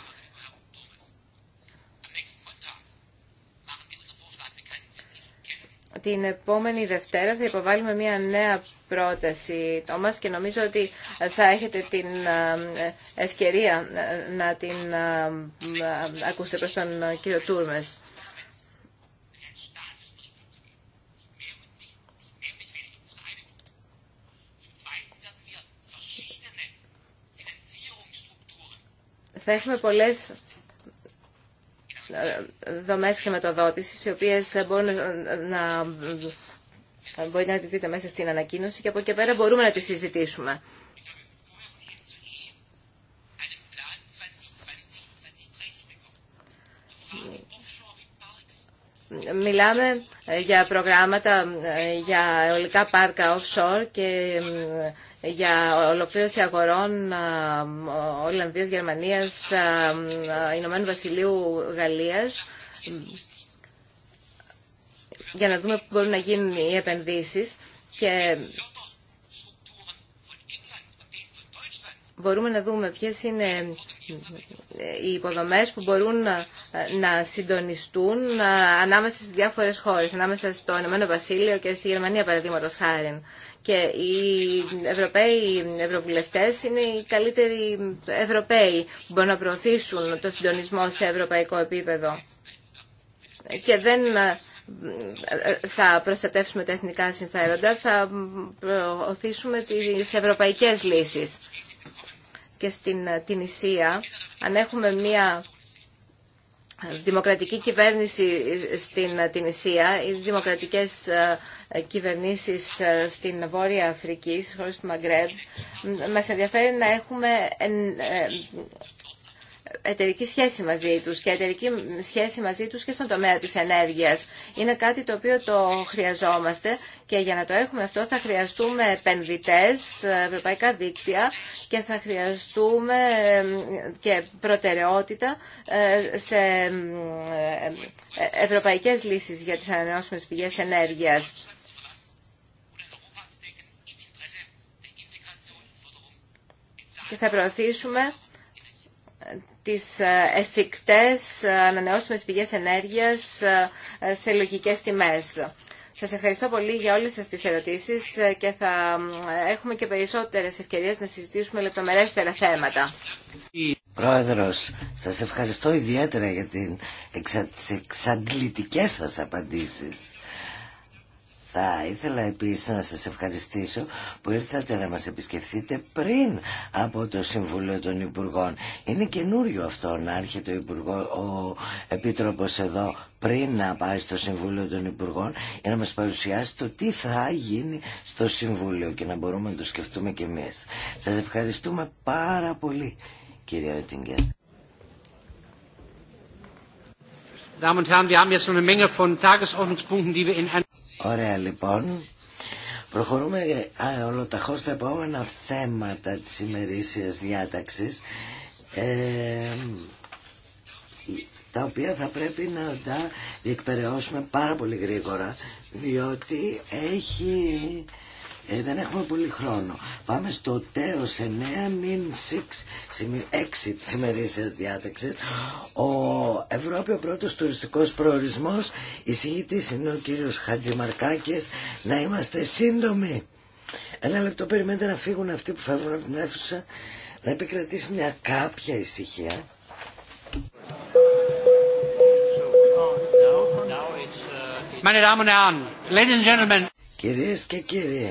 την επόμενη Δευτέρα θα υποβάλουμε μια νέα πρόταση, Τόμας, και νομίζω ότι θα έχετε την ε, ευκαιρία ε, να την ε, ακούσετε προς τον κύριο Τούρμες. Θα έχουμε πολλές δομές χρηματοδότησης, οι οποίες μπορούν να... Μπορεί να τη δείτε μέσα στην ανακοίνωση και από εκεί πέρα μπορούμε να τη συζητήσουμε. Μιλάμε ε, για προγράμματα ε, για αεολικά πάρκα offshore και ε, για ολοκλήρωση αγορών Ολλανδίας, Γερμανίας, Ηνωμένου Βασιλείου, Γαλλίας για να δούμε πού μπορούν να γίνουν οι επενδύσεις και μπορούμε να δούμε ποιες είναι οι υποδομές που μπορούν να συντονιστούν ε, ανάμεσα στις διάφορες χώρες, ανάμεσα στο Ηνωμένο Βασίλειο και στη Γερμανία παραδείγματος χάρη. Και οι Ευρωπαίοι Ευρωβουλευτές είναι οι καλύτεροι Ευρωπαίοι που μπορούν να προωθήσουν το συντονισμό σε ευρωπαϊκό επίπεδο. Και δεν ε, θα προστατεύσουμε τα εθνικά συμφέροντα, θα προωθήσουμε τις ευρωπαϊκές λύσεις και στην ε, Τινησία, αν έχουμε μια δημοκρατική κυβέρνηση ε, στην ε, Τινησία ή δημοκρατικές κυβερνήσεις στην Βόρεια Αφρική, στις χώρες του Μαγκρέμπ, μας ενδιαφέρει να έχουμε εταιρική σχέση μαζί τους και εταιρική σχέση μαζί τους και στον τομέα της ενέργειας. Είναι κάτι το οποίο το χρειαζόμαστε και για να το έχουμε αυτό θα χρειαστούμε επενδυτές, ε, ευρωπαϊκά δίκτυα και θα χρειαστούμε ε, και προτεραιότητα ε, σε ευρωπαϊκές λύσεις για τις ανανεώσιμες πηγές ενέργειας. Και θα προωθήσουμε τις ε, εφικτές ε, ανανεώσιμες πηγές ενέργειας ε, σε λογικές τιμές. Σας ευχαριστώ πολύ για όλες σας τις ερωτήσεις και θα έχουμε και περισσότερες ευκαιρίες να συζητήσουμε λεπτομερέστερα θέματα. Πρόεδρος, σας ευχαριστώ ιδιαίτερα για τις εξαντλητικές σας απαντήσεις. Θα ήθελα επίσης να σας ευχαριστήσω που ήρθατε να μας επισκεφθείτε πριν από το Συμβουλίο των Υπουργών. Είναι καινούριο αυτό να έρχεται ο, Υπουργό, ο Επίτροπος εδώ πριν να πάει στο Συμβούλιο των Υπουργών για να μας παρουσιάσει το τι θα γίνει στο Συμβούλιο και να μπορούμε να το σκεφτούμε κι εμείς. Σας ευχαριστούμε πάρα πολύ κύριε Οιτιγκέρ. Ωραία λοιπόν. Προχωρούμε ε, ολοταχώς στα επόμενα θέματα της ημερήσιας διάταξης ε, τα οποία θα πρέπει να τα διεκπαιρεώσουμε πάρα πολύ γρήγορα διότι έχει ε, δεν έχουμε πολύ χρόνο. Πάμε στο τέος 9 μην 6, 6 τη διάταξη. Ο Ευρώπη ο πρώτο τουριστικό προορισμό Η συγγητή είναι ο κύριος Χατζημαρκάκης. Να είμαστε σύντομοι. Ένα λεπτό περιμένετε να φύγουν αυτοί που φεύγουν από την αίθουσα να επικρατήσει μια κάποια ησυχία. Meine Κυρίες και κύριοι,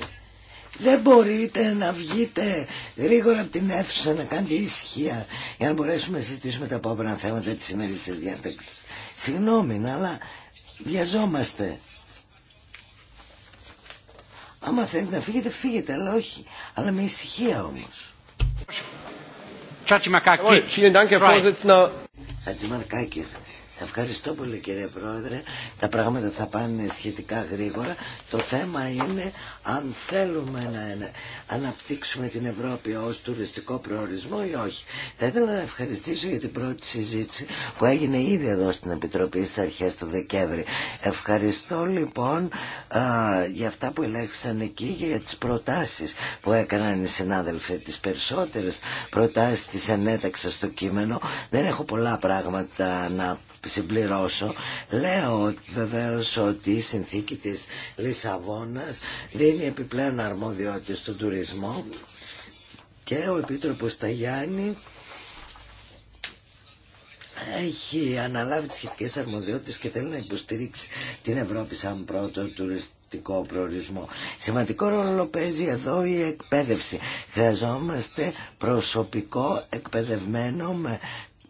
δεν μπορείτε να βγείτε γρήγορα από την αίθουσα να κάνετε ήσυχια για να μπορέσουμε να συζητήσουμε τα επόμενα θέματα της σημερινής διάταξης. Συγγνώμη, ναι, αλλά βιαζόμαστε. Άμα θέλετε να φύγετε, φύγετε, αλλά όχι. Αλλά με ησυχία όμως. Ευχαριστώ πολύ κύριε Πρόεδρε. Τα πράγματα θα πάνε σχετικά γρήγορα. Το θέμα είναι αν θέλουμε να αναπτύξουμε την Ευρώπη ως τουριστικό προορισμό ή όχι. Θα ήθελα να ευχαριστήσω για την πρώτη συζήτηση που έγινε ήδη εδώ στην Επιτροπή στις αρχές του Δεκέμβρη. Ευχαριστώ λοιπόν α, για αυτά που ελέγχθησαν εκεί και για τις προτάσεις που έκαναν οι συνάδελφοι. Τις περισσότερες προτάσεις τις ενέταξα στο κείμενο. Δεν έχω πολλά πράγματα να συμπληρώσω. Λέω βεβαίω ότι η συνθήκη της Λισαβόνας δίνει επιπλέον αρμοδιότητες στον τουρισμό και ο Επίτροπος Ταγιάννη έχει αναλάβει τις σχετικές αρμοδιότητες και θέλει να υποστηρίξει την Ευρώπη σαν πρώτο τουριστικό Προορισμό. Σημαντικό ρόλο παίζει εδώ η εκπαίδευση. Χρειαζόμαστε προσωπικό εκπαιδευμένο με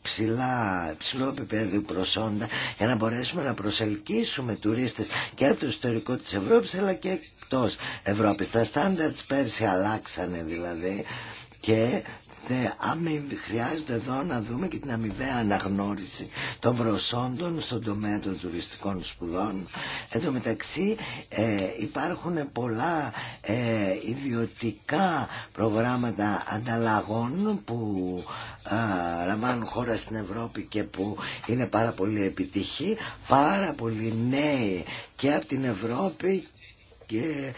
ψηλά, ψηλό επίπεδο προσόντα για να μπορέσουμε να προσελκύσουμε τουρίστες και από το ιστορικό της Ευρώπης αλλά και εκτός Ευρώπης. Τα standards πέρσι αλλάξανε δηλαδή και χρειάζεται εδώ να δούμε και την αμοιβαία αναγνώριση των προσόντων στον τομέα των τουριστικών σπουδών. Εν τω μεταξύ ε, υπάρχουν πολλά ε, ιδιωτικά προγράμματα ανταλλαγών που ε, λαμβάνουν χώρα στην Ευρώπη και που είναι πάρα πολύ επιτυχή. Πάρα πολύ νέοι και από την Ευρώπη και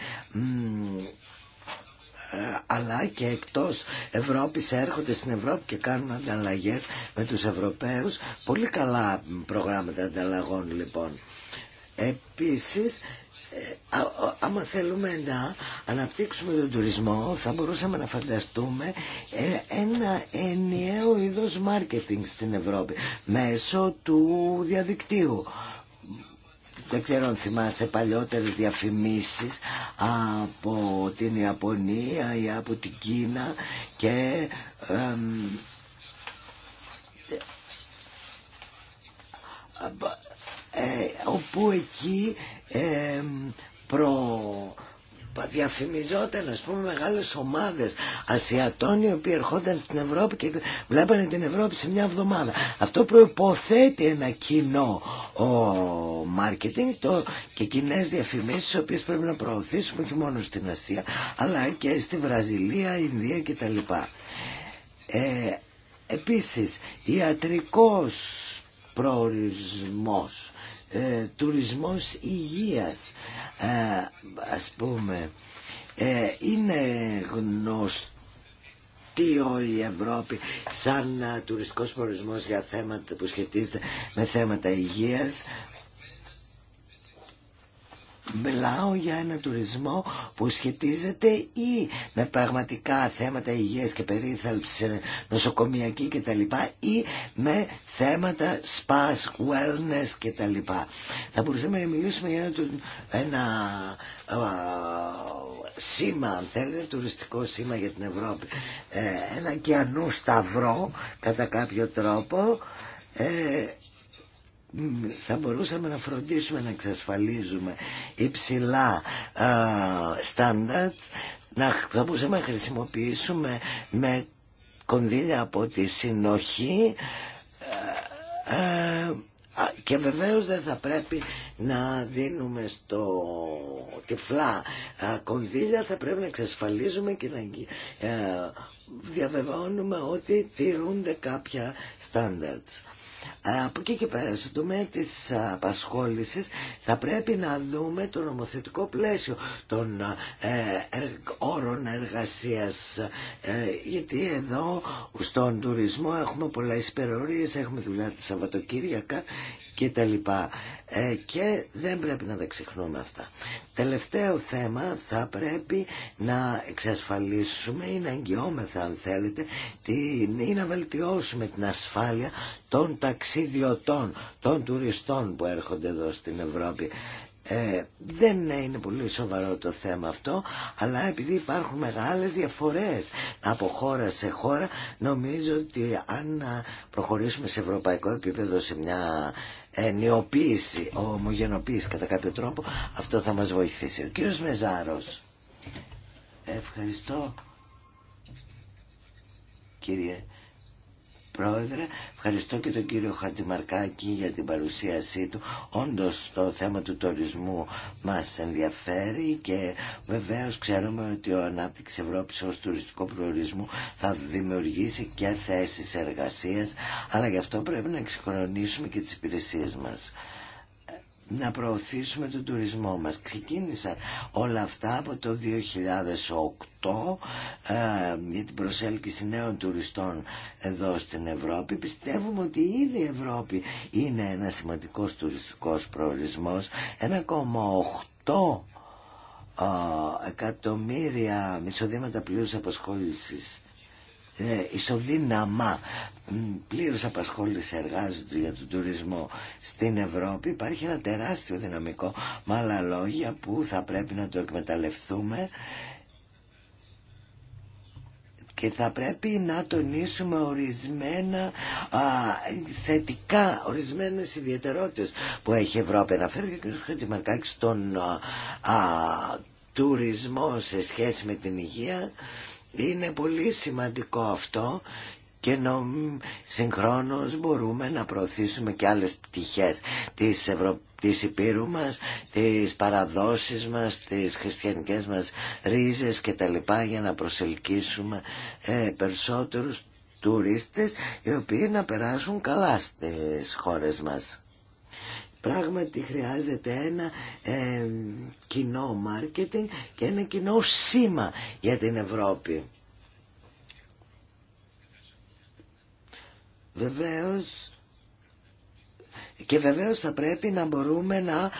ε, αλλά και εκτός Ευρώπης έρχονται στην Ευρώπη και κάνουν ανταλλαγές με τους Ευρωπαίους. Πολύ καλά προγράμματα ανταλλαγών λοιπόν. Επίσης, ε, άμα θέλουμε να αναπτύξουμε τον τουρισμό θα μπορούσαμε να φανταστούμε ε, ένα ενιαίο είδος μάρκετινγκ στην Ευρώπη μέσω του διαδικτύου δεν ξέρω αν θυμάστε παλιότερες διαφημίσεις από την Ιαπωνία ή από την Κίνα και ε, όπου εκεί προ διαφημιζόταν ας πούμε μεγάλες ομάδες Ασιατών οι οποίοι ερχόταν στην Ευρώπη και βλέπανε την Ευρώπη σε μια εβδομάδα. Αυτό προϋποθέτει ένα κοινό ο, marketing το, και κοινέ διαφημίσεις οι οποίες πρέπει να προωθήσουμε όχι μόνο στην Ασία αλλά και στη Βραζιλία, Ινδία κτλ. Ε, επίσης ιατρικός προορισμός ε, τουρισμός υγείας ε, ας πούμε ε, είναι γνωστό τι όλη η Ευρώπη σαν τουριστικός προορισμός για θέματα που σχετίζεται με θέματα υγείας Μιλάω για ένα τουρισμό που σχετίζεται ή με πραγματικά θέματα υγείας και περίθαλψη νοσοκομιακή κτλ. ή με θέματα spas, wellness κτλ. Θα μπορούσαμε να μιλήσουμε για ένα, ένα σήμα, αν θέλετε, τουριστικό σήμα για την Ευρώπη. Ε, ένα κιανού σταυρό, κατά κάποιο τρόπο, ε, θα μπορούσαμε να φροντίσουμε να εξασφαλίζουμε υψηλά στάνταρτς, να, θα μπορούσαμε να χρησιμοποιήσουμε με κονδύλια από τη συνοχή ε, ε, και βεβαίως δεν θα πρέπει να δίνουμε στο τυφλά κονδύλια, θα πρέπει να εξασφαλίζουμε και να ε, διαβεβαιώνουμε ότι τηρούνται κάποια standards. Από εκεί και πέρα, στο τομέα της απασχόλησης θα πρέπει να δούμε το νομοθετικό πλαίσιο των ε, όρων εργασίας. Ε, γιατί εδώ στον τουρισμό έχουμε πολλές υπερορίες, έχουμε δουλειά τη Σαββατοκύριακα και Ε, και δεν πρέπει να τα ξεχνούμε αυτά. Τελευταίο θέμα θα πρέπει να εξασφαλίσουμε ή να εγγυόμεθα αν θέλετε την, ή να βελτιώσουμε την ασφάλεια των ταξιδιωτών, των τουριστών που έρχονται εδώ στην Ευρώπη. Ε, δεν είναι πολύ σοβαρό το θέμα αυτό, αλλά επειδή υπάρχουν μεγάλες διαφορές από χώρα σε χώρα, νομίζω ότι αν προχωρήσουμε σε ευρωπαϊκό επίπεδο σε μια νεοποίηση, ομογενοποίηση κατά κάποιο τρόπο, αυτό θα μας βοηθήσει. Ο κύριος Μεζάρος. Ευχαριστώ. Κύριε Ευχαριστώ και τον κύριο Χατζημαρκάκη για την παρουσίασή του. Όντως το θέμα του τουρισμού μας ενδιαφέρει και βεβαίως ξέρουμε ότι ο Ανάπτυξη Ευρώπης ως τουριστικό προορισμό θα δημιουργήσει και θέσεις εργασίας αλλά γι' αυτό πρέπει να εξυγχρονίσουμε και τις υπηρεσίες μας να προωθήσουμε τον τουρισμό μας. Ξεκίνησαν όλα αυτά από το 2008 ε, για την προσέλκυση νέων τουριστών εδώ στην Ευρώπη. Πιστεύουμε ότι ήδη η Ευρώπη είναι ένα σημαντικός τουριστικός προορισμός. 1,8 ε, εκατομμύρια μισοδήματα πλήρους απασχόλησης ε, ισοδύναμα πλήρως απασχόληση εργάζονται για τον τουρισμό στην Ευρώπη υπάρχει ένα τεράστιο δυναμικό με άλλα λόγια που θα πρέπει να το εκμεταλλευτούμε και θα πρέπει να τονίσουμε ορισμένα α, θετικά, ορισμένες ιδιαιτερότητες που έχει η Ευρώπη. Αναφέρθηκε ο κ. Χατζημαρκάκης στον α, α, τουρισμό σε σχέση με την υγεία είναι πολύ σημαντικό αυτό και νομ, συγχρόνως μπορούμε να προωθήσουμε και άλλες πτυχές της, Ευρω... της Υπήρου μας, της παραδόσεις μας, της χριστιανικές μας ρίζες και τα λοιπά για να προσελκύσουμε ε, περισσότερους τουρίστες οι οποίοι να περάσουν καλά στις χώρες μας. Πράγματι χρειάζεται ένα ε, κοινό μάρκετινγκ και ένα κοινό σήμα για την Ευρώπη. Βεβαίως και βεβαίως θα πρέπει να μπορούμε να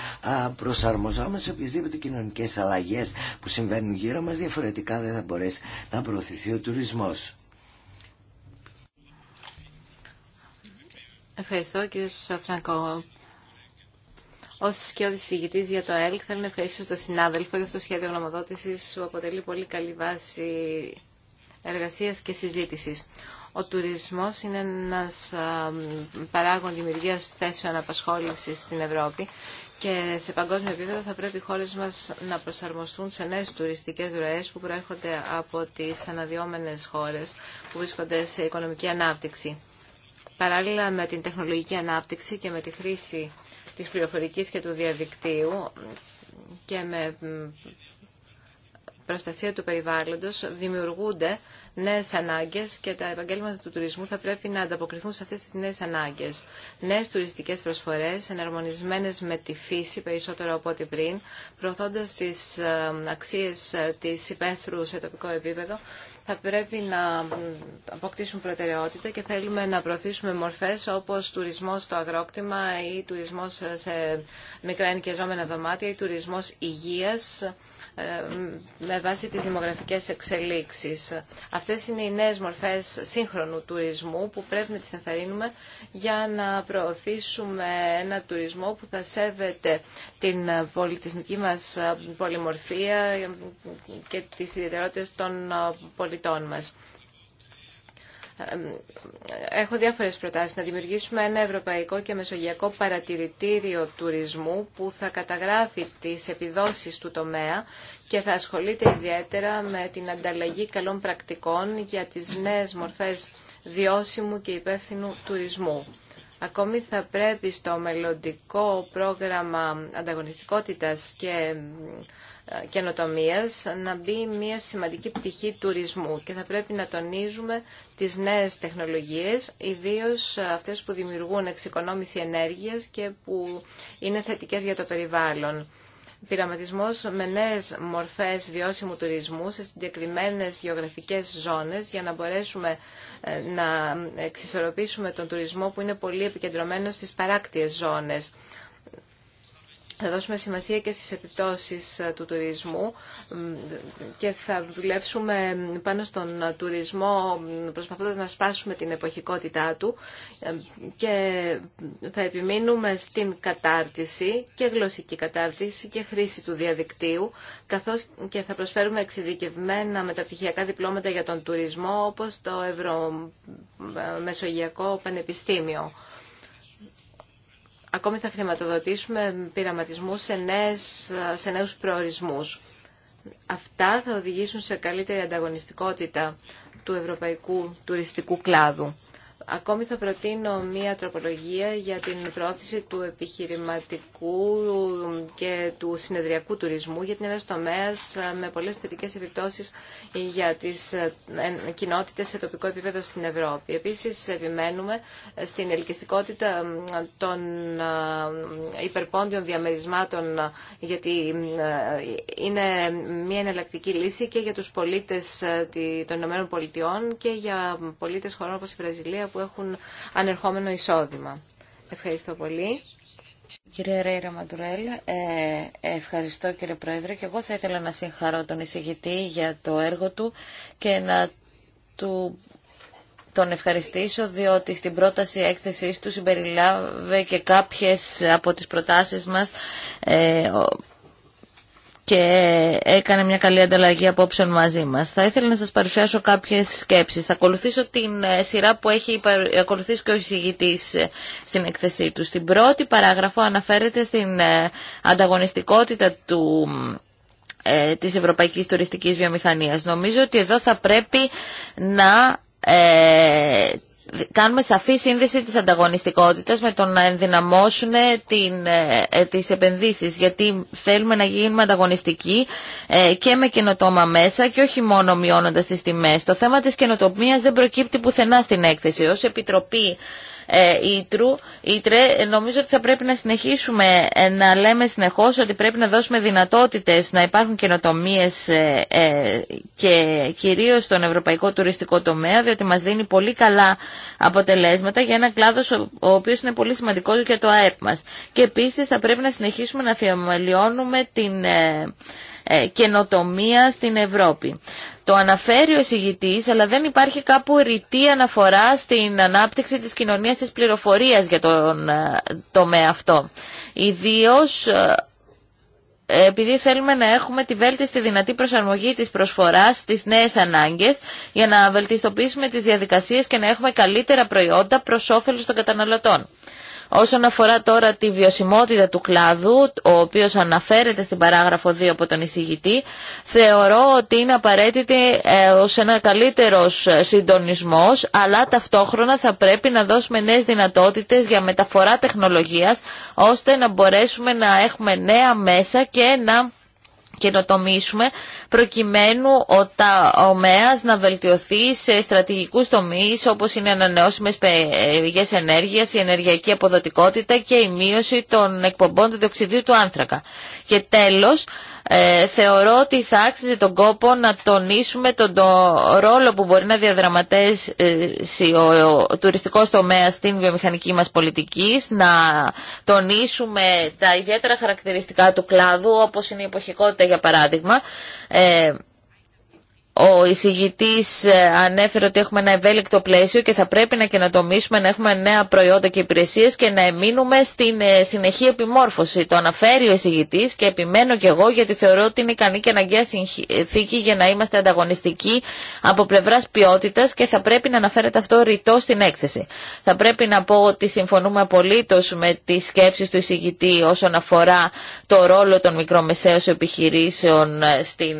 προσαρμοζόμαστε σε οποιασδήποτε κοινωνικές αλλαγές που συμβαίνουν γύρω μας. Διαφορετικά δεν θα μπορέσει να προωθηθεί ο τουρισμός. Ευχαριστώ κύριε Φρανκό. Ω σκιώδη ηγητή για το ΕΛΚ, θέλω να ευχαριστήσω τον συνάδελφο για αυτό το σχέδιο γνωμοδότηση που αποτελεί πολύ καλή βάση εργασία και συζήτηση. Ο τουρισμό είναι ένα παράγον δημιουργία θέσεων απασχόληση στην Ευρώπη και σε παγκόσμιο επίπεδο θα πρέπει οι χώρε μα να προσαρμοστούν σε νέε τουριστικέ ροέ που προέρχονται από τι αναδυόμενε χώρε που βρίσκονται σε οικονομική ανάπτυξη. Παράλληλα με την τεχνολογική ανάπτυξη και με τη χρήση της πληροφορικής και του διαδικτύου και με προστασία του περιβάλλοντος δημιουργούνται νέες ανάγκες και τα επαγγέλματα του τουρισμού θα πρέπει να ανταποκριθούν σε αυτές τις νέες ανάγκες. Νέε τουριστικές προσφορές, εναρμονισμένες με τη φύση περισσότερο από ό,τι πριν, προωθώντας τι ε, αξίες ε, της υπαίθρου σε τοπικό επίπεδο, θα πρέπει να αποκτήσουν προτεραιότητα και θέλουμε να προωθήσουμε μορφές όπως τουρισμός στο αγρόκτημα ή τουρισμός σε μικρά ενοικιαζόμενα δωμάτια ή τουρισμός υγείας ε, με βάση τις δημογραφικές εξελίξεις. Αυτές είναι οι νέες μορφές σύγχρονου τουρισμού που πρέπει να τις ενθαρρύνουμε για να προωθήσουμε ένα τουρισμό που θα σέβεται την πολιτισμική μας πολυμορφία και τις ιδιαιτερότητες των πολιτών μας έχω διάφορες προτάσεις. Να δημιουργήσουμε ένα ευρωπαϊκό και μεσογειακό παρατηρητήριο τουρισμού που θα καταγράφει τις επιδόσεις του τομέα και θα ασχολείται ιδιαίτερα με την ανταλλαγή καλών πρακτικών για τις νέες μορφές βιώσιμου και υπεύθυνου τουρισμού. Ακόμη θα πρέπει στο μελλοντικό πρόγραμμα ανταγωνιστικότητας και ε, καινοτομίας να μπει μια σημαντική πτυχή τουρισμού και θα πρέπει να τονίζουμε τις νέες τεχνολογίες, ιδίως αυτές που δημιουργούν εξοικονόμηση ενέργειας και που είναι θετικές για το περιβάλλον πειραματισμό με νέε μορφές βιώσιμου τουρισμού σε συγκεκριμένε γεωγραφικέ ζώνες για να μπορέσουμε ε, να εξισορροπήσουμε τον τουρισμό που είναι πολύ επικεντρωμένο στι παράκτιε ζώνες θα δώσουμε σημασία και στις επιπτώσεις ε, του τουρισμού και θα δουλέψουμε πάνω στον ε, τουρισμό προσπαθώντας να σπάσουμε την εποχικότητά του ε, και θα επιμείνουμε στην κατάρτιση και γλωσσική κατάρτιση και χρήση του διαδικτύου καθώς και θα προσφέρουμε εξειδικευμένα μεταπτυχιακά διπλώματα για τον τουρισμό όπως το Ευρωμεσογειακό Πανεπιστήμιο ακόμη θα χρηματοδοτήσουμε πειραματισμού σε, νέες, σε νέους προορισμούς. Αυτά θα οδηγήσουν σε καλύτερη ανταγωνιστικότητα του ευρωπαϊκού τουριστικού κλάδου. Ακόμη θα προτείνω μία τροπολογία για την πρόθεση του επιχειρηματικού και του συνεδριακού τουρισμού, για την ένας τομέας με πολλές θετικέ επιπτώσεις για τις ε, κοινότητες σε τοπικό επίπεδο στην Ευρώπη. Επίσης, επιμένουμε στην ελκυστικότητα των ε, υπερπόντιων διαμερισμάτων, γιατί ε, είναι μία εναλλακτική λύση και για τους πολίτες των ΗΠΑ και για πολίτες χωρών όπως η Βραζιλία, που έχουν ανερχόμενο εισόδημα. Ευχαριστώ πολύ. Κύριε Ρέιρα Μαντουρέλ, ε, ευχαριστώ κύριε Πρόεδρε και εγώ θα ήθελα να συγχαρώ τον εισηγητή για το έργο του και να του τον ευχαριστήσω διότι στην πρόταση έκθεσής του συμπεριλάβε και κάποιες από τις προτάσεις μας ε, και έκανε μια καλή ανταλλαγή απόψεων μαζί μας. Θα ήθελα να σας παρουσιάσω κάποιες σκέψεις. Θα ακολουθήσω την ε, σειρά που έχει ακολουθήσει και ο εισηγητής ε, στην εκθεσή του. Στην πρώτη παράγραφο αναφέρεται στην ε, ανταγωνιστικότητα του της ευρωπαϊκής τουριστικής βιομηχανίας. Νομίζω ότι εδώ θα πρέπει να κάνουμε σαφή σύνδεση της ανταγωνιστικότητας με το να ενδυναμώσουν ε, την, ε, ε, τις επενδύσεις γιατί θέλουμε να γίνουμε ανταγωνιστικοί και με καινοτόμα μέσα και όχι μόνο μειώνοντας τις τιμές. Το θέμα της καινοτομίας δεν προκύπτει πουθενά στην έκθεση. Ως Επιτροπή Ήτρου Ήτρε, νομίζω ότι θα πρέπει να συνεχίσουμε ε, να λέμε συνεχώς ότι πρέπει να δώσουμε δυνατότητες να υπάρχουν καινοτομίες ε, ε, και κυρίως στον ευρωπαϊκό τουριστικό τομέα, διότι μας δίνει πολύ καλά αποτελέσματα για ένα κλάδο ο οποίος είναι πολύ σημαντικός για το ΑΕΠ μας. Και επίσης θα πρέπει να συνεχίσουμε να θεμελιώνουμε την ε, καινοτομία στην Ευρώπη. Το αναφέρει ο εισηγητής, αλλά δεν υπάρχει κάπου ρητή αναφορά στην ανάπτυξη της κοινωνίας της πληροφορίας για τον ε, τομέα αυτό. Ιδίως ε, επειδή θέλουμε να έχουμε τη βέλτιστη δυνατή προσαρμογή της προσφοράς στις νέες ανάγκες για να βελτιστοποιήσουμε τις διαδικασίες και να έχουμε καλύτερα προϊόντα προς όφελος των καταναλωτών. Όσον αφορά τώρα τη βιωσιμότητα του κλάδου, ο οποίος αναφέρεται στην παράγραφο 2 από τον εισηγητή, θεωρώ ότι είναι απαραίτητη ε, ως ένα καλύτερος συντονισμός, αλλά ταυτόχρονα θα πρέπει να δώσουμε νέες δυνατότητες για μεταφορά τεχνολογίας, ώστε να μπορέσουμε να έχουμε νέα μέσα και να καινοτομήσουμε προκειμένου ο τομέας να βελτιωθεί σε στρατηγικού τομείς όπως είναι ανανεώσιμες πηγές ενέργειας, η ενεργειακή αποδοτικότητα και η μείωση των εκπομπών του διοξιδίου του άνθρακα. Και τέλος, ε, θεωρώ ότι θα άξιζε τον κόπο να τονίσουμε τον ρόλο που μπορεί να διαδραματίσει ο, ο, ο τουριστικός τομέας στην βιομηχανική μας πολιτική, να τονίσουμε τα ιδιαίτερα χαρακτηριστικά του κλάδου, όπως είναι η εποχικότητα για παράδειγμα, ε, ο εισηγητή ε, ανέφερε ότι έχουμε ένα ευέλικτο πλαίσιο και θα πρέπει να καινοτομήσουμε, να έχουμε νέα προϊόντα και υπηρεσίε και να εμείνουμε στην ε, συνεχή επιμόρφωση. Το αναφέρει ο εισηγητή και επιμένω κι εγώ γιατί θεωρώ ότι είναι ικανή και αναγκαία συνθήκη για να είμαστε ανταγωνιστικοί από πλευρά ποιότητα και θα πρέπει να αναφέρεται αυτό ρητό στην έκθεση. Θα πρέπει να πω ότι συμφωνούμε απολύτω με τι σκέψει του εισηγητή όσον αφορά το ρόλο των μικρομεσαίων επιχειρήσεων ε, στην,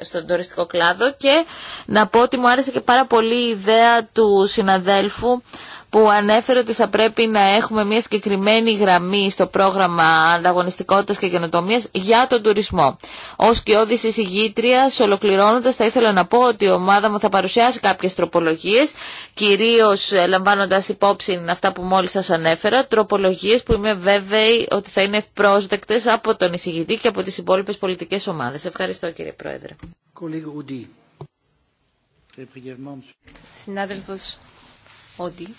στον τουριστικό κλάδο και να πω ότι μου άρεσε και πάρα πολύ η ιδέα του συναδέλφου που ανέφερε ότι θα πρέπει να έχουμε μια συγκεκριμένη γραμμή στο πρόγραμμα ανταγωνιστικότητας και καινοτομία για τον τουρισμό. Ω και όδηση ολοκληρώνοντα, ολοκληρώνοντας, θα ήθελα να πω ότι η ομάδα μου θα παρουσιάσει κάποιε τροπολογίε, κυρίω λαμβάνοντα υπόψη αυτά που μόλι σα ανέφερα, Τροπολογίε που είμαι βέβαιη ότι θα είναι ευπρόσδεκτε από τον εισηγητή και από τι υπόλοιπε πολιτικέ ομάδε. Ευχαριστώ κύριε Πρόεδρε. Συνάδελφος Όντι,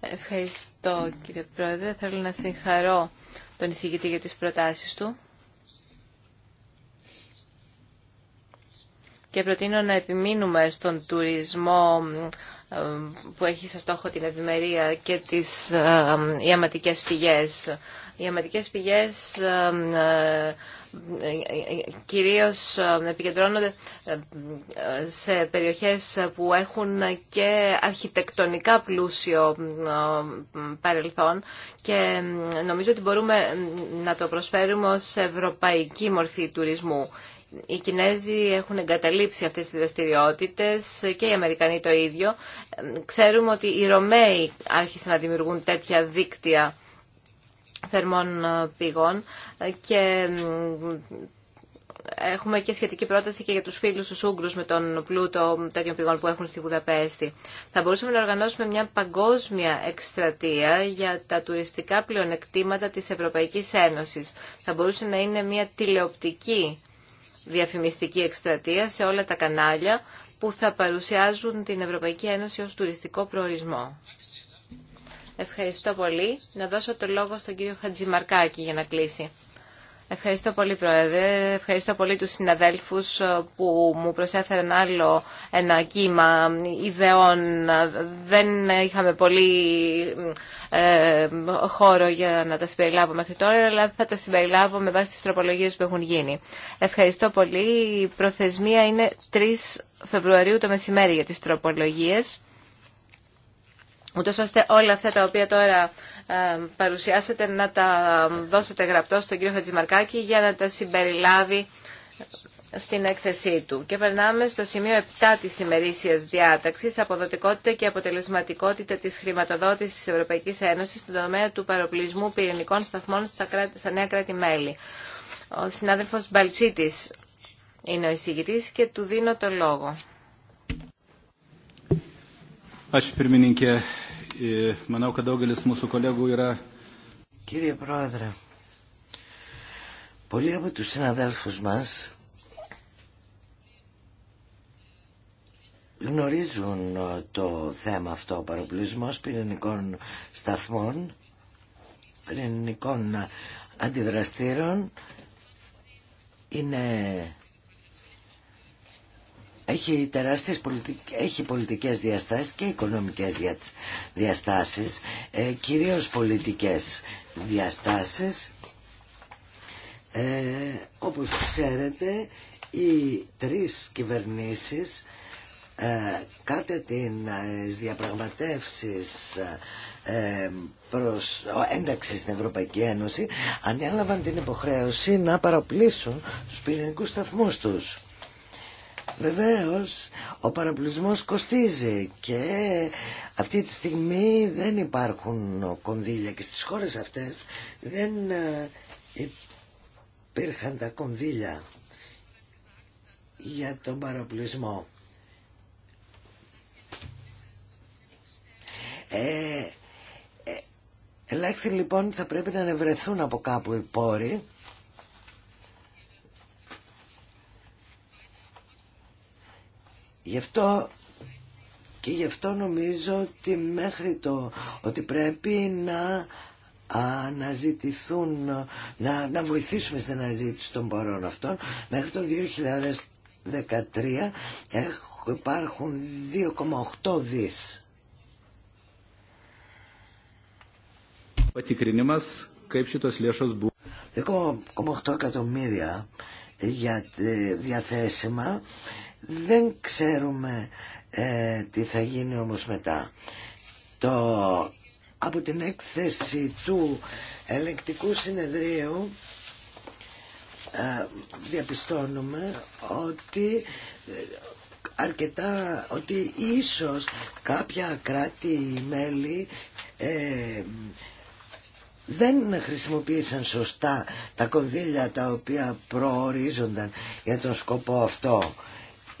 ευχαριστώ κύριε Πρόεδρε. Θέλω να συγχαρώ τον εισηγητή για τις προτάσεις του. Και προτείνω να επιμείνουμε στον τουρισμό ε, που έχει σε στόχο την ευημερία και τις ε, ιαματικές πηγές. Οι ιαματικές πηγές ε, κυρίως επικεντρώνονται σε περιοχές που έχουν και αρχιτεκτονικά πλούσιο παρελθόν και νομίζω ότι μπορούμε να το προσφέρουμε ως ευρωπαϊκή μορφή τουρισμού οι Κινέζοι έχουν εγκαταλείψει αυτές τις δραστηριότητες και οι Αμερικανοί το ίδιο. Ξέρουμε ότι οι Ρωμαίοι άρχισαν να δημιουργούν τέτοια δίκτυα θερμών ε, πηγών και έχουμε και σχετική πρόταση και για τους φίλους τους Ουγγρους με τον πλούτο τέτοιων πηγών που έχουν στη Βουδαπέστη. Θα μπορούσαμε να οργανώσουμε μια παγκόσμια εκστρατεία για τα τουριστικά πλεονεκτήματα της Ευρωπαϊκής Ένωσης. Θα μπορούσε να είναι μια τηλεοπτική διαφημιστική εκστρατεία σε όλα τα κανάλια που θα παρουσιάζουν την Ευρωπαϊκή Ένωση ως τουριστικό προορισμό. Ευχαριστώ πολύ. Να δώσω το λόγο στον κύριο Χατζημαρκάκη για να κλείσει. Ευχαριστώ πολύ, Πρόεδρε. Ευχαριστώ πολύ τους συναδέλφους ε, που μου προσέφεραν άλλο ένα κύμα ιδεών. Δεν είχαμε πολύ ε, χώρο για να τα συμπεριλάβω μέχρι τώρα, αλλά θα τα συμπεριλάβω με βάση τις τροπολογίες που έχουν γίνει. Ευχαριστώ πολύ. Η προθεσμία είναι 3 Φεβρουαρίου το μεσημέρι για τις τροπολογίες ούτως ώστε όλα αυτά τα οποία τώρα ε, παρουσιάσατε να τα δώσετε γραπτό στον κύριο Χατζημαρκάκη για να τα συμπεριλάβει στην έκθεσή του. Και περνάμε στο σημείο 7 της ημερήσιας διάταξης, αποδοτικότητα και αποτελεσματικότητα της χρηματοδότησης της Ευρωπαϊκής Ένωσης στον τομέα του παροπλισμού πυρηνικών σταθμών στα, κράτη, στα νέα κράτη-μέλη. Ο συνάδελφος Μπαλτσίτης είναι ο εισηγητής και του δίνω το λόγο. Κύριε Πρόεδρε, πολλοί από τους συναδέλφους μας γνωρίζουν ε, το θέμα αυτό, ο παροπλισμός πυρηνικών σταθμών, πυρηνικών ε, αντιδραστήρων είναι έχει τεράστιες πολιτικ... έχει πολιτικές διαστάσεις και οικονομικές δια... διαστάσεις, ε, κυρίως πολιτικές διαστάσεις. Ε, όπως ξέρετε, οι τρεις κυβερνήσεις ε, από ε, τις διαπραγματεύσεις ε, προς ένταξη στην Ευρωπαϊκή Ένωση ανέλαβαν την υποχρέωση να παραπλήσουν τους πυρηνικούς σταθμούς τους. Βεβαίως, ο παραπλησμός κοστίζει και αυτή τη στιγμή δεν υπάρχουν κονδύλια και στις χώρες αυτές δεν ε, υπήρχαν τα κονδύλια για τον παραπλησμό. Ε, ε, Ελάχιστοι λοιπόν θα πρέπει να ανεβρεθούν από κάπου οι πόροι Γι' αυτό και γι' αυτό νομίζω ότι μέχρι το ότι πρέπει να αναζητηθούν, να, να βοηθήσουμε στην αναζήτηση των πορών αυτών. Μέχρι το 2013 υπάρχουν 2,8 δις. μας κρύψει το 2,8 εκατομμύρια για ε, διαθέσιμα δεν ξέρουμε ε, τι θα γίνει όμως μετά. Το, από την έκθεση του ελεκτικού συνεδρίου ε, διαπιστώνουμε ότι ε, αρκετά ότι ίσως κάποια κράτη-μέλη δεν χρησιμοποίησαν σωστά τα κονδύλια τα οποία προορίζονταν για τον σκοπό αυτό.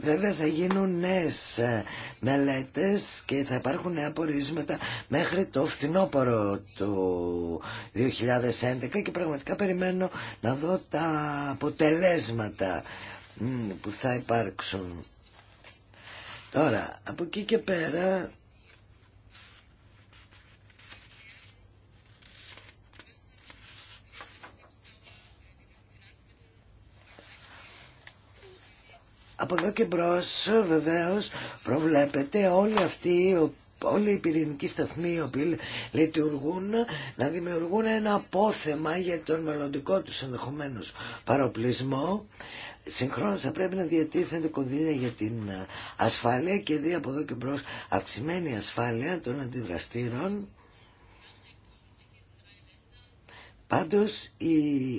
Βέβαια θα γίνουν νέες ε, μελέτες και θα υπάρχουν νέα πορίσματα μέχρι το φθινόπωρο του 2011 και πραγματικά περιμένω να δω τα αποτελέσματα που θα υπάρξουν. Τώρα, από εκεί και πέρα Από εδώ και μπρος βεβαίως προβλέπεται όλοι αυτοί όλοι οι πυρηνικοί σταθμοί οι οποίοι λειτουργούν να δημιουργούν ένα απόθεμα για τον μελλοντικό του ενδεχομένω παροπλισμό Συγχρόνως θα πρέπει να διατίθενται κονδύλια για την ασφάλεια και δει από εδώ και μπρος αυξημένη ασφάλεια των αντιδραστήρων Πάντως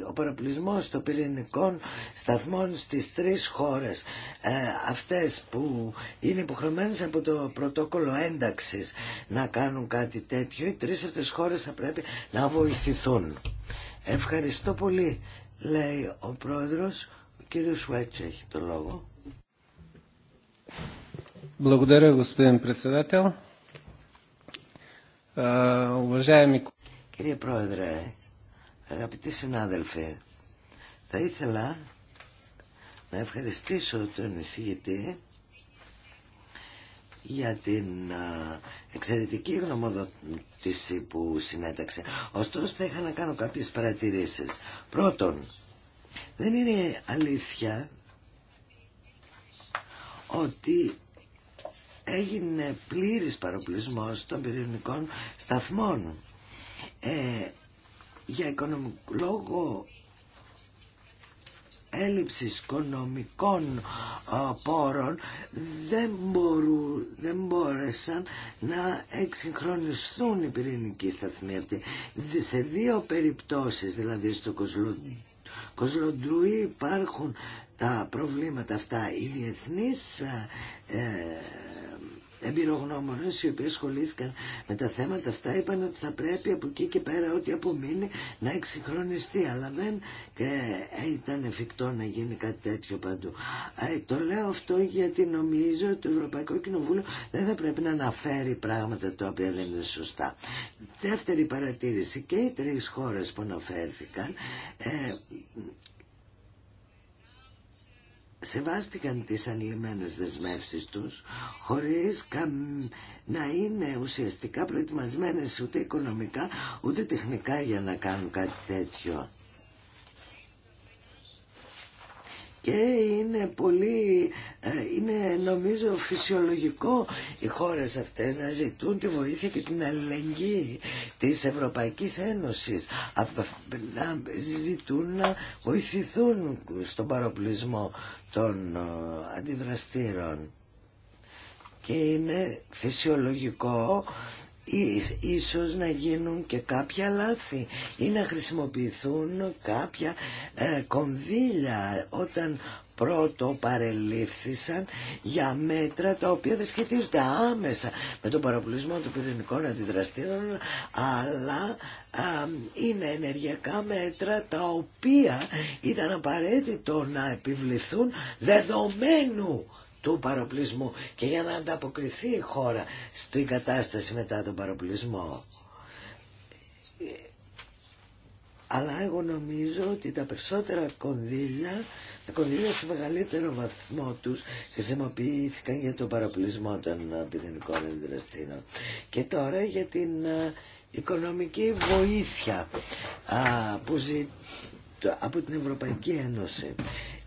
ο παραπλησμός των πυρηνικών σταθμών στις τρεις χώρες ε, αυτές που είναι υποχρεωμένες από το πρωτόκολλο ένταξης να κάνουν κάτι τέτοιο οι τρεις αυτές χώρες θα πρέπει να βοηθηθούν. Ευχαριστώ πολύ λέει ο πρόεδρος ο κύριος Σουέτσο έχει το λόγο. Κύριε Πρόεδρε, Αγαπητοί συνάδελφοι, θα ήθελα να ευχαριστήσω τον εισηγητή για την εξαιρετική γνωμοδότηση που συνέταξε. Ωστόσο θα είχα να κάνω κάποιες παρατηρήσεις. Πρώτον, δεν είναι αλήθεια ότι έγινε πλήρης παροπλισμός των πυρηνικών σταθμών. Ε, για οικονομικό λόγο έλλειψης οικονομικών πόρων δεν, δεν μπόρεσαν να εξυγχρονιστούν οι πυρηνικοί σταθμοί αυτοί. Σε δύο περιπτώσεις, δηλαδή στο Κοσλοντούι υπάρχουν τα προβλήματα αυτά. Οι διεθνείς ε, εμπειρογνώμονες οι οποίοι ασχολήθηκαν με τα θέματα αυτά είπαν ότι θα πρέπει από εκεί και πέρα ό,τι απομείνει να εξυγχρονιστεί αλλά δεν ε, ήταν εφικτό να γίνει κάτι τέτοιο παντού ε, το λέω αυτό γιατί νομίζω ότι το Ευρωπαϊκό Κοινοβούλιο δεν θα πρέπει να αναφέρει πράγματα τα οποία δεν είναι σωστά δεύτερη παρατήρηση και οι τρεις χώρες που αναφέρθηκαν ε, σεβάστηκαν τις ανηλυμένες δεσμεύσεις τους χωρίς καμ... να είναι ουσιαστικά προετοιμασμένες ούτε οικονομικά ούτε τεχνικά για να κάνουν κάτι τέτοιο. Και είναι πολύ, ε, είναι νομίζω φυσιολογικό οι χώρες αυτές να ζητούν τη βοήθεια και την αλληλεγγύη της Ευρωπαϊκής Ένωσης. Να ζητούν να βοηθηθούν στον παροπλισμό των ε, αντιδραστήρων και είναι φυσιολογικό ίσως να γίνουν και κάποια λάθη ή να χρησιμοποιηθούν κάποια ε, κονδύλια όταν πρώτο παρελήφθησαν για μέτρα τα οποία δεν σχετίζονται άμεσα με τον παραπολισμό των πυρηνικών αντιδραστήρων αλλά είναι ενεργειακά μέτρα τα οποία ήταν απαραίτητο να επιβληθούν δεδομένου του παροπλισμού και για να ανταποκριθεί η χώρα στην κατάσταση μετά τον παροπλισμό. Αλλά εγώ νομίζω ότι τα περισσότερα κονδύλια τα κονδύλια στο μεγαλύτερο βαθμό τους χρησιμοποιήθηκαν για τον παραπλησμό των ε, πυρηνικών ενδραστήνων. Και τώρα για την ε, οικονομική βοήθεια που από την Ευρωπαϊκή Ένωση.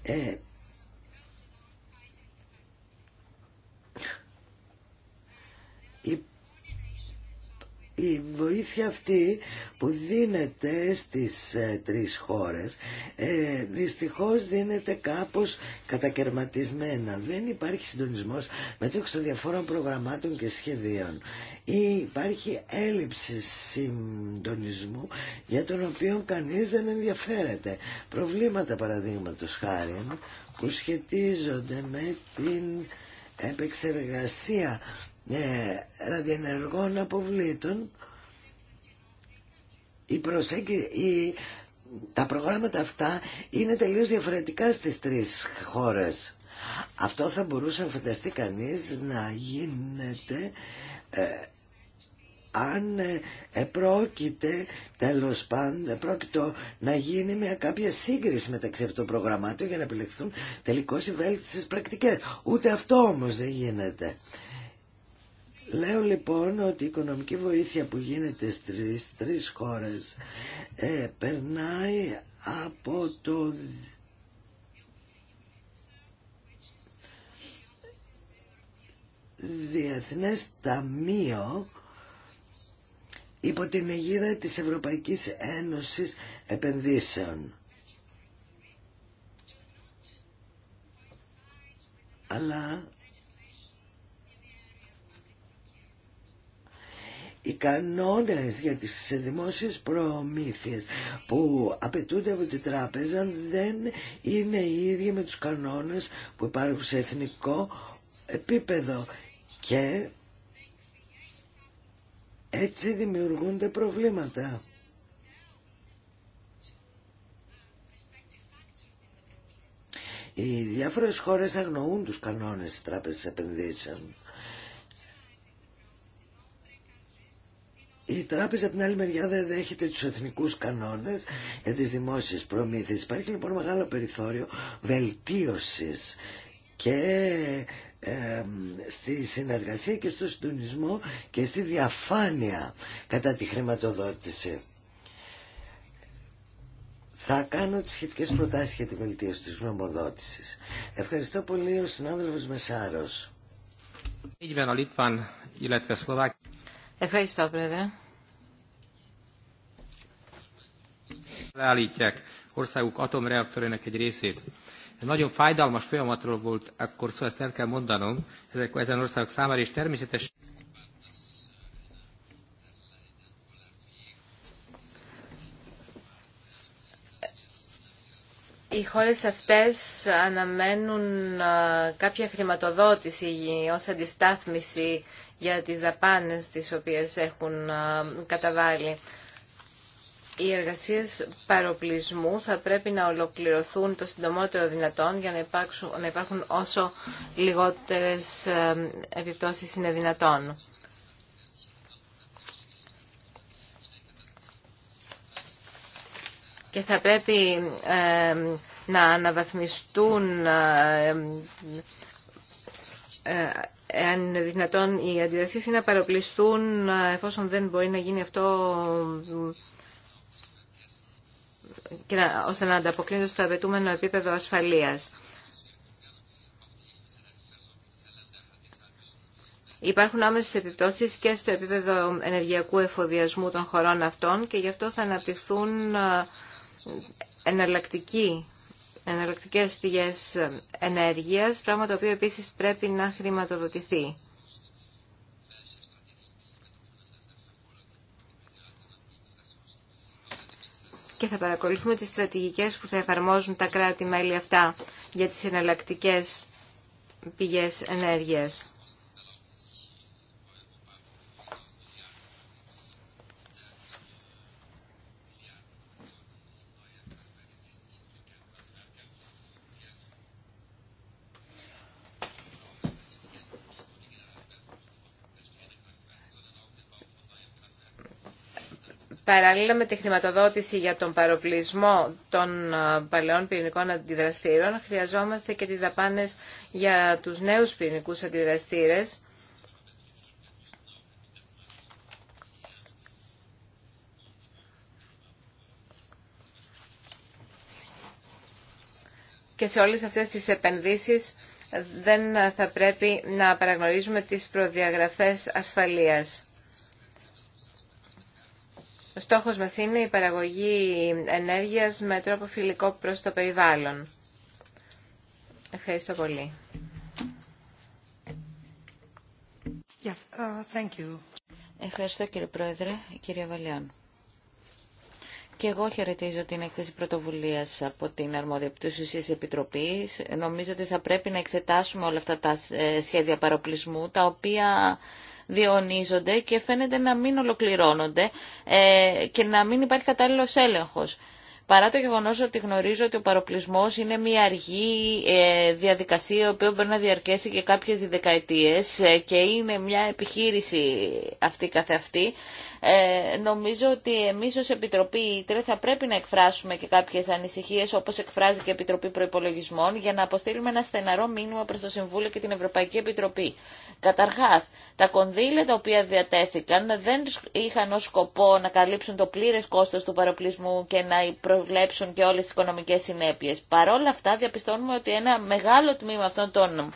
Ε, η βοήθεια αυτή που δίνεται στις ε, τρεις χώρες ε, δυστυχώς δίνεται κάπως κατακαιρματισμένα. Δεν υπάρχει συντονισμός μεταξύ των διαφόρων προγραμμάτων και σχεδίων. Ή υπάρχει έλλειψη συντονισμού για τον οποίο κανείς δεν ενδιαφέρεται. Προβλήματα παραδείγματο χάρη που σχετίζονται με την επεξεργασία ε, ραδιενεργών αποβλήτων η προσέγγι, η, τα προγράμματα αυτά είναι τελείως διαφορετικά στις τρεις χώρες. Αυτό θα μπορούσε να φανταστεί κανείς να γίνεται ε, αν ε, επρόκειται τέλος πάντων πρόκειτο να γίνει μια κάποια σύγκριση μεταξύ αυτών των προγραμμάτων για να επιλεχθούν τελικώς οι βέλτιστες πρακτικές. Ούτε αυτό όμως δεν γίνεται. Λέω λοιπόν ότι η οικονομική βοήθεια που γίνεται στις τρεις χώρες ε, περνάει από το Διεθνές Ταμείο υπό την αιγίδα της Ευρωπαϊκής Ένωσης Επενδύσεων. Αλλά οι κανόνες για τις δημόσιες προμήθειες που απαιτούνται από την τράπεζα δεν είναι οι ίδιοι με τους κανόνες που υπάρχουν σε εθνικό επίπεδο και έτσι δημιουργούνται προβλήματα. Οι διάφορες χώρες αγνοούν τους κανόνες της Τράπεζας Επενδύσεων. η τράπεζα από την άλλη μεριά δεν δέχεται τους εθνικούς κανόνες για τις δημόσιες προμήθειες. Υπάρχει λοιπόν μεγάλο περιθώριο βελτίωσης και στη συνεργασία και στο συντονισμό και στη διαφάνεια κατά τη χρηματοδότηση. Θα κάνω τις σχετικές προτάσεις για τη βελτίωση της γνωμοδότησης. Ευχαριστώ πολύ ο συνάδελφος Μεσάρος. Ευχαριστώ, Πρόεδρε. Οι χώρε αυτέ αναμένουν κάποια χρηματοδότηση ω αντιστάθμιση για τι δαπάνες τι οποίε έχουν καταβάλει οι εργασίες παροπλισμού θα πρέπει να ολοκληρωθούν το συντομότερο δυνατόν για να, να υπάρχουν όσο λιγότερες ε, επιπτώσεις είναι δυνατόν. Και θα πρέπει ε, να αναβαθμιστούν εάν ε, είναι δυνατόν οι αντιδρασίες ή να παροπλιστούν εφόσον δεν μπορεί να γίνει αυτό και να, ώστε να ανταποκρίνονται στο απαιτούμενο επίπεδο ασφαλείας. Υπάρχουν άμεσες επιπτώσεις και στο επίπεδο ενεργειακού εφοδιασμού των χωρών αυτών και γι' αυτό θα αναπτυχθούν ε, εναλλακτικοί εναλλακτικές πηγές ε, ενέργειας, πράγμα το οποίο επίσης πρέπει να χρηματοδοτηθεί. και θα παρακολουθούμε τις στρατηγικές που θα εφαρμόζουν τα κράτη-μέλη αυτά για τις εναλλακτικέ πηγές ενέργειας. Παράλληλα με τη χρηματοδότηση για τον παροπλισμό των ε, παλαιών πυρηνικών αντιδραστήρων, χρειαζόμαστε και τις δαπάνες για τους νέους πυρηνικούς αντιδραστήρες, και σε όλες αυτές τις επενδύσεις δεν θα πρέπει να παραγνωρίζουμε τις προδιαγραφές ασφαλείας. Ο στόχος μας είναι η παραγωγή ενέργειας με τρόπο φιλικό προς το περιβάλλον. Ευχαριστώ πολύ. Yes, uh, thank you. Ευχαριστώ κύριε Πρόεδρε, κύριε Βαλιάν. Και εγώ χαιρετίζω την έκθεση πρωτοβουλία από την αρμόδια της Επιτροπή. Νομίζω ότι θα πρέπει να εξετάσουμε όλα αυτά τα ε, σχέδια παροπλισμού, τα οποία διονίζονται και φαίνεται να μην ολοκληρώνονται ε, και να μην υπάρχει κατάλληλος έλεγχος. Παρά το γεγονό ότι γνωρίζω ότι ο παροπλισμό είναι μια αργή ε, διαδικασία η οποία μπορεί να διαρκέσει και κάποιες δεκαετίες ε, και είναι μια επιχείρηση αυτή καθεαυτή, ε, νομίζω ότι εμείς ως Επιτροπή Ήτρε θα πρέπει να εκφράσουμε και κάποιες ανησυχίες όπως εκφράζει και η Επιτροπή Προϋπολογισμών για να αποστείλουμε ένα στεναρό μήνυμα προς το Συμβούλιο και την Ευρωπαϊκή Επιτροπή. Καταρχάς, τα κονδύλια τα οποία διατέθηκαν δεν είχαν ως σκοπό να καλύψουν το πλήρες κόστος του παροπλισμού και να προβλέψουν και όλες τις οικονομικές συνέπειες. Παρόλα αυτά διαπιστώνουμε ότι ένα μεγάλο τμήμα αυτών των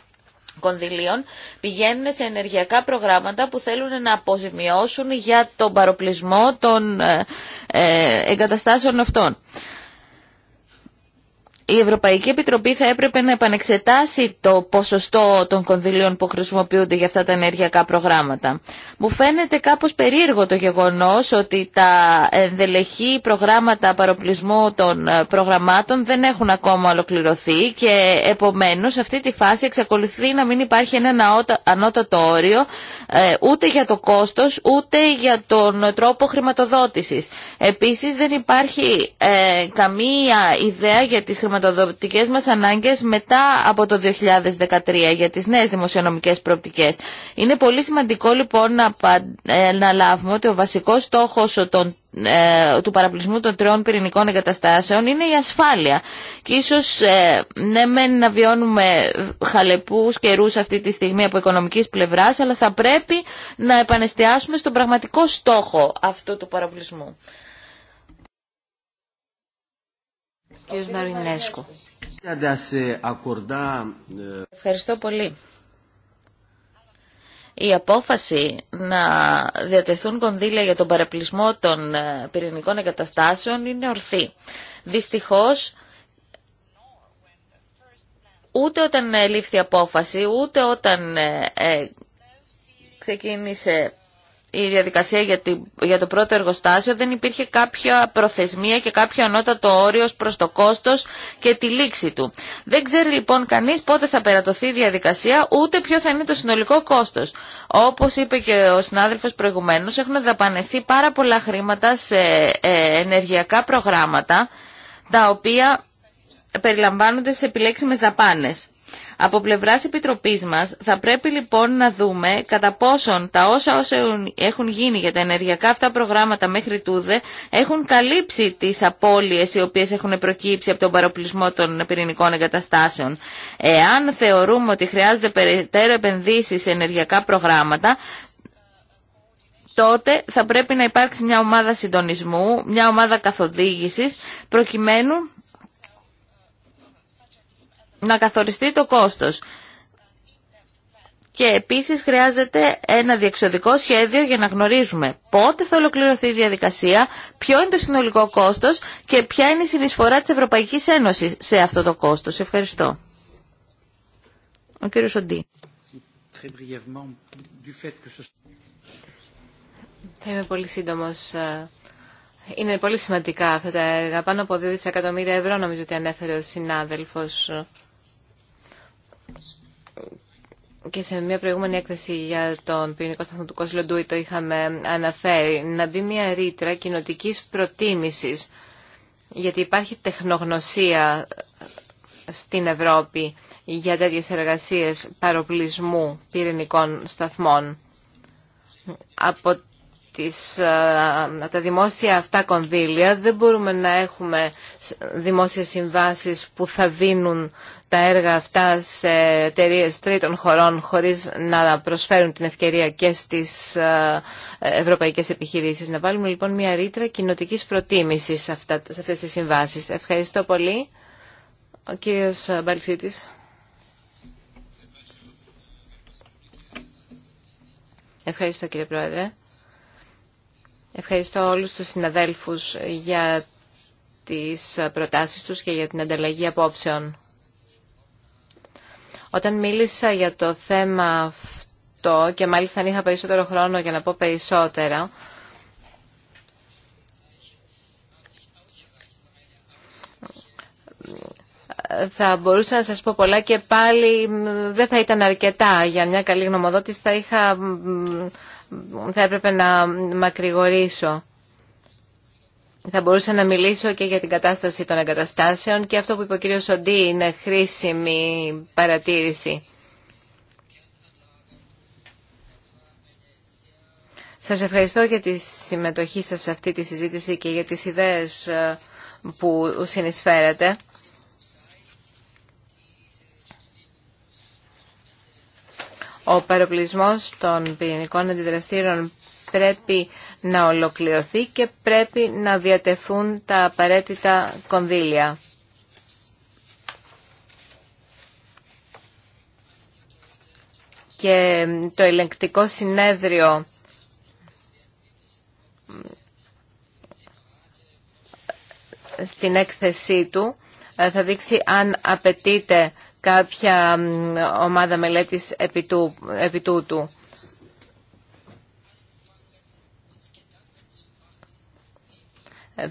κονδυλίων πηγαίνουν σε ενεργειακά προγράμματα που θέλουν να αποζημιώσουν για τον παροπλισμό των ε, ε, εγκαταστάσεων αυτών η Ευρωπαϊκή Επιτροπή θα έπρεπε να επανεξετάσει το ποσοστό των κονδυλίων που χρησιμοποιούνται για αυτά τα ενεργειακά προγράμματα. Μου φαίνεται κάπως περίεργο το γεγονός ότι τα ενδελεχή προγράμματα παροπλισμού των προγραμμάτων δεν έχουν ακόμα ολοκληρωθεί και επομένως σε αυτή τη φάση εξακολουθεί να μην υπάρχει ένα ανώτατο όριο ε, ούτε για το κόστος ούτε για τον τρόπο χρηματοδότησης. Επίσης δεν υπάρχει ε, καμία ιδέα για τις χρηματοδοτικές μας ανάγκες μετά από το 2013 για τις νέες δημοσιονομικές προοπτικές. Είναι πολύ σημαντικό λοιπόν να, ε, να λάβουμε ότι ο βασικός στόχος ε, του παραπλησμού των τριών πυρηνικών εγκαταστάσεων είναι η ασφάλεια. Και ίσως ε, ναι μεν να βιώνουμε χαλεπούς καιρούς αυτή τη στιγμή από οικονομικής πλευράς, αλλά θα πρέπει να επανεστιάσουμε στον πραγματικό στόχο αυτού του παραπλησμού. Ευχαριστώ πολύ. Η απόφαση να διατεθούν κονδύλια για τον παραπλησμό των ε, πυρηνικών εγκαταστάσεων είναι ορθή. Δυστυχώς, ούτε όταν λήφθη απόφαση, ούτε όταν ε, ε, ξεκίνησε η διαδικασία για, για το πρώτο εργοστάσιο δεν υπήρχε κάποια προθεσμία και κάποιο ανώτατο όριο προς το κόστος και τη λήξη του. Δεν ξέρει λοιπόν κανείς πότε θα περατωθεί η διαδικασία ούτε ποιο θα είναι το συνολικό κόστος. Όπως είπε και ο συνάδελφος προηγουμένως έχουν δαπανεθεί πάρα πολλά χρήματα σε ε, ενεργειακά προγράμματα τα οποία περιλαμβάνονται σε επιλέξιμες δαπάνες. Από πλευρά Επιτροπής μας θα πρέπει λοιπόν να δούμε κατά πόσον τα όσα, έχουν γίνει για τα ενεργειακά αυτά προγράμματα μέχρι τούδε έχουν καλύψει τις απώλειες οι οποίες έχουν προκύψει από τον παροπλισμό των πυρηνικών εγκαταστάσεων. Εάν θεωρούμε ότι χρειάζονται περαιτέρω επενδύσει σε ενεργειακά προγράμματα, τότε θα πρέπει να υπάρξει μια ομάδα συντονισμού, μια ομάδα καθοδήγησης, προκειμένου να καθοριστεί το κόστος. Και επίσης χρειάζεται ένα διεξοδικό σχέδιο για να γνωρίζουμε πότε θα ολοκληρωθεί η διαδικασία, ποιο είναι το συνολικό κόστος και ποια είναι η συνεισφορά της Ευρωπαϊκής Ένωσης σε αυτό το κόστος. Ευχαριστώ. Ο κύριος Οντή. Θα είμαι πολύ σύντομος. Είναι πολύ σημαντικά αυτά τα έργα. Πάνω από 2 δισεκατομμύρια ευρώ νομίζω ότι ανέφερε ο συνάδελφος και σε μια προηγούμενη έκθεση για τον πυρηνικό σταθμό του Κόσλοντούι το είχαμε αναφέρει, να μπει μια ρήτρα κοινοτική προτίμηση. γιατί υπάρχει τεχνογνωσία στην Ευρώπη για τέτοιες εργασίε παροπλισμού πυρηνικών σταθμών. Από τις, ε, τα δημόσια αυτά κονδύλια δεν μπορούμε να έχουμε δημόσιες συμβάσεις που θα δίνουν τα έργα αυτά σε εταιρείε τρίτων χωρών χωρίς να προσφέρουν την ευκαιρία και στις ε, ευρωπαϊκές επιχειρήσεις. Να βάλουμε λοιπόν μια ρήτρα κοινοτικής προτίμησης σε, αυτέ τι αυτές τις συμβάσεις. Ευχαριστώ πολύ. Ο κύριος Μπαλτσίτης. Ευχαριστώ κύριε Πρόεδρε. Ευχαριστώ όλους τους συναδέλφους για τις προτάσεις τους και για την ανταλλαγή απόψεων. Όταν μίλησα για το θέμα αυτό και μάλιστα αν είχα περισσότερο χρόνο για να πω περισσότερα, θα μπορούσα να σας πω πολλά και πάλι δεν θα ήταν αρκετά για μια καλή γνωμοδότηση, θα, είχα, θα έπρεπε να μακρηγορήσω. Θα μπορούσα να μιλήσω και για την κατάσταση των εγκαταστάσεων και αυτό που είπε ο κύριος Σοντή είναι χρήσιμη παρατήρηση. Σας ευχαριστώ για τη συμμετοχή σας σε αυτή τη συζήτηση και για τις ιδέες ε, που συνεισφέρατε. Ο παροπλισμός των πυρηνικών αντιδραστήρων πρέπει να ολοκληρωθεί και πρέπει να διατεθούν τα απαραίτητα κονδύλια. Και το ελεγκτικό συνέδριο στην έκθεσή του θα δείξει αν απαιτείται κάποια ομάδα μελέτης επί, του,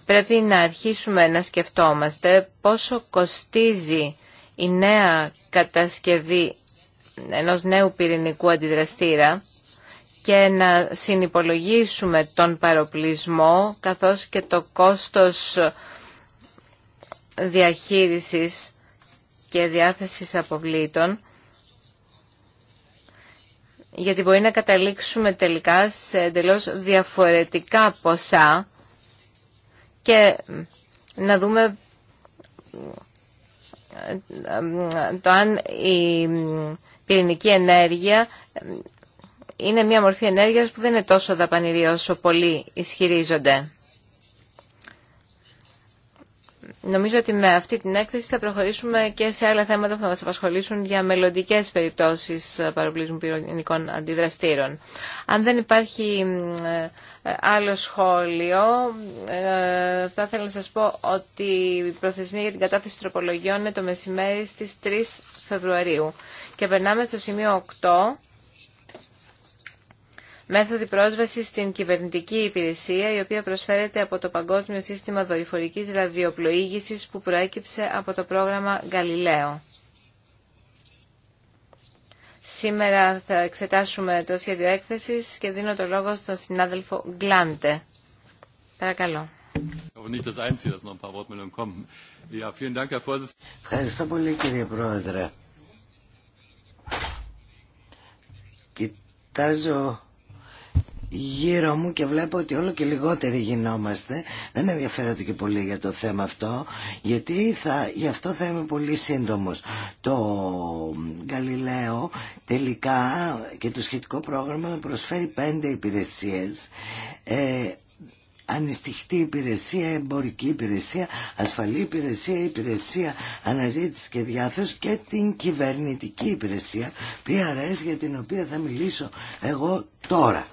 πρέπει να αρχίσουμε να σκεφτόμαστε πόσο κοστίζει η νέα κατασκευή ενός νέου πυρηνικού αντιδραστήρα και να συνυπολογίσουμε τον παροπλισμό καθώς και το κόστος διαχείρισης και διάθεσης αποβλήτων γιατί μπορεί να καταλήξουμε τελικά σε εντελώς διαφορετικά ποσά και να δούμε ε, το αν η πυρηνική ενέργεια είναι μια μορφή ενέργειας που δεν είναι τόσο δαπανηρή όσο πολλοί ισχυρίζονται. Νομίζω ότι με αυτή την έκθεση θα προχωρήσουμε και σε άλλα θέματα που θα μας απασχολήσουν για μελλοντικέ περιπτώσεις παροπλήσμου πυρονικών αντιδραστήρων. Αν δεν υπάρχει ε, άλλο σχόλιο, ε, θα ήθελα να σας πω ότι η προθεσμία για την κατάθεση τροπολογιών είναι το μεσημέρι στις 3 Φεβρουαρίου. Και περνάμε στο σημείο 8 μέθοδη πρόσβαση στην κυβερνητική υπηρεσία η οποία προσφέρεται από το Παγκόσμιο Σύστημα Δορυφορικής Ραδιοπλοήγηση που προέκυψε από το πρόγραμμα Γαλιλαίο. Σήμερα θα εξετάσουμε το σχέδιο έκθεση και δίνω το λόγο στον συνάδελφο Γκλάντε. Παρακαλώ. Ευχαριστώ πολύ κύριε Πρόεδρε. Κοιτάζω γύρω μου και βλέπω ότι όλο και λιγότεροι γινόμαστε. Δεν ενδιαφέρονται και πολύ για το θέμα αυτό, γιατί θα, γι' αυτό θα είμαι πολύ σύντομος. Το Γαλιλαίο τελικά και το σχετικό πρόγραμμα προσφέρει πέντε υπηρεσίες. Ε, ανιστιχτή υπηρεσία, εμπορική υπηρεσία, ασφαλή υπηρεσία, υπηρεσία αναζήτηση και διάθεση και την κυβερνητική υπηρεσία PRS για την οποία θα μιλήσω εγώ τώρα.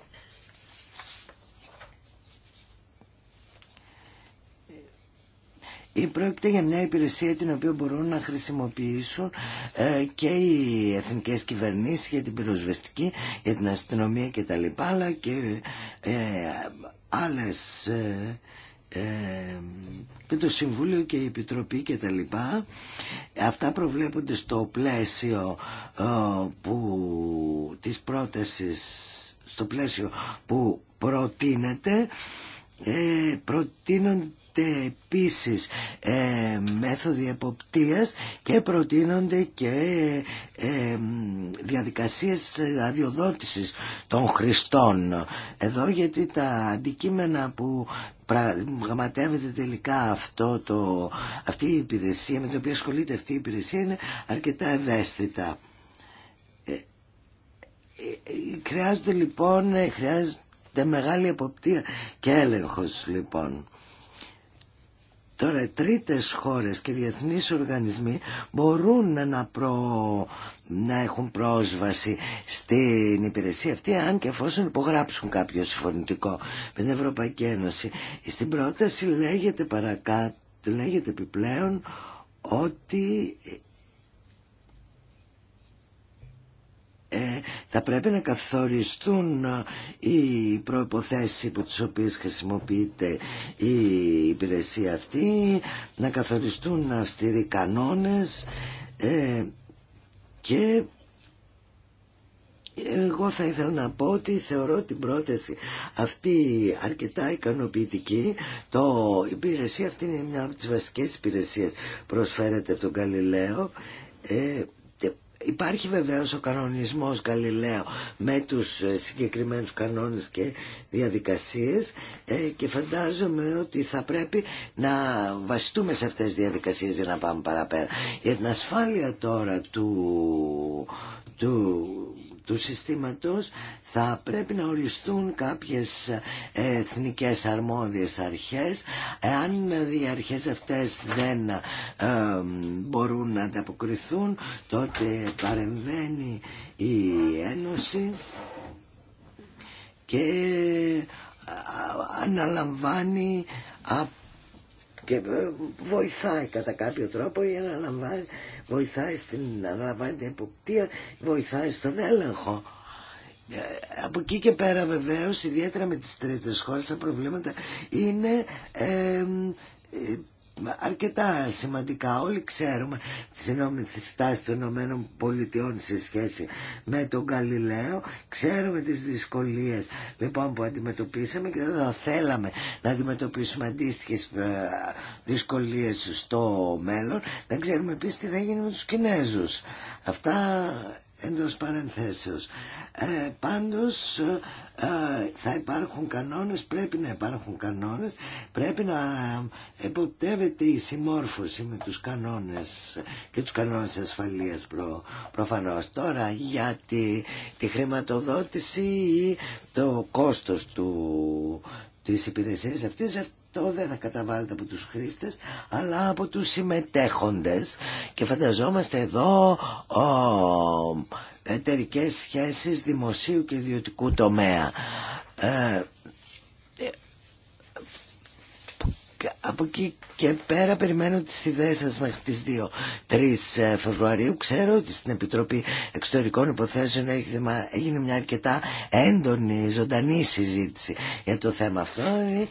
Ε, πρόκειται για μια υπηρεσία την οποία μπορούν να χρησιμοποιήσουν ε, και οι εθνικές κυβερνήσεις για την πυροσβεστική, για την αστυνομία και τα λοιπά, αλλά και ε, άλλες και το Συμβούλιο και η Επιτροπή και τα λοιπά αυτά προβλέπονται στο πλαίσιο που της πρότασης στο πλαίσιο που προτείνεται προτείνονται Προτείνονται επίσης ε, μέθοδοι εποπτείας και προτείνονται και ε, διαδικασίες αδειοδότησης των χρηστών. Εδώ γιατί τα αντικείμενα που πραγματεύεται τελικά αυτό το, αυτή η υπηρεσία, με την οποία ασχολείται αυτή η υπηρεσία είναι αρκετά ευαίσθητα. Ε, ε, ε, χρειάζεται λοιπόν, χρειάζεται μεγάλη εποπτεία και έλεγχος λοιπόν. Τώρα τρίτες χώρες και διεθνείς οργανισμοί μπορούν να, να έχουν πρόσβαση στην υπηρεσία αυτή αν και εφόσον υπογράψουν κάποιο συμφωνητικό με την Ευρωπαϊκή Ένωση. Στην πρόταση λέγεται παρακάτω, λέγεται επιπλέον ότι Ε, θα πρέπει να καθοριστούν ε, οι προϋποθέσεις που τις οποίες χρησιμοποιείται η υπηρεσία αυτή, να καθοριστούν αυστηροί κανόνες ε, και εγώ θα ήθελα να πω ότι θεωρώ την πρόταση αυτή αρκετά ικανοποιητική. Το υπηρεσία αυτή είναι μια από τις βασικές υπηρεσίες προσφέρεται από τον Καλλιλέο. Ε, Υπάρχει βεβαίως ο κανονισμός Γαλιλαίο με τους ε, συγκεκριμένους κανόνες και διαδικασίες ε, και φαντάζομαι ότι θα πρέπει να βασιστούμε σε αυτές τις διαδικασίες για να πάμε παραπέρα. Για την ασφάλεια τώρα του, του, του συστήματος θα πρέπει να οριστούν κάποιες εθνικές αρμόδιες αρχές. Εάν οι αρχές αυτές δεν ε, μπορούν να ανταποκριθούν, τότε παρεμβαίνει η Ένωση και ε, αναλαμβάνει και ε, βοηθάει κατά κάποιο τρόπο ή αναλαμβάνει, βοηθάει στην αναλαμβάνει την εποπτεία, βοηθάει στον έλεγχο. Ε, από εκεί και πέρα βεβαίως, ιδιαίτερα με τις τρίτες χώρες, τα προβλήματα είναι ε, αρκετά σημαντικά. Όλοι ξέρουμε τη στάση των Ηνωμένων Πολιτειών σε σχέση με τον Γαλιλαίο. Ξέρουμε τις δυσκολίες λοιπόν που αντιμετωπίσαμε και δεν θα θέλαμε να αντιμετωπίσουμε αντίστοιχε ε, δυσκολίες στο μέλλον. Δεν ξέρουμε επίσης τι θα γίνει με τους Κινέζους. Αυτά εντός παρενθέσεως. Ε, πάντως ε, θα υπάρχουν κανόνες, πρέπει να υπάρχουν κανόνες, πρέπει να εποπτεύεται η συμμόρφωση με τους κανόνες και τους κανόνες ασφαλείας προ, προφανώς. Τώρα για τη, χρηματοδότηση ή το κόστος του, της υπηρεσίας αυτής, το δεν θα καταβάλλεται από τους χρήστες αλλά από τους συμμετέχοντες και φανταζόμαστε εδώ ο, εταιρικές σχέσεις δημοσίου και ιδιωτικού τομέα. Ε, ε από εκεί και πέρα περιμένω τις ιδέες σας μέχρι τις 2-3 ε, Φεβρουαρίου. Ξέρω ότι στην Επιτροπή Εξωτερικών Υποθέσεων έγινε μια αρκετά έντονη, ζωντανή συζήτηση για το θέμα αυτό. Ε,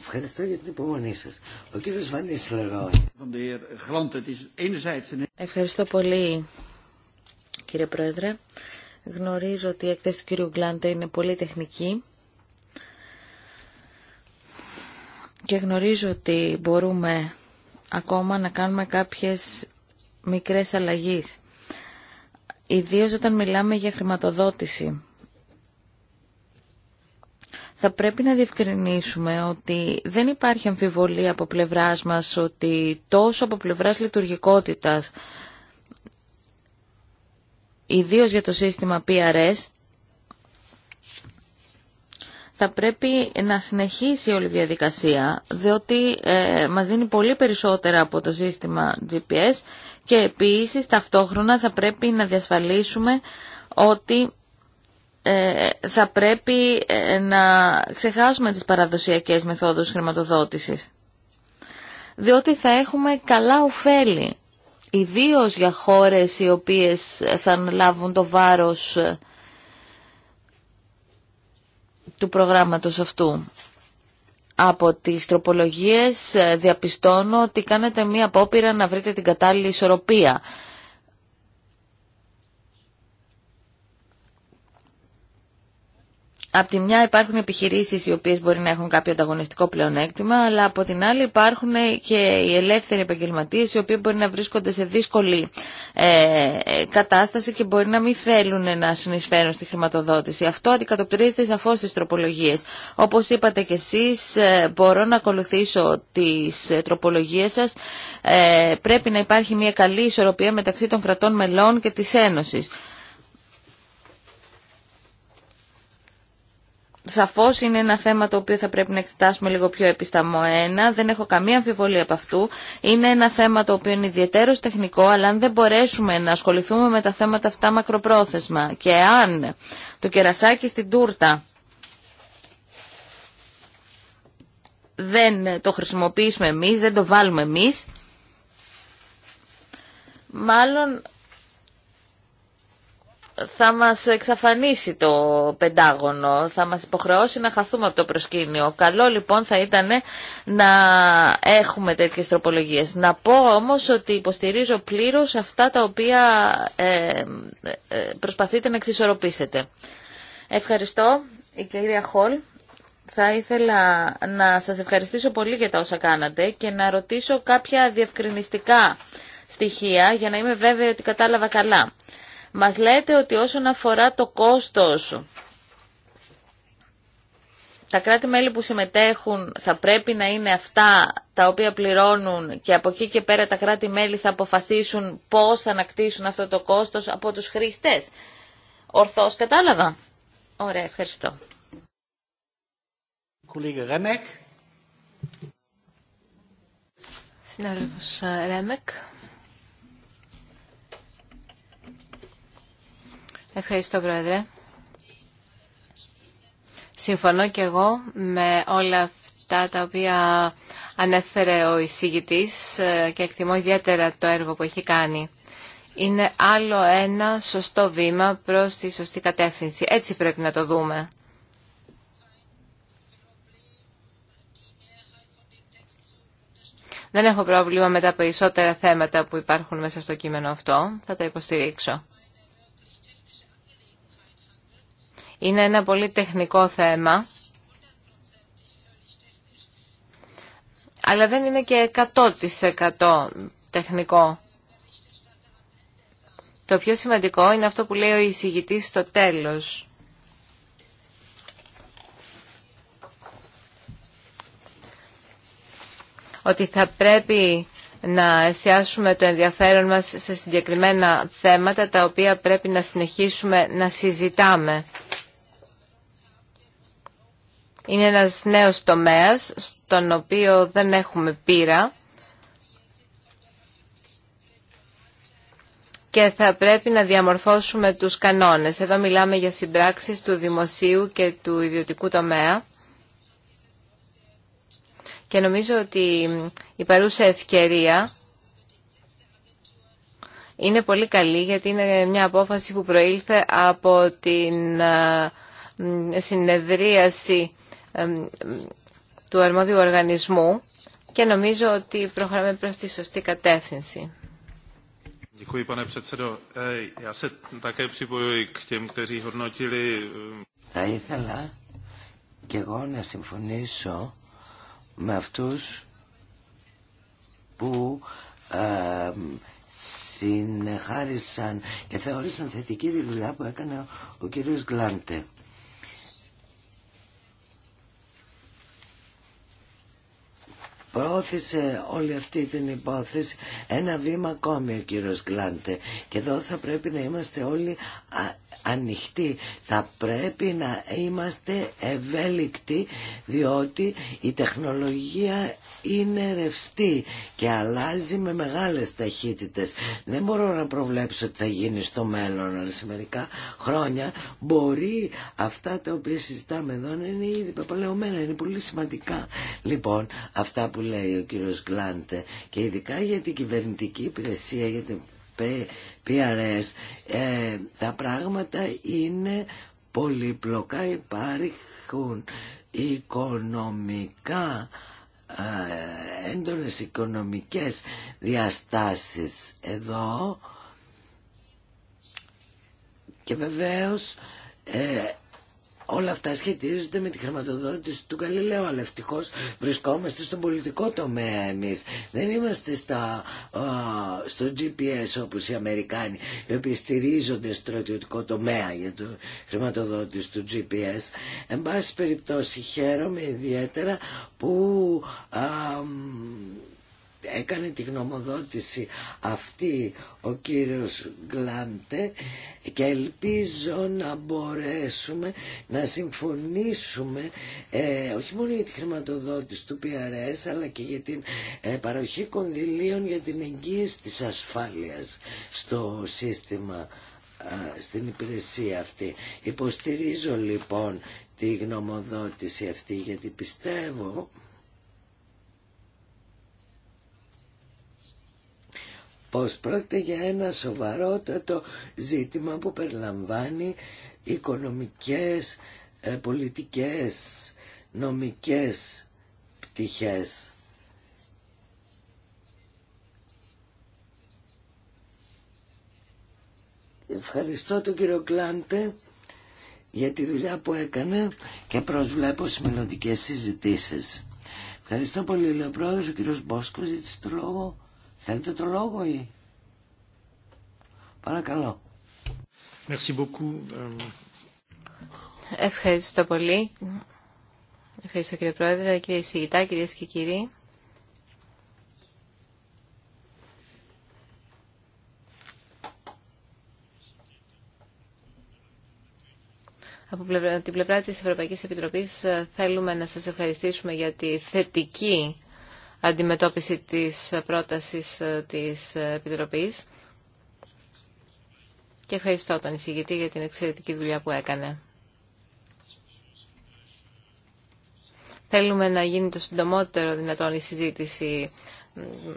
ευχαριστώ για την υπομονή Ο Ευχαριστώ πολύ κύριε Πρόεδρε. Γνωρίζω ότι η εκθέση του κύριου Γκλάντε είναι πολύ τεχνική και γνωρίζω ότι μπορούμε ακόμα να κάνουμε κάποιες μικρές αλλαγές. Ιδίως όταν μιλάμε για χρηματοδότηση θα πρέπει να διευκρινίσουμε ότι δεν υπάρχει αμφιβολία από πλευράς μας ότι τόσο από πλευράς λειτουργικότητας, ιδίω για το σύστημα PRS, θα πρέπει να συνεχίσει όλη η διαδικασία, διότι ε, μας δίνει πολύ περισσότερα από το σύστημα GPS και επίσης ταυτόχρονα θα πρέπει να διασφαλίσουμε ότι ε, θα πρέπει ε, να ξεχάσουμε τις παραδοσιακές μεθόδους χρηματοδότησης. Διότι θα έχουμε καλά ωφέλη, ιδίω για χώρες οι οποίες θα λάβουν το βάρος ε, του προγράμματος αυτού. Από τις τροπολογίες διαπιστώνω ότι κάνετε μία απόπειρα να βρείτε την κατάλληλη ισορροπία Απ' τη μια υπάρχουν επιχειρήσεις οι οποίες μπορεί να έχουν κάποιο ανταγωνιστικό πλεονέκτημα, αλλά από την άλλη υπάρχουν και οι ελεύθεροι επαγγελματίε οι οποίοι μπορεί να βρίσκονται σε δύσκολη ε, κατάσταση και μπορεί να μην θέλουν να συνεισφέρουν στη χρηματοδότηση. Αυτό αντικατοπτρίζεται σαφώς στις τροπολογίες. Όπως είπατε κι εσείς, ε, μπορώ να ακολουθήσω τις ε, τροπολογίες σας. πρέπει να υπάρχει μια καλή ισορροπία μεταξύ των κρατών μελών και της Ένωσης. σαφώς είναι ένα θέμα το οποίο θα πρέπει να εξετάσουμε λίγο πιο επισταμμένα. Δεν έχω καμία αμφιβολία από αυτού. Είναι ένα θέμα το οποίο είναι ιδιαίτερο τεχνικό, αλλά αν δεν μπορέσουμε να ασχοληθούμε με τα θέματα αυτά μακροπρόθεσμα και αν το κερασάκι στην τούρτα δεν το χρησιμοποιήσουμε εμείς, δεν το βάλουμε εμείς, μάλλον θα μας εξαφανίσει το πεντάγωνο, θα μας υποχρεώσει να χαθούμε από το προσκήνιο. Καλό λοιπόν θα ήταν να έχουμε τέτοιες τροπολογίες. Να πω όμως ότι υποστηρίζω πλήρως αυτά τα οποία ε, ε προσπαθείτε να εξισορροπήσετε. Ευχαριστώ η κυρία Χολ. Θα ήθελα να σας ευχαριστήσω πολύ για τα όσα κάνατε και να ρωτήσω κάποια διευκρινιστικά στοιχεία για να είμαι βέβαιη ότι κατάλαβα καλά. Μας λέτε ότι όσον αφορά το κόστος, τα κράτη-μέλη που συμμετέχουν θα πρέπει να είναι αυτά τα οποία πληρώνουν και από εκεί και πέρα τα κράτη-μέλη θα αποφασίσουν πώς θα ανακτήσουν αυτό το κόστος από τους χρήστες. Ορθώς κατάλαβα. Ωραία, ευχαριστώ. Συνάδελφος ε, Ρέμεκ. Ευχαριστώ, Πρόεδρε. Συμφωνώ και εγώ με όλα αυτά τα οποία ανέφερε ο εισηγητής ε, και εκτιμώ ιδιαίτερα το έργο που έχει κάνει. Είναι άλλο ένα σωστό βήμα προς τη σωστή κατεύθυνση. Έτσι πρέπει να το δούμε. Δεν έχω πρόβλημα με τα περισσότερα θέματα που υπάρχουν μέσα στο κείμενο αυτό. Θα τα υποστηρίξω. Είναι ένα πολύ τεχνικό θέμα. Αλλά δεν είναι και 100% τεχνικό. Το πιο σημαντικό είναι αυτό που λέει ο εισηγητής στο τέλος. Ότι θα πρέπει να εστιάσουμε το ενδιαφέρον μας σε συγκεκριμένα θέματα τα οποία πρέπει να συνεχίσουμε να συζητάμε. Είναι ένας νέος τομέας στον οποίο δεν έχουμε πείρα και θα πρέπει να διαμορφώσουμε τους κανόνες. Εδώ μιλάμε για συμπράξεις του δημοσίου και του ιδιωτικού τομέα. Και νομίζω ότι η παρούσα ευκαιρία είναι πολύ καλή γιατί είναι μια απόφαση που προήλθε από την ε, συνεδρίαση του αρμόδιου οργανισμού και νομίζω ότι προχωράμε προς τη σωστή κατεύθυνση. Θα ήθελα και εγώ να συμφωνήσω με αυτούς που ε, συνεχάρισαν και θεώρησαν θετική τη δουλειά που έκανε ο κύριος Γκλάντε. προώθησε όλη αυτή την υπόθεση ένα βήμα ακόμη ο κύριος Γκλάντε και εδώ θα πρέπει να είμαστε όλοι ανοιχτοί. Θα πρέπει να είμαστε ευέλικτοι διότι η τεχνολογία είναι ρευστή και αλλάζει με μεγάλες ταχύτητες. Δεν μπορώ να προβλέψω τι θα γίνει στο μέλλον, αλλά σε μερικά χρόνια μπορεί αυτά τα οποία συζητάμε εδώ είναι ήδη πεπαλαιωμένα, είναι πολύ σημαντικά. Λοιπόν, αυτά που λέει ο κύριος Γκλάντε και ειδικά για την κυβερνητική υπηρεσία, PRS. Ε, τα πράγματα είναι πολύπλοκα, υπάρχουν οικονομικά ε, έντονες οικονομικές διαστάσεις εδώ και βεβαίως ε, όλα αυτά σχετίζονται με τη χρηματοδότηση του Γαλιλαίου, αλλά ευτυχώ βρισκόμαστε στον πολιτικό τομέα εμεί. Δεν είμαστε στα, στο GPS όπως οι Αμερικάνοι, οι οποίοι στηρίζονται στρατιωτικό τομέα για το χρηματοδότηση του GPS. Εν πάση περιπτώσει χαίρομαι ιδιαίτερα που α, έκανε τη γνωμοδότηση αυτή ο κύριος Γκλάντε και ελπίζω να μπορέσουμε να συμφωνήσουμε ε, όχι μόνο για τη χρηματοδότηση του PRS αλλά και για την ε, παροχή κονδυλίων για την εγγύηση της ασφάλειας στο σύστημα ε, στην υπηρεσία αυτή. Υποστηρίζω λοιπόν τη γνωμοδότηση αυτή γιατί πιστεύω πως πρόκειται για ένα σοβαρότατο ζήτημα που περιλαμβάνει οικονομικές, ε, πολιτικές, νομικές πτυχές. Ευχαριστώ τον κύριο Κλάντε για τη δουλειά που έκανε και προσβλέπω στις μελλοντικές συζητήσεις. Ευχαριστώ πολύ, ο πρόεδρος, ο κύριος Μπόσκος, ζήτησε το λόγο. Θέλετε το λόγο ή... Παρακαλώ. Euh. Ευχαριστώ πολύ. Ευχαριστώ κύριε Πρόεδρε, κύριε συγητά, κυρίες και κύριοι. Από την πλευρά της Ευρωπαϊκής Επιτροπής ε, θέλουμε να σας ευχαριστήσουμε για τη θετική αντιμετώπιση της πρότασης ε, της ε, Επιτροπής. Και ευχαριστώ τον εισηγητή για την εξαιρετική δουλειά που έκανε. Θέλουμε να γίνει το συντομότερο δυνατόν η συζήτηση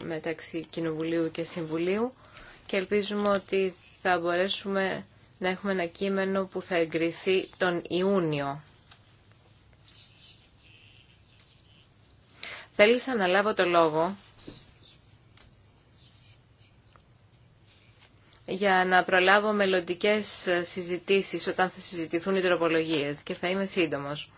μεταξύ Κοινοβουλίου και Συμβουλίου και ελπίζουμε ότι θα μπορέσουμε να έχουμε ένα κείμενο που θα εγκριθεί τον Ιούνιο. Θέλησα να λάβω το λόγο για να προλάβω μελλοντικέ συζητήσεις όταν θα συζητηθούν οι τροπολογίες και θα είμαι σύντομος.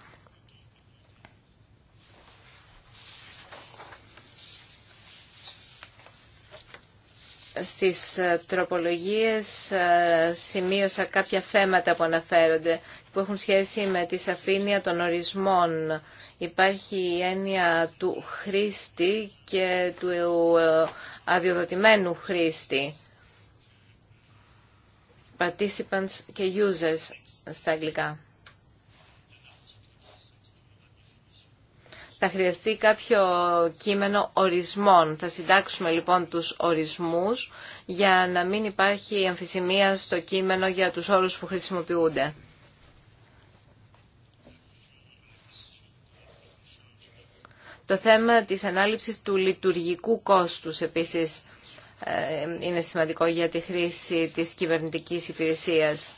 Στις ε, τροπολογίες ε, σημείωσα κάποια θέματα που αναφέρονται που έχουν σχέση με τη σαφήνεια των ορισμών Υπάρχει η έννοια του χρήστη και του ε, αδειοδοτημένου χρήστη. Participants και users στα αγγλικά. Θα χρειαστεί κάποιο κείμενο ορισμών. Θα συντάξουμε λοιπόν τους ορισμούς για να μην υπάρχει αμφισημία στο κείμενο για τους όρους που χρησιμοποιούνται. Το θέμα της ανάληψης του λειτουργικού κόστους επίσης ε, είναι σημαντικό για τη χρήση της κυβερνητικής υπηρεσίας.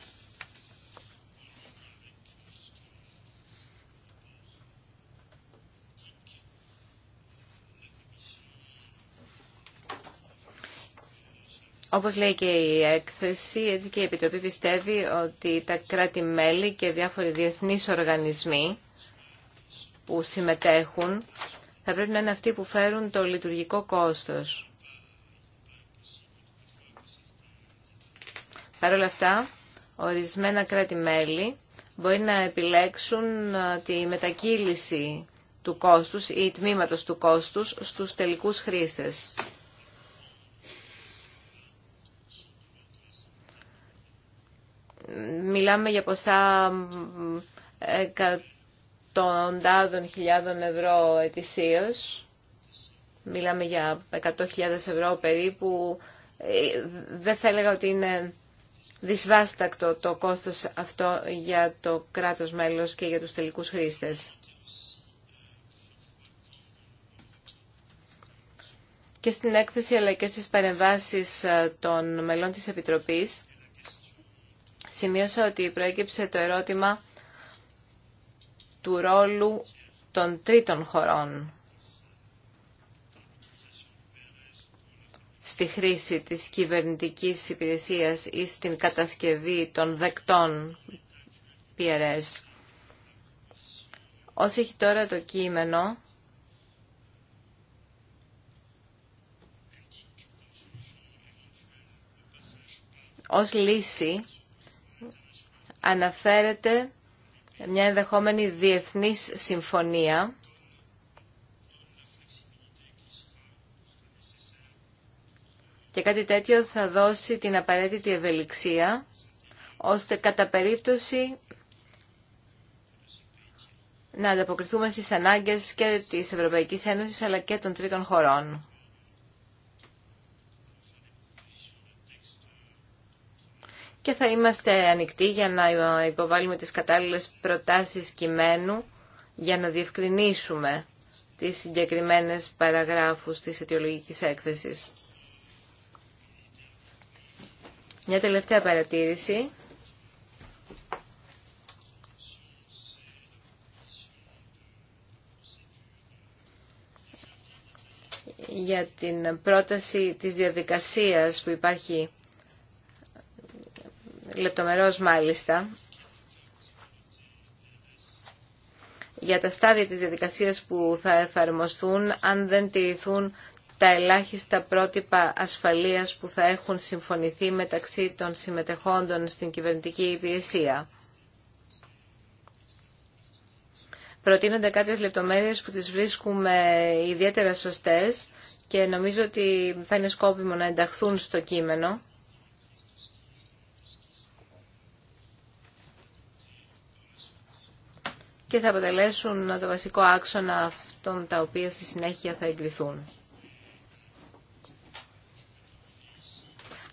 Όπως λέει και η έκθεση, έτσι και η Επιτροπή πιστεύει ότι τα κράτη-μέλη και διάφοροι διεθνείς οργανισμοί που συμμετέχουν θα πρέπει να είναι αυτοί που φέρουν το λειτουργικό κόστος. Παρ' όλα αυτά, ορισμένα κράτη-μέλη μπορεί να επιλέξουν ε, τη μετακύληση του κόστους ή τμήματος του κόστους στους τελικούς χρήστες. Μιλάμε για ποσά εκατοντάδων χιλιάδων ευρώ ετησίως. Μιλάμε για 100.000 ευρώ περίπου. Ε, δεν θα έλεγα ότι είναι δυσβάστακτο το κόστος αυτό για το κράτος μέλος και για τους τελικούς χρήστες. Και στην έκθεση αλλά και στις παρεμβάσεις ε, των μελών της Επιτροπής σημείωσα ότι προέκυψε το ερώτημα του ρόλου των τρίτων χωρών στη χρήση της κυβερνητικής υπηρεσίας ή στην κατασκευή των δεκτών PRS. Όσοι έχει τώρα το κείμενο, ως λύση αναφέρεται μια ενδεχόμενη διεθνής συμφωνία και κάτι τέτοιο θα δώσει την απαραίτητη ευελιξία ώστε κατά περίπτωση να ανταποκριθούμε στις ανάγκες και της Ευρωπαϊκής Ένωσης αλλά και των τρίτων χωρών. και θα είμαστε ανοιχτοί για να υποβάλουμε τις κατάλληλες προτάσεις κειμένου για να διευκρινίσουμε τις συγκεκριμένες παραγράφους της αιτιολογικής έκθεσης. Μια τελευταία παρατήρηση. για την πρόταση της διαδικασίας που υπάρχει λεπτομερώς μάλιστα για τα στάδια της διαδικασίας που θα εφαρμοστούν αν δεν τηρηθούν τα ελάχιστα πρότυπα ασφαλείας που θα έχουν συμφωνηθεί μεταξύ των συμμετεχόντων στην κυβερνητική υπηρεσία. Προτείνονται κάποιες λεπτομέρειες που τις βρίσκουμε ιδιαίτερα σωστές και νομίζω ότι θα είναι σκόπιμο να ενταχθούν στο κείμενο. και θα αποτελέσουν το βασικό άξονα αυτών τα οποία στη συνέχεια θα εγκριθούν.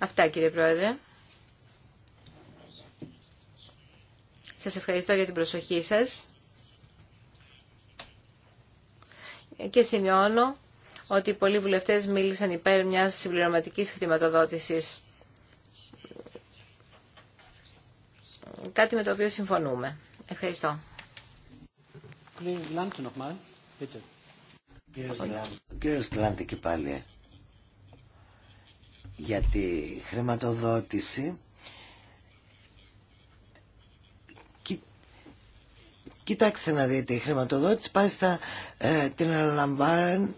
Αυτά κύριε Πρόεδρε. Σας ευχαριστώ για την προσοχή σας και σημειώνω ότι πολλοί βουλευτές μίλησαν υπέρ μιας συμπληρωματικής χρηματοδότησης. Κάτι με το οποίο συμφωνούμε. Ευχαριστώ. Κύριε και πάλι για τη χρηματοδότηση Κοιτάξτε να δείτε, η χρηματοδότηση πάει στα, ε, την αναλαμβάνει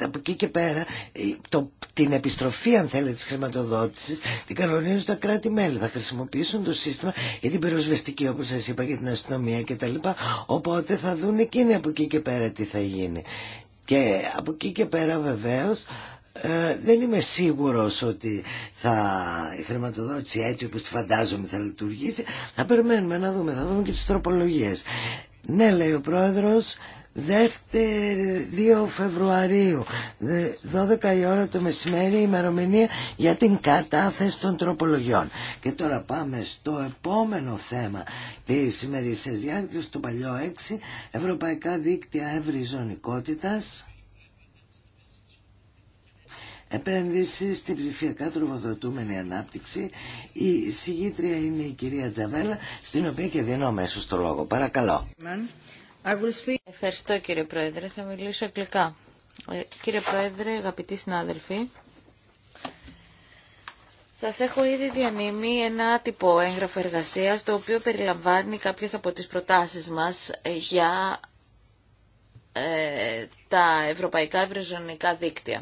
από εκεί και πέρα ε, το, την επιστροφή αν θέλετε της χρηματοδότησης την κανονίζουν τα κράτη-μέλη θα χρησιμοποιήσουν το σύστημα για την πυροσβεστική όπως σας είπα για την αστυνομία κτλ οπότε θα δουν εκείνοι από εκεί και πέρα τι θα γίνει και από εκεί και πέρα βεβαίως ε, δεν είμαι σίγουρος ότι θα, η χρηματοδότηση έτσι όπως τη φαντάζομαι θα λειτουργήσει θα περιμένουμε να δούμε, θα δούμε και τις τροπολογίες ναι λέει ο πρόεδρος δεύτερη 2 Φεβρουαρίου 12 η ώρα το μεσημέρι η ημερομηνία για την κατάθεση των τροπολογιών και τώρα πάμε στο επόμενο θέμα τη σημερινή διάρκεια, το παλιό 6 Ευρωπαϊκά Δίκτυα Ευρυζωνικότητας επένδυση στην ψηφιακά τροφοδοτούμενη ανάπτυξη. Η συγγήτρια είναι η κυρία Τζαβέλα, στην οποία και δίνω αμέσω το λόγο. Παρακαλώ. Ευχαριστώ κύριε Πρόεδρε. Θα μιλήσω αγγλικά. Ε, κύριε Πρόεδρε, αγαπητοί συνάδελφοι, σας έχω ήδη διανύμει ένα τυπο έγγραφο εργασίας, το οποίο περιλαμβάνει κάποιες από τις προτάσεις μας για ε, τα ευρωπαϊκά ευρυζωνικά δίκτυα.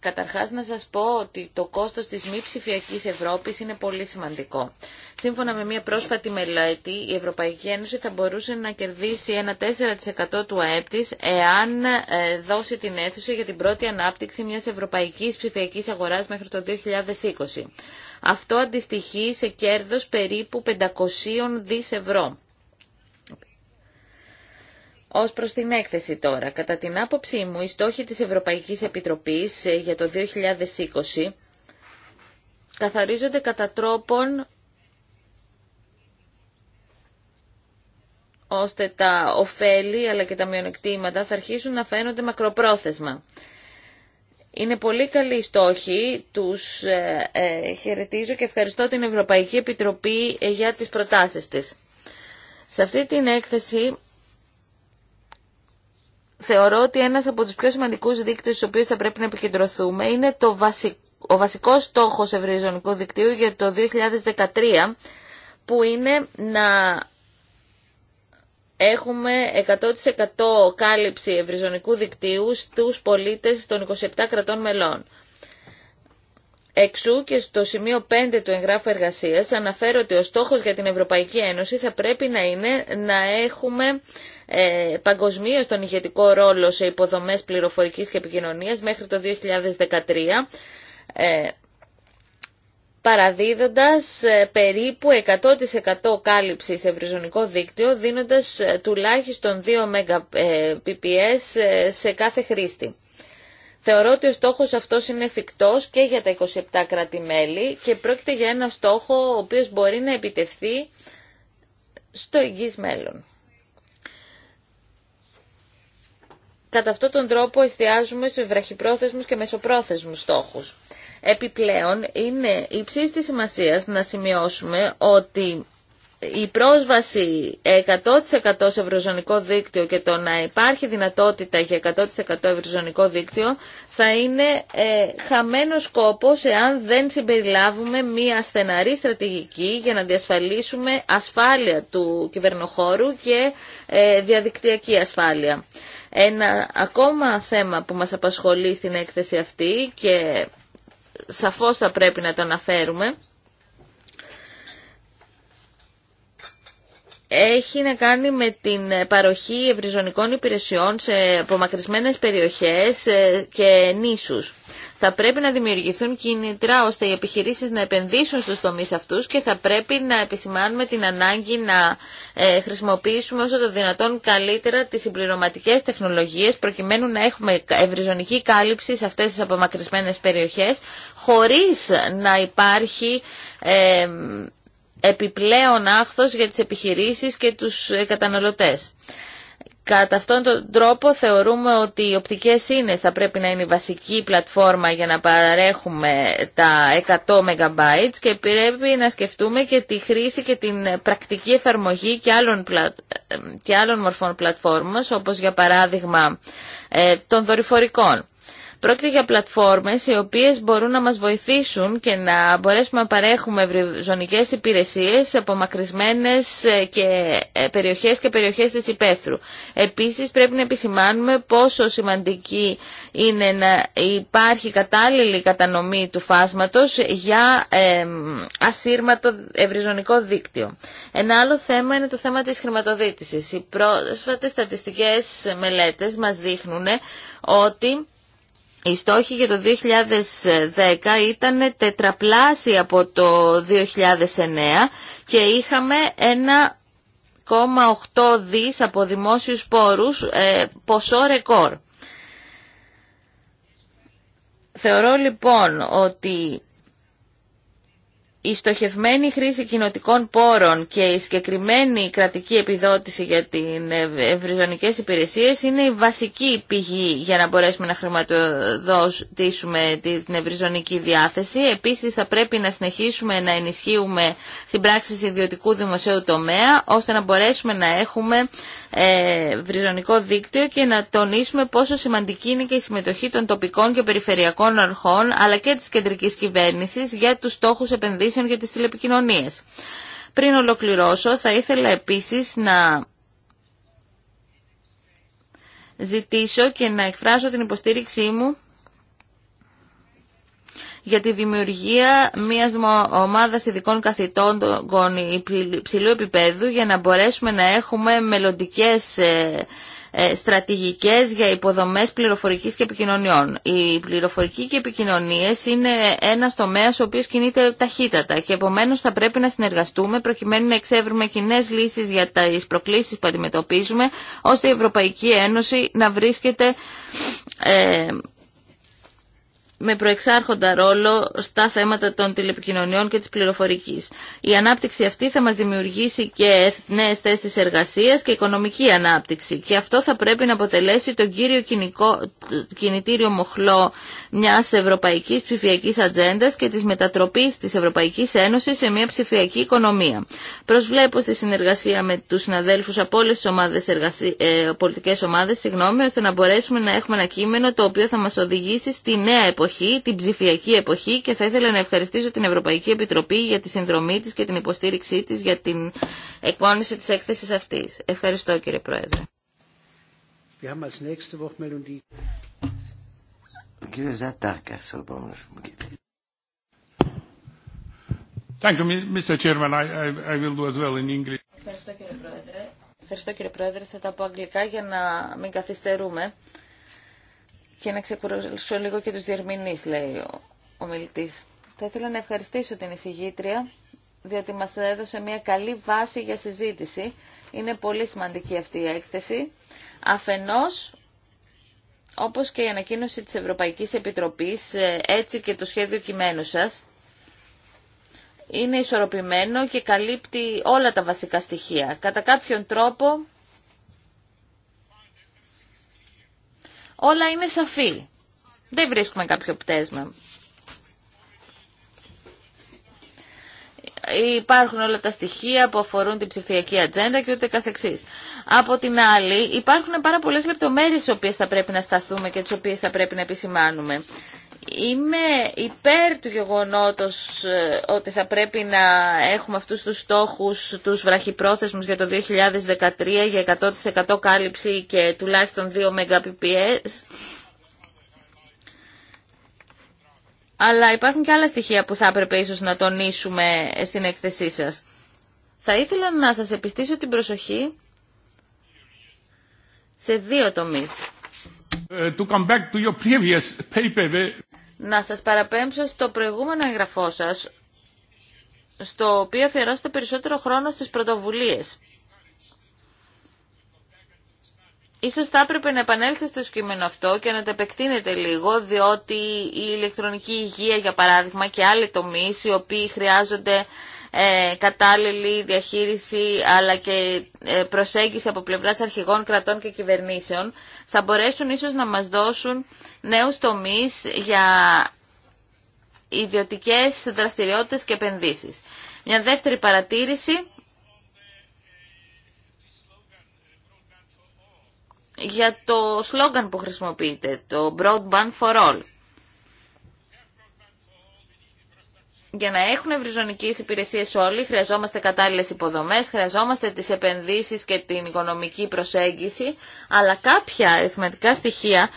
Καταρχάς να σας πω ότι το κόστος της μη ψηφιακής Ευρώπης είναι πολύ σημαντικό. Σύμφωνα με μια πρόσφατη μελέτη, η Ευρωπαϊκή Ένωση θα μπορούσε να κερδίσει ένα 4% του ΑΕΠ εάν ε, δώσει την αίθουσα για την πρώτη ανάπτυξη μιας ευρωπαϊκής ψηφιακής αγοράς μέχρι το 2020. Αυτό αντιστοιχεί σε κέρδος περίπου 500 δις ευρώ. Ω προ την έκθεση τώρα, κατά την άποψή μου, οι στόχοι της Ευρωπαϊκής Επιτροπής ε, για το 2020 καθαρίζονται κατά τρόπον ώστε τα ωφέλη αλλά και τα μειονεκτήματα θα αρχίσουν να φαίνονται μακροπρόθεσμα. Είναι πολύ καλή η στόχη, τους ε, ε, χαιρετίζω και ευχαριστώ την Ευρωπαϊκή Επιτροπή ε, για τις προτάσεις της. Σε αυτή την έκθεση θεωρώ ότι ένας από τους πιο σημαντικούς δείκτες στους οποίους θα πρέπει να επικεντρωθούμε είναι το βασικό, ο βασικός στόχος ευρυζωνικού δικτύου για το 2013 που είναι να έχουμε 100% κάλυψη ευρυζωνικού δικτύου στους πολίτες των 27 κρατών μελών. Εξού και στο σημείο 5 του εγγράφου εργασίας αναφέρω ότι ο στόχος για την Ευρωπαϊκή Ένωση θα πρέπει να είναι να έχουμε ε, παγκοσμίω τον ηγετικό ρόλο σε υποδομές πληροφορικής και επικοινωνίας μέχρι το 2013, ε, παραδίδοντας ε, περίπου 100% κάλυψη σε ευρυζωνικό δίκτυο, δίνοντας ε, τουλάχιστον 2 Mbps ε, σε κάθε χρήστη. Θεωρώ ότι ο στόχος αυτός είναι εφικτός και για τα 27 κράτη-μέλη και πρόκειται για ένα στόχο ο οποίος μπορεί να επιτευθεί στο εγγύς μέλλον. κατά αυτόν τον τρόπο εστιάζουμε σε βραχυπρόθεσμους και μεσοπρόθεσμους στόχους. Επιπλέον, είναι υψής της σημασίας να σημειώσουμε ότι η πρόσβαση 100% σε ευρωζωνικό δίκτυο και το να υπάρχει δυνατότητα για 100% ευρωζωνικό δίκτυο θα είναι ε, χαμένος σκόπος εάν δεν συμπεριλάβουμε μία στεναρή στρατηγική για να διασφαλίσουμε ασφάλεια του κυβερνοχώρου και ε, διαδικτυακή ασφάλεια. Ένα ακόμα θέμα που μας απασχολεί στην έκθεση αυτή και σαφώς θα πρέπει να το αναφέρουμε έχει να κάνει με την παροχή ευρυζωνικών υπηρεσιών σε απομακρυσμένες περιοχές ε, και νήσους. Θα πρέπει να δημιουργηθούν κίνητρα ώστε οι επιχειρήσεις να επενδύσουν στους τομείς αυτούς και θα πρέπει να επισημάνουμε την ανάγκη να ε, χρησιμοποιήσουμε όσο το δυνατόν καλύτερα τις συμπληρωματικές τεχνολογίες προκειμένου να έχουμε ευρυζωνική κάλυψη σε αυτές τις απομακρυσμένες περιοχές χωρίς να υπάρχει ε, επιπλέον άχθος για τις επιχειρήσεις και τους ε, καταναλωτές. Κατά αυτόν τον τρόπο θεωρούμε ότι οι οπτικές ίνες θα πρέπει να είναι η βασική πλατφόρμα για να παρέχουμε τα 100 MB και πρέπει να σκεφτούμε και τη χρήση και την πρακτική εφαρμογή και άλλων, και άλλων μορφών πλατφόρμας όπως για παράδειγμα ε, των δορυφορικών. Πρόκειται για πλατφόρμες οι οποίες μπορούν να μας βοηθήσουν και να μπορέσουμε να παρέχουμε ευρυζωνικές υπηρεσίες σε απομακρυσμένες ε, και ε, περιοχές και περιοχές της υπαίθρου. Επίσης πρέπει να επισημάνουμε πόσο σημαντική είναι να υπάρχει κατάλληλη κατανομή του φάσματος για ε, ασύρματο ευρυζωνικό δίκτυο. Ένα άλλο θέμα είναι το θέμα της χρηματοδίτησης. Οι πρόσφατες στατιστικές μελέτες μας δείχνουν ότι οι στόχοι για το 2010 ήταν τετραπλάσιοι από το 2009 και είχαμε 1,8 δις από δημόσιους πόρους, ε, ποσό ρεκόρ. Θεωρώ λοιπόν ότι η στοχευμένη χρήση κοινοτικών πόρων και η συγκεκριμένη κρατική επιδότηση για την ευρυζωνικές υπηρεσίες είναι η βασική πηγή για να μπορέσουμε να χρηματοδοτήσουμε την ευρυζωνική διάθεση. Επίσης θα πρέπει να συνεχίσουμε να ενισχύουμε συμπράξεις ιδιωτικού δημοσίου τομέα ώστε να μπορέσουμε να έχουμε ε, δίκτυο και να τονίσουμε πόσο σημαντική είναι και η συμμετοχή των τοπικών και περιφερειακών αρχών αλλά και της κεντρικής κυβέρνησης για τους στόχους επενδύσεων για τις τηλεπικοινωνίες. Πριν ολοκληρώσω θα ήθελα επίσης να ζητήσω και να εκφράσω την υποστήριξή μου για τη δημιουργία μιας ομάδας ειδικών καθητών υψηλού επίπεδου για να μπορέσουμε να έχουμε μελλοντικές ε, ε, στρατηγικές για υποδομές πληροφορικής και επικοινωνιών. Η πληροφορική και επικοινωνίες είναι ένας τομέας ο οποίος κινείται ταχύτατα και επομένως θα πρέπει να συνεργαστούμε προκειμένου να εξεύρουμε κοινέ λύσεις για τις προκλήσεις που αντιμετωπίζουμε ώστε η Ευρωπαϊκή Ένωση να βρίσκεται ε, με προεξάρχοντα ρόλο στα θέματα των τηλεπικοινωνιών και της πληροφορικής. Η ανάπτυξη αυτή θα μας δημιουργήσει και νέες θέσεις εργασίας και οικονομική ανάπτυξη και αυτό θα πρέπει να αποτελέσει τον κύριο κινητήριο μοχλό μιας ευρωπαϊκής ψηφιακής ατζέντα και της μετατροπής της Ευρωπαϊκής Ένωσης σε μια ψηφιακή οικονομία. Προσβλέπω στη συνεργασία με τους συναδέλφους από όλες τις ομάδες εργασί... Ε, πολιτικές ομάδες συγγνώμη, ώστε να μπορέσουμε να έχουμε ένα κείμενο το οποίο θα μας οδηγήσει στη νέα εποχή εποχή, την ψηφιακή εποχή και θα ήθελα να ευχαριστήσω την Ευρωπαϊκή Επιτροπή για τη συνδρομή της και την υποστήριξή της για την εκπόνηση της έκθεσης αυτής. Ευχαριστώ κύριε Πρόεδρε. Mr. Um Chairman. I, I will do as well in English. Ευχαριστώ κύριε Πρόεδρε. Ευχαριστώ κύριε Πρόεδρε. Θα τα πω αγγλικά για να μην καθυστερούμε και να ξεκουρασώ λίγο και τους διερμηνείς, λέει ο, ο μιλητής. Θα ήθελα να ευχαριστήσω την εισηγήτρια, διότι μας έδωσε μια καλή βάση για συζήτηση. Είναι πολύ σημαντική αυτή η έκθεση. Αφενός, όπως και η ανακοίνωση της Ευρωπαϊκής Επιτροπής, ε, έτσι και το σχέδιο κειμένου σας, είναι ισορροπημένο και καλύπτει όλα τα βασικά στοιχεία. Κατά κάποιον τρόπο όλα είναι σαφή. Δεν βρίσκουμε κάποιο πτέσμα. υπάρχουν όλα τα στοιχεία που αφορούν την ψηφιακή ατζέντα και ούτε καθεξής. Από την άλλη υπάρχουν πάρα πολλές λεπτομέρειες στις οποίες θα πρέπει να σταθούμε και τις οποίες θα πρέπει να επισημάνουμε. Είμαι υπέρ του γεγονότος ε, ότι θα πρέπει να έχουμε αυτούς τους στόχους, τους βραχυπρόθεσμους για το 2013 για 100% κάλυψη και τουλάχιστον 2 Mbps. Αλλά υπάρχουν και άλλα στοιχεία που θα έπρεπε ίσως να τονίσουμε στην έκθεσή σας. Θα ήθελα να σας επιστήσω την προσοχή σε δύο τομείς. Ε, to come back to your previous να σας παραπέμψω στο προηγούμενο εγγραφό σας, στο οποίο αφιερώσετε περισσότερο χρόνο στις πρωτοβουλίες. Ίσως θα έπρεπε να επανέλθετε στο σκήμενο αυτό και να το επεκτείνετε λίγο, διότι η ηλεκτρονική υγεία, για παράδειγμα, και άλλοι τομείς, οι οποίοι χρειάζονται ε, κατάλληλη διαχείριση αλλά και ε, προσέγγιση από πλευράς αρχηγών κρατών και κυβερνήσεων θα μπορέσουν ίσως να μας δώσουν νέους τομείς για ιδιωτικές δραστηριότητες και επενδύσεις. Μια δεύτερη παρατήρηση για το σλόγγαν που χρησιμοποιείτε, το Broadband for All. για να έχουν ευρυζωνικέ υπηρεσίε όλοι, χρειαζόμαστε κατάλληλε υποδομέ, χρειαζόμαστε τι επενδύσει και την οικονομική προσέγγιση, αλλά κάποια αριθμητικά στοιχεία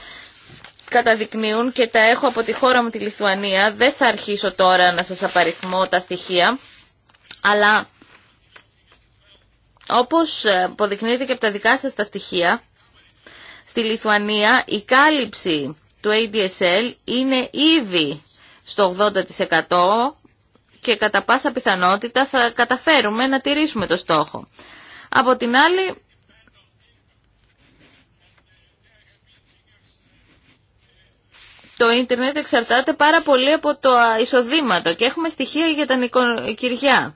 καταδεικνύουν και τα έχω από τη χώρα μου τη Λιθουανία. Δεν θα αρχίσω τώρα να σας απαριθμώ τα στοιχεία, αλλά όπως αποδεικνύεται και από τα δικά σα τα στοιχεία, στη Λιθουανία η κάλυψη του ADSL είναι ήδη στο 80% και κατά πάσα πιθανότητα θα καταφέρουμε να τηρήσουμε το στόχο. Από την άλλη, το ίντερνετ εξαρτάται πάρα πολύ από το εισοδήματο και έχουμε στοιχεία για τα νοικοκυριά.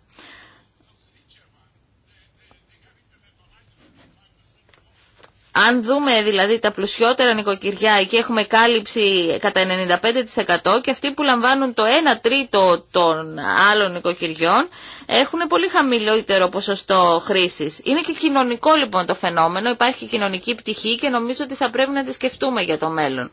Αν δούμε δηλαδή τα πλουσιότερα νοικοκυριά, εκεί έχουμε κάλυψη κατά 95% και αυτοί που λαμβάνουν το 1 τρίτο των άλλων νοικοκυριών έχουν πολύ χαμηλότερο ποσοστό χρήση. Είναι και κοινωνικό λοιπόν το φαινόμενο, υπάρχει κοινωνική πτυχή και νομίζω ότι θα πρέπει να τη σκεφτούμε για το μέλλον.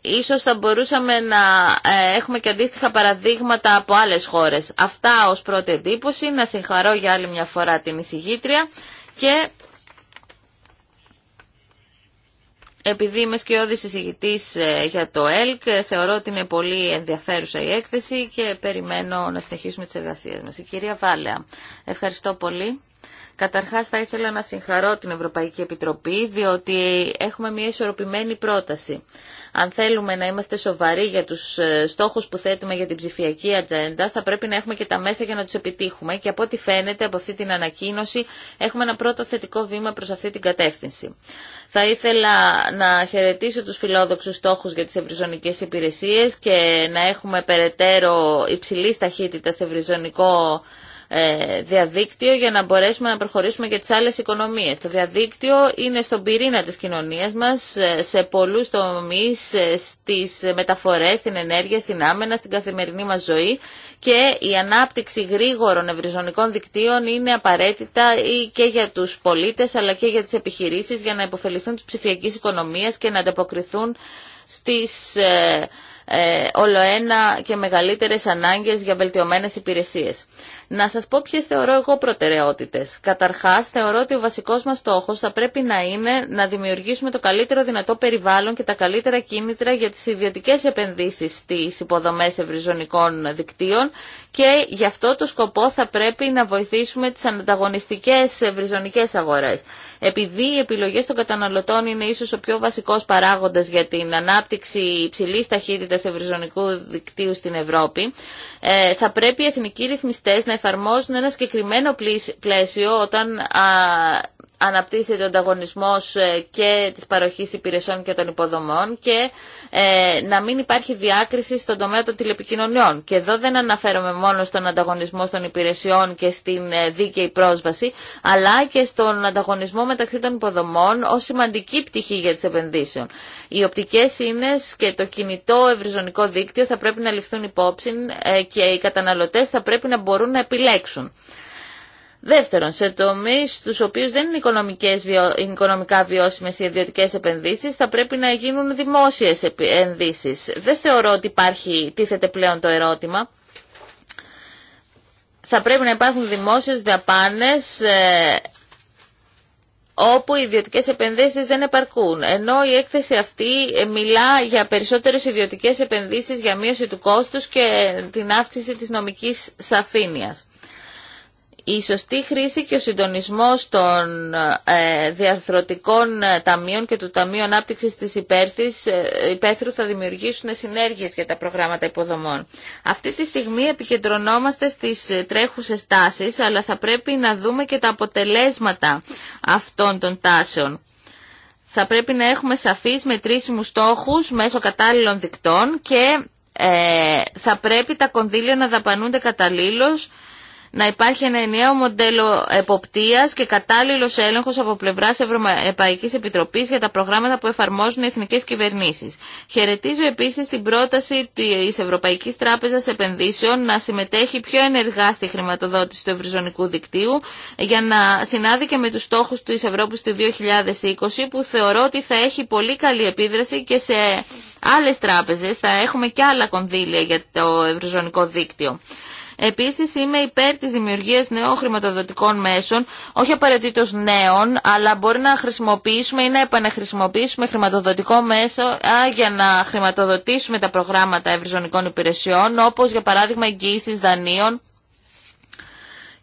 Ίσως θα μπορούσαμε να ε, έχουμε και αντίστοιχα παραδείγματα από άλλες χώρες. Αυτά ως πρώτη εντύπωση. Να συγχαρώ για άλλη μια φορά την εισηγήτρια και Επειδή είμαι σκιώδης εισηγητής ε, για το ΕΛΚ, ε, θεωρώ ότι είναι πολύ ενδιαφέρουσα η έκθεση και περιμένω να συνεχίσουμε τις εργασίες μας. Η κυρία Βάλεα, ευχαριστώ πολύ. Καταρχάς θα ήθελα να συγχαρώ την Ευρωπαϊκή Επιτροπή διότι έχουμε μια ισορροπημένη πρόταση. Αν θέλουμε να είμαστε σοβαροί για τους ε, στόχους που θέτουμε για την ψηφιακή ατζέντα θα πρέπει να έχουμε και τα μέσα για να τους επιτύχουμε και από ό,τι φαίνεται από αυτή την ανακοίνωση έχουμε ένα πρώτο θετικό βήμα προς αυτή την κατεύθυνση. Θα ήθελα να χαιρετήσω τους φιλόδοξους στόχους για τις ευρυζωνικές υπηρεσίες και να έχουμε περαιτέρω υψηλής ταχύτητας ευρυζωνικό ε, διαδίκτυο για να μπορέσουμε να προχωρήσουμε και τις άλλες οικονομίες. Το διαδίκτυο είναι στον πυρήνα της κοινωνίας μας ε, σε πολλούς τομείς, ε, στις μεταφορές, στην ενέργεια, στην άμενα, στην καθημερινή μας ζωή και η ανάπτυξη γρήγορων ευρυζωνικών δικτύων είναι απαραίτητα και για τους πολίτες αλλά και για τις επιχειρήσεις για να υποφεληθούν της ψηφιακής οικονομίας και να ανταποκριθούν στις ε, ε, ολοένα και μεγαλύτερες ανάγκες για βελτιωμένες υπηρεσίες. Να σας πω ποιες θεωρώ εγώ προτεραιότητες. Καταρχάς, θεωρώ ότι ο βασικός μας στόχος θα πρέπει να είναι να δημιουργήσουμε το καλύτερο δυνατό περιβάλλον και τα καλύτερα κίνητρα για τις ιδιωτικές επενδύσεις στις υποδομές ευρυζωνικών δικτύων και γι' αυτό το σκοπό θα πρέπει να βοηθήσουμε τις ανταγωνιστικές ευρυζωνικές αγορές. Επειδή οι επιλογές των καταναλωτών είναι ίσως ο πιο βασικός παράγοντας για την ανάπτυξη υψηλή ταχύτητας ευρυζωνικού δικτύου στην Ευρώπη, ε, θα πρέπει οι εθνικοί ρυθμιστές να να εφαρμόζουν ένα συγκεκριμένο πλαίσιο όταν αναπτύσσεται ο ανταγωνισμός ε, και της παροχής υπηρεσιών και των υποδομών και ε, να μην υπάρχει διάκριση στον τομέα των τηλεπικοινωνιών. Και εδώ δεν αναφέρομαι μόνο στον ανταγωνισμό των υπηρεσιών και στην ε, δίκαιη πρόσβαση, αλλά και στον ανταγωνισμό μεταξύ των υποδομών ως σημαντική πτυχή για τις επενδύσεις. Οι οπτικές ίνες και το κινητό ευρυζωνικό δίκτυο θα πρέπει να ληφθούν υπόψη και οι καταναλωτές θα πρέπει να μπορούν να επιλέξουν. Δεύτερον, σε τομεί στου οποίους δεν είναι οικονομικά βιώσιμες οι ιδιωτικέ επενδύσεις, θα πρέπει να γίνουν δημόσιες επενδύσει. Δεν θεωρώ ότι υπάρχει, τίθεται πλέον το ερώτημα. Θα πρέπει να υπάρχουν δημόσιες διαπάνες ε, όπου οι ιδιωτικέ επενδύσεις δεν επαρκούν. Ενώ η έκθεση αυτή ε, μιλά για περισσότερε ιδιωτικέ επενδύσει για μείωση του κόστου και ε, την αύξηση τη νομική σαφήνεια η σωστή χρήση και ο συντονισμός των ε, διαρθρωτικών ε, ταμείων και του Ταμείου Ανάπτυξης της Υπέρθης, ε, Υπέθρου θα δημιουργήσουν συνέργειες για τα προγράμματα υποδομών. Αυτή τη στιγμή επικεντρωνόμαστε στις ε, τρέχουσες τάσεις, αλλά θα πρέπει να δούμε και τα αποτελέσματα αυτών των τάσεων. Θα πρέπει να έχουμε σαφείς μετρήσιμους στόχους μέσω κατάλληλων δικτών και ε, θα πρέπει τα κονδύλια να δαπανούνται καταλήλως να υπάρχει ένα ενιαίο μοντέλο εποπτείας και κατάλληλος έλεγχος από πλευράς Ευρωπαϊκή Επιτροπή για τα προγράμματα που εφαρμόζουν οι εθνικές κυβερνήσεις. Χαιρετίζω επίσης την πρόταση της Ευρωπαϊκής Τράπεζας Επενδύσεων να συμμετέχει πιο ενεργά στη χρηματοδότηση του ευρυζωνικού δικτύου για να συνάδει και με τους στόχους της Ευρώπης του 2020 που θεωρώ ότι θα έχει πολύ καλή επίδραση και σε άλλες τράπεζες. Θα έχουμε και άλλα κονδύλια για το ευρωζωνικό δίκτυο. Επίσης είμαι υπέρ της δημιουργίας νέων χρηματοδοτικών μέσων, όχι απαραίτητο νέων, αλλά μπορεί να χρησιμοποιήσουμε ή να επαναχρησιμοποιήσουμε χρηματοδοτικό μέσο για να χρηματοδοτήσουμε τα προγράμματα ευρυζωνικών υπηρεσιών, όπως για παράδειγμα εγγύησης δανείων,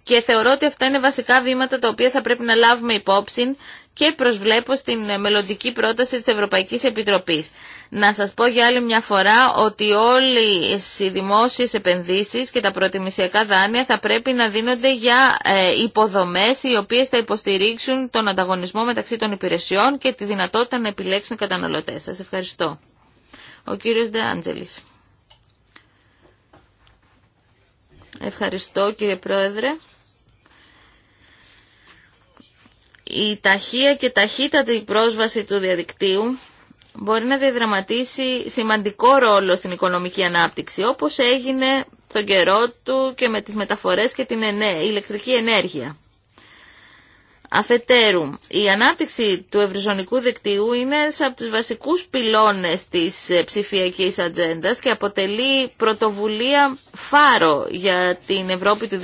και θεωρώ ότι αυτά είναι βασικά βήματα τα οποία θα πρέπει να λάβουμε υπόψη και προσβλέπω στην μελλοντική πρόταση της Ευρωπαϊκής Επιτροπής. Να σας πω για άλλη μια φορά ότι όλοι οι δημόσιες επενδύσεις και τα προτιμησιακά δάνεια θα πρέπει να δίνονται για ε, υποδομές οι οποίες θα υποστηρίξουν τον ανταγωνισμό μεταξύ των υπηρεσιών και τη δυνατότητα να επιλέξουν καταναλωτές. Σας ευχαριστώ. Ο κύριος Ντεάντζελης. Ευχαριστώ κύριε Πρόεδρε. Η ταχεία και ταχύτατη πρόσβαση του διαδικτύου μπορεί να διαδραματίσει σημαντικό ρόλο στην οικονομική ανάπτυξη, όπως έγινε τον καιρό του και με τις μεταφορές και την ηλεκτρική ενέργεια. Αφετέρου, η ανάπτυξη του ευρυζωνικού δικτύου είναι από τους βασικούς πυλώνες της ε, ψηφιακής ατζέντα και αποτελεί πρωτοβουλία φάρο για την Ευρώπη του 2020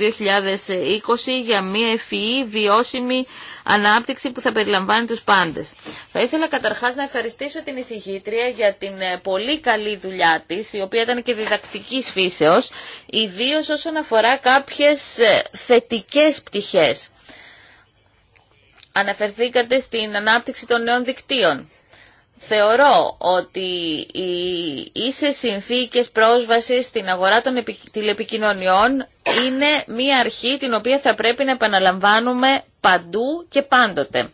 για μια ευφυή, βιώσιμη, ανάπτυξη που θα περιλαμβάνει τους πάντες. Θα ήθελα καταρχάς να ευχαριστήσω την εισηγήτρια για την ε, πολύ καλή δουλειά της, η οποία ήταν και διδακτικής φύσεως, ιδίως όσον αφορά κάποιες ε, θετικές πτυχές. Αναφερθήκατε στην ανάπτυξη των νέων δικτύων. Θεωρώ ότι οι ίσες συνθήκες πρόσβασης στην αγορά των τηλεπικοινωνιών είναι μία αρχή την οποία θα πρέπει να επαναλαμβάνουμε παντού και πάντοτε.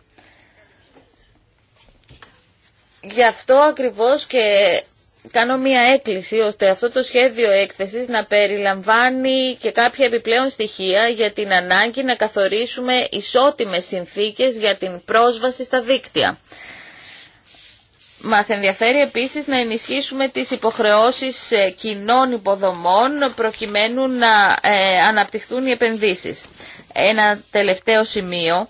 Γι' αυτό ακριβώς και κάνω μία έκκληση ώστε αυτό το σχέδιο έκθεσης να περιλαμβάνει και κάποια επιπλέον στοιχεία για την ανάγκη να καθορίσουμε ισότιμες συνθήκες για την πρόσβαση στα δίκτυα. Μας ενδιαφέρει επίσης να ενισχύσουμε τις υποχρεώσεις ε, κοινών υποδομών προκειμένου να ε, αναπτυχθούν οι επενδύσεις ένα τελευταίο σημείο.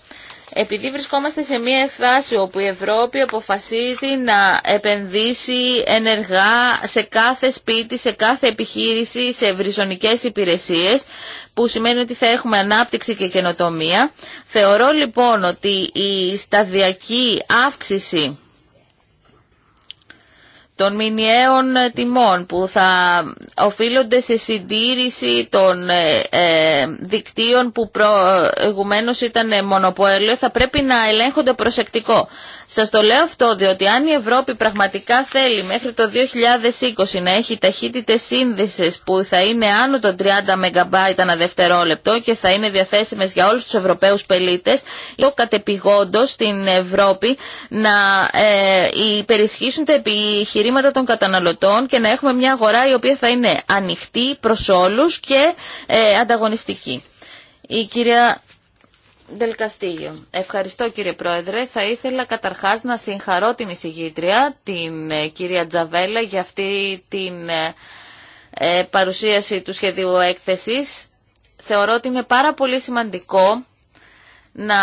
Επειδή βρισκόμαστε σε μια φάση όπου η Ευρώπη αποφασίζει να επενδύσει ενεργά σε κάθε σπίτι, σε κάθε επιχείρηση, σε ευρυζωνικές υπηρεσίες, που σημαίνει ότι θα έχουμε ανάπτυξη και καινοτομία, θεωρώ λοιπόν ότι η σταδιακή αύξηση των μηνιαίων ε, τιμών που θα οφείλονται σε συντήρηση των ε, ε, δικτύων που προηγουμένω ήταν μονοπόλιο θα πρέπει να ελέγχονται προσεκτικό. Σας το λέω αυτό διότι αν η Ευρώπη πραγματικά θέλει μέχρι το 2020 να έχει ταχύτητες σύνδεσης που θα είναι άνω των 30 MB ανά δευτερόλεπτο και θα είναι διαθέσιμες για όλους τους Ευρωπαίους πελίτες το κατεπηγόντος στην Ευρώπη να υπερισχύσουν τα επιχειρήματα επιχειρήματα των καταναλωτών και να έχουμε μια αγορά η οποία θα είναι ανοιχτή προς όλους και ε, ανταγωνιστική. Η κυρία Δελκαστήγιο. Ευχαριστώ κύριε Πρόεδρε. Θα ήθελα καταρχάς να συγχαρώ την εισηγήτρια, την ε, κυρία Τζαβέλα, για αυτή την ε, ε, παρουσίαση του σχεδίου έκθεσης. Θεωρώ ότι είναι πάρα πολύ σημαντικό να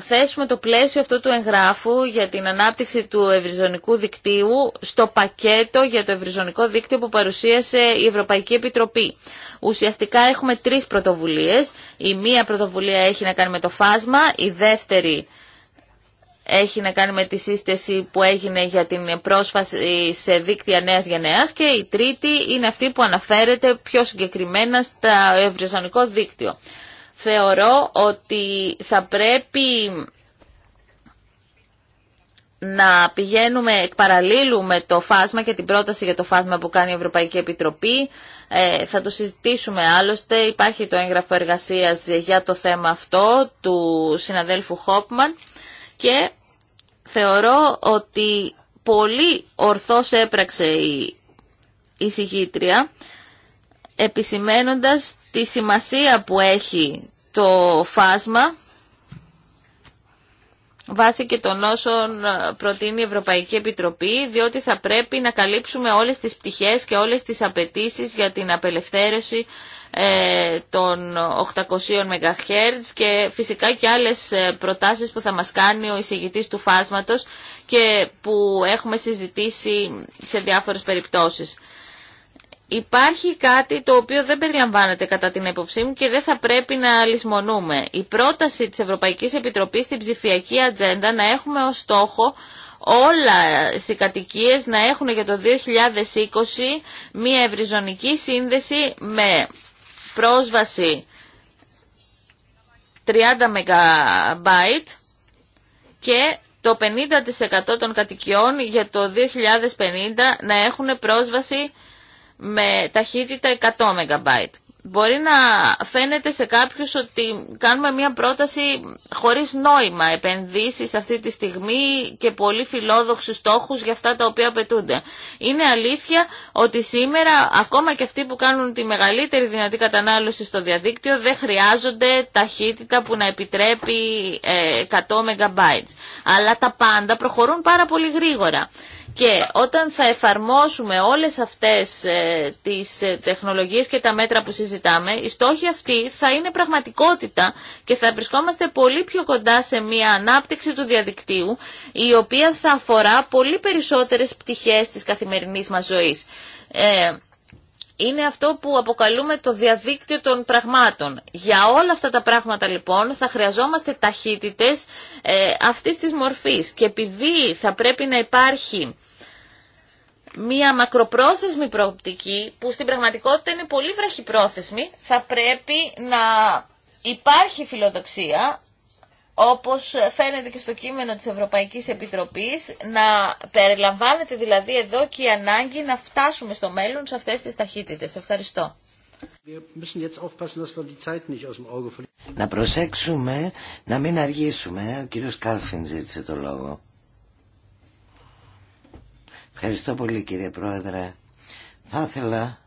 θέσουμε το πλαίσιο αυτού του εγγράφου για την ανάπτυξη του ευρυζωνικού δικτύου στο πακέτο για το ευρυζωνικό δίκτυο που παρουσίασε η Ευρωπαϊκή Επιτροπή. Ουσιαστικά έχουμε τρεις πρωτοβουλίες. Η μία πρωτοβουλία έχει να κάνει με το φάσμα, η δεύτερη έχει να κάνει με τη σύσταση που έγινε για την πρόσφαση σε δίκτυα νέας γενναίας και η τρίτη είναι αυτή που αναφέρεται πιο συγκεκριμένα στο ευρυζωνικό δίκτυο θεωρώ ότι θα πρέπει να πηγαίνουμε εκ παραλίλου με το φάσμα και την πρόταση για το φάσμα που κάνει η Ευρωπαϊκή Επιτροπή. Ε, θα το συζητήσουμε άλλωστε. Υπάρχει το έγγραφο εργασίας για το θέμα αυτό του συναδέλφου Χόπμαν και θεωρώ ότι πολύ ορθώς έπραξε η εισηγήτρια επισημένοντας τη σημασία που έχει το φάσμα βάσει και των όσων προτείνει η Ευρωπαϊκή Επιτροπή, διότι θα πρέπει να καλύψουμε όλες τις πτυχές και όλες τις απαιτήσεις για την απελευθέρωση ε, των 800 MHz και φυσικά και άλλες ε, προτάσεις που θα μας κάνει ο εισηγητής του φάσματος και που έχουμε συζητήσει σε διάφορες περιπτώσεις. Υπάρχει κάτι το οποίο δεν περιλαμβάνεται κατά την έποψή μου και δεν θα πρέπει να λησμονούμε. Η πρόταση της Ευρωπαϊκής Επιτροπής στην ψηφιακή ατζέντα να έχουμε ως στόχο όλα οι κατοικίε να έχουν για το 2020 μια ευρυζωνική σύνδεση με πρόσβαση 30 MB και το 50% των κατοικιών για το 2050 να έχουν πρόσβαση με ταχύτητα 100 MB. Μπορεί να φαίνεται σε κάποιους ότι κάνουμε μια πρόταση χωρίς νόημα επενδύσεις αυτή τη στιγμή και πολύ φιλόδοξους στόχους για αυτά τα οποία απαιτούνται. Είναι αλήθεια ότι σήμερα ακόμα και αυτοί που κάνουν τη μεγαλύτερη δυνατή κατανάλωση στο διαδίκτυο δεν χρειάζονται ταχύτητα που να επιτρέπει 100 ε, MB. Αλλά τα πάντα προχωρούν πάρα πολύ γρήγορα. Και όταν θα εφαρμόσουμε όλες αυτές ε, τις ε, τεχνολογίες και τα μέτρα που συζητάμε, η στόχη αυτή θα είναι πραγματικότητα και θα βρισκόμαστε πολύ πιο κοντά σε μια ανάπτυξη του διαδικτύου, η οποία θα αφορά πολύ περισσότερες πτυχές της καθημερινής μας ζωής. Ε, είναι αυτό που αποκαλούμε το διαδίκτυο των πραγμάτων. Για όλα αυτά τα πράγματα λοιπόν θα χρειαζόμαστε ταχύτητες ε, αυτής της μορφής και επειδή θα πρέπει να υπάρχει μία μακροπρόθεσμη προοπτική που στην πραγματικότητα είναι πολύ βραχυπρόθεσμη θα πρέπει να υπάρχει φιλοδοξία όπως φαίνεται και στο κείμενο της Ευρωπαϊκής Επιτροπής, να περιλαμβάνεται δηλαδή εδώ και η ανάγκη να φτάσουμε στο μέλλον σε αυτές τις ταχύτητες. Ευχαριστώ. Να προσέξουμε να μην αργήσουμε. Ο κύριος Κάλφιν ζήτησε το λόγο. Ευχαριστώ πολύ κύριε Πρόεδρε. Θα ήθελα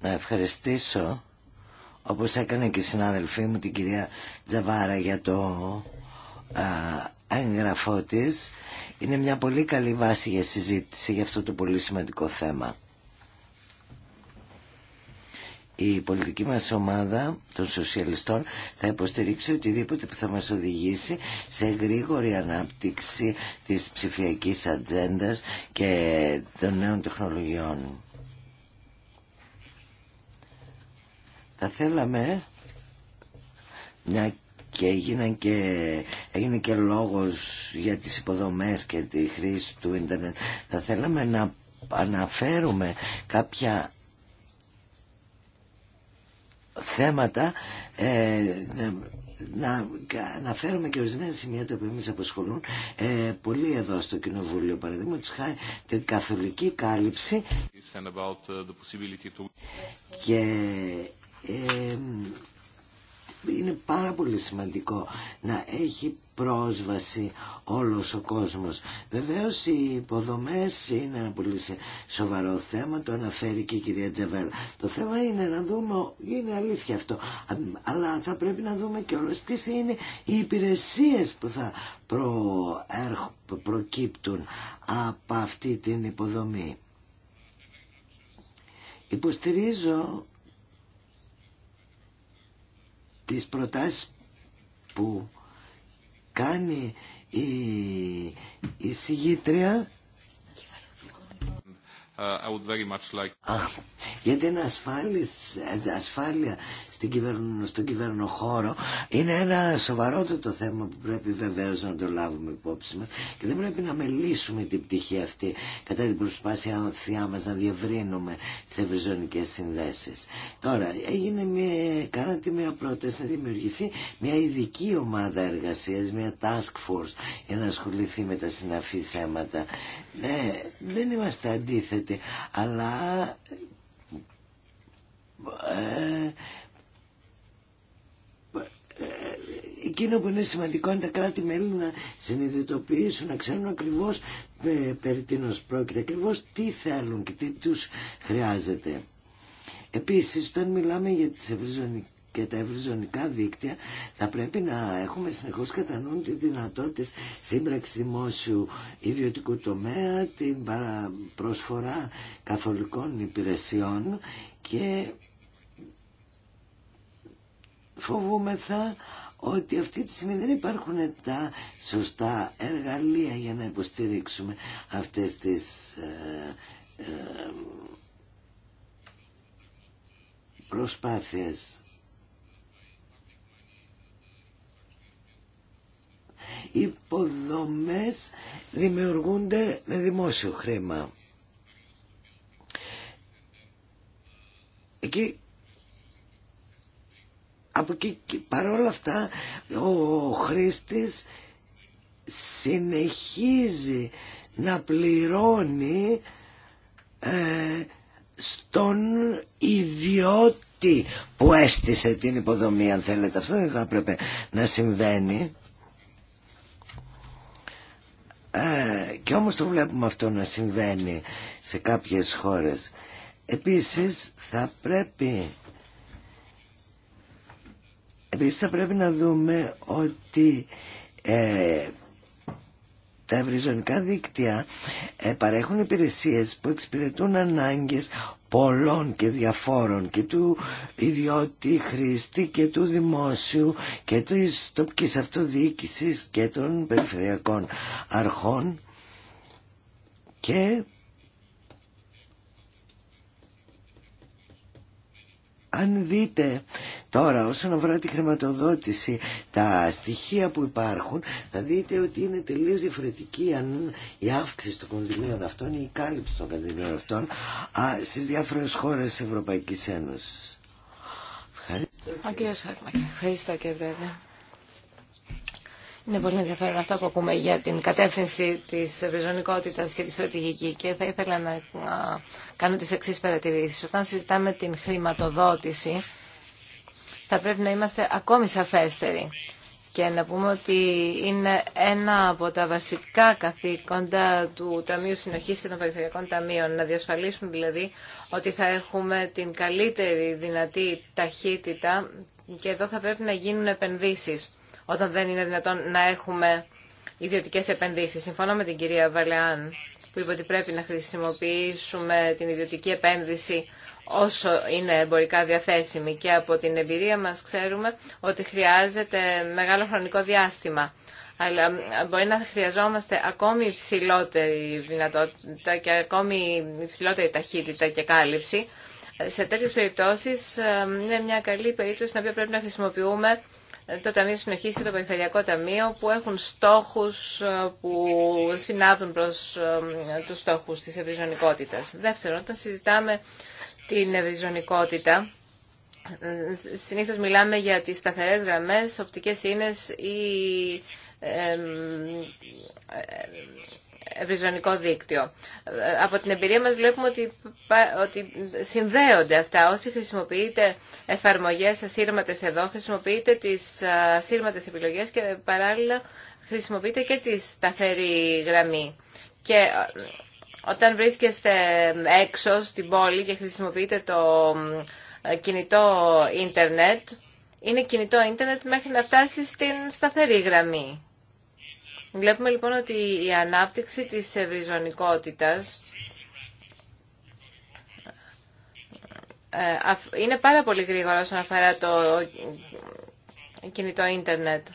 να ευχαριστήσω όπως έκανε και η συνάδελφή μου την κυρία Τζαβάρα για το έγγραφό της είναι μια πολύ καλή βάση για συζήτηση για αυτό το πολύ σημαντικό θέμα. Η πολιτική μας ομάδα των σοσιαλιστών θα υποστηρίξει οτιδήποτε που θα μας οδηγήσει σε γρήγορη ανάπτυξη της ψηφιακής ατζέντα και των νέων τεχνολογιών. Θα θέλαμε, μια και έγινε, και έγινε και λόγος για τις υποδομές και τη χρήση του ίντερνετ, θα θέλαμε να αναφέρουμε κάποια θέματα ε, να αναφέρουμε και ορισμένα σημεία τα οποία εμεί απασχολούν ε, πολύ εδώ στο Κοινοβούλιο. Παραδείγματο χάρη την καθολική κάλυψη uh, και ε, είναι πάρα πολύ σημαντικό να έχει πρόσβαση όλος ο κόσμος. Βεβαίως οι υποδομές είναι ένα πολύ σοβαρό θέμα, το αναφέρει και η κυρία Τζεβέλα. Το θέμα είναι να δούμε, είναι αλήθεια αυτό, αλλά θα πρέπει να δούμε και όλες ποιες είναι οι υπηρεσίες που θα προκύπτουν από αυτή την υποδομή. Υποστηρίζω τις προτάσεις που κάνει η, η συγγήτρια uh, like... για την ασφάλεια στην κυβερνο, στον κυβερνοχώρο είναι ένα σοβαρότερο θέμα που πρέπει βεβαίως να το λάβουμε υπόψη μας και δεν πρέπει να μελήσουμε την πτυχή αυτή κατά την προσπάθεια μας να διευρύνουμε τις ευρυζωνικές συνδέσεις. Τώρα, έγινε μια κάνατε μια πρόταση να δημιουργηθεί μια ειδική ομάδα εργασίας, μια task force για να ασχοληθεί με τα συναφή θέματα. Ναι, δεν είμαστε αντίθετοι, αλλά ε, ε, εκείνο που είναι σημαντικό είναι τα κράτη-μέλη να συνειδητοποιήσουν, να ξέρουν ακριβώς ε, περί τίνος πρόκειται, ακριβώς τι θέλουν και τι τους χρειάζεται. Επίσης, όταν μιλάμε για τα ευρυζωνικά δίκτυα θα πρέπει να έχουμε συνεχώς κατά νου τη δυνατότητα σύμπραξη δημόσιου ιδιωτικού τομέα, την προσφορά καθολικών υπηρεσιών και φοβούμεθα ότι αυτή τη στιγμή δεν υπάρχουν τα σωστά εργαλεία για να υποστηρίξουμε αυτές τις ε, ε, προσπάθειες. Οι υποδομές δημιουργούνται με δημόσιο χρήμα. Εκεί από εκεί αυτά ο χρήστης συνεχίζει να πληρώνει ε, στον ιδιώτη που έστησε την υποδομή αν θέλετε αυτό δεν θα έπρεπε να συμβαίνει ε, και όμως το βλέπουμε αυτό να συμβαίνει σε κάποιες χώρες επίσης θα πρέπει επίσης θα πρέπει να δούμε ότι ε, τα ευρυζωνικά δίκτυα ε, παρέχουν υπηρεσίες που εξυπηρετούν ανάγκες πολλών και διαφόρων και του ιδιώτη χρήστη και του δημόσιου και της τοπικής αυτοδιοίκησης και των περιφερειακών αρχών και Αν δείτε τώρα όσον αφορά τη χρηματοδότηση τα στοιχεία που υπάρχουν θα δείτε ότι είναι τελείως διαφορετική αν η αύξηση των κονδυλίων αυτών ή η κάλυψη των κονδυλίων αυτών α, στις διάφορες χώρες της Ευρωπαϊκής Ένωσης. Ευχαριστώ. Ευχαριστώ είναι πολύ ενδιαφέρον αυτό που ακούμε για την κατεύθυνση τη ευρυζωνικότητα και τη στρατηγική και θα ήθελα να κάνω τι εξή παρατηρήσει. Όταν συζητάμε την χρηματοδότηση θα πρέπει να είμαστε ακόμη σαφέστεροι και να πούμε ότι είναι ένα από τα βασικά καθήκοντα του Ταμείου συνοχή και των Περιφερειακών Ταμείων, να διασφαλίσουν δηλαδή ότι θα έχουμε την καλύτερη δυνατή ταχύτητα και εδώ θα πρέπει να γίνουν επενδύσεις όταν δεν είναι δυνατόν να έχουμε ιδιωτικές επενδύσεις. Συμφωνώ με την κυρία Βαλεάν που είπε ότι πρέπει να χρησιμοποιήσουμε την ιδιωτική επένδυση όσο είναι εμπορικά διαθέσιμη και από την εμπειρία μας ξέρουμε ότι χρειάζεται μεγάλο χρονικό διάστημα αλλά μπορεί να χρειαζόμαστε ακόμη υψηλότερη δυνατότητα και ακόμη υψηλότερη ταχύτητα και κάλυψη. Σε τέτοιες περιπτώσεις ε, είναι μια καλή περίπτωση στην οποία πρέπει να χρησιμοποιούμε το Ταμείο Συνοχής και το Περιφερειακό Ταμείο που έχουν στόχους ε, που συνάδουν προς ε, τους στόχους της ευρυζωνικότητας. Δεύτερον, όταν συζητάμε την ευρυζωνικότητα, συνήθως μιλάμε για τις σταθερές γραμμές, οπτικές ίνες ή ε, ευρυζωνικό δίκτυο. Από την εμπειρία μας βλέπουμε ότι, ότι συνδέονται αυτά. Όσοι χρησιμοποιείτε εφαρμογές ασύρματες εδώ, χρησιμοποιείτε τις ασύρματες επιλογές και παράλληλα χρησιμοποιείτε και τη σταθερή γραμμή. Και όταν βρίσκεστε έξω στην πόλη και χρησιμοποιείτε το κινητό ίντερνετ, είναι κινητό ίντερνετ μέχρι να φτάσει στην σταθερή γραμμή. Βλέπουμε λοιπόν ότι η ανάπτυξη της ευρυζωνικότητας ε, είναι πάρα πολύ γρήγορα όσον αφορά το κινητό ίντερνετ.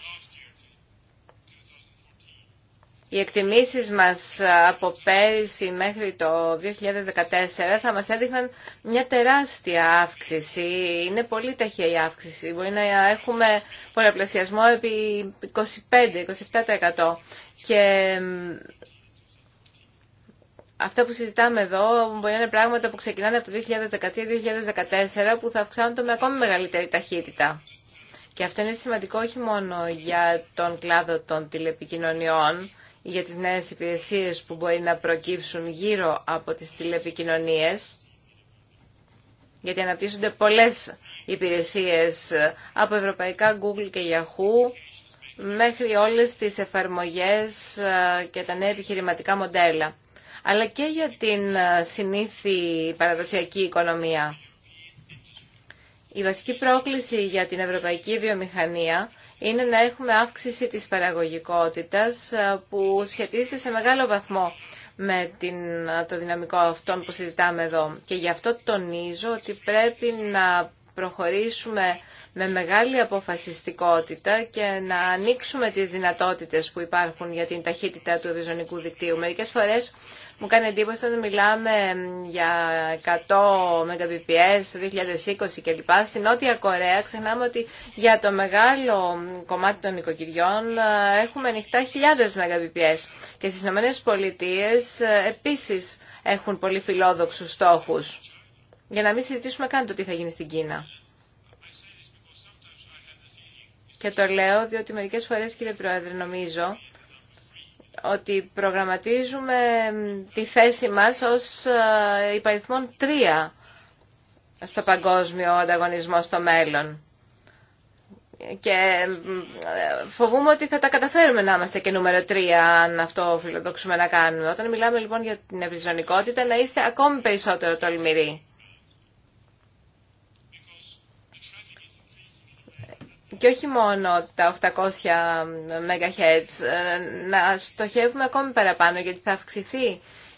Οι εκτιμήσεις μας από πέρυσι μέχρι το 2014 θα μας έδειχναν μια τεράστια αύξηση. Είναι πολύ ταχεία η αύξηση. Μπορεί να έχουμε πολλαπλασιασμό επί 25-27%. Και αυτά που συζητάμε εδώ μπορεί να είναι πράγματα που ξεκινάνε από το 2013-2014 που θα αυξάνονται με ακόμη μεγαλύτερη ταχύτητα. Και αυτό είναι σημαντικό όχι μόνο για τον κλάδο των τηλεπικοινωνιών, για τις νέες υπηρεσίες που μπορεί να προκύψουν γύρω από τις τηλεπικοινωνίες, γιατί αναπτύσσονται πολλές υπηρεσίες από ευρωπαϊκά Google και Yahoo μέχρι όλες τις εφαρμογές ε, και τα νέα επιχειρηματικά μοντέλα αλλά και για την ε, συνήθη παραδοσιακή οικονομία. Η βασική πρόκληση για την ευρωπαϊκή βιομηχανία είναι να έχουμε αύξηση της παραγωγικότητας ε, που σχετίζεται σε μεγάλο βαθμό με την, ε, το δυναμικό αυτό που συζητάμε εδώ. Και γι' αυτό τονίζω ότι πρέπει να προχωρήσουμε με μεγάλη αποφασιστικότητα και να ανοίξουμε τις δυνατότητες που υπάρχουν για την ταχύτητα του ευρυζωνικού δικτύου. Μερικές φορές μου κάνει εντύπωση όταν μιλάμε για 100 Mbps, 2020 κλπ. Στην Νότια Κορέα ξεχνάμε ότι για το μεγάλο κομμάτι των οικοκυριών ε, έχουμε ανοιχτά χιλιάδες Mbps. Και στις ΗΠΑ Πολιτείες ε, επίσης έχουν πολύ φιλόδοξους στόχους. Για να μην συζητήσουμε καν το τι θα γίνει στην Κίνα. Και το λέω διότι μερικές φορές, κύριε Πρόεδρε, νομίζω ότι προγραμματίζουμε τη θέση μας ως ε, υπαριθμόν τρία στο παγκόσμιο ανταγωνισμό στο μέλλον. Και ε, φοβούμαι ότι θα τα καταφέρουμε να είμαστε και νούμερο τρία, αν αυτό φιλοδοξούμε να κάνουμε. Όταν μιλάμε λοιπόν για την ευρυζωνικότητα, να είστε ακόμη περισσότερο τολμηροί. και όχι μόνο τα 800 MHz, ε, να στοχεύουμε ακόμη παραπάνω γιατί θα αυξηθεί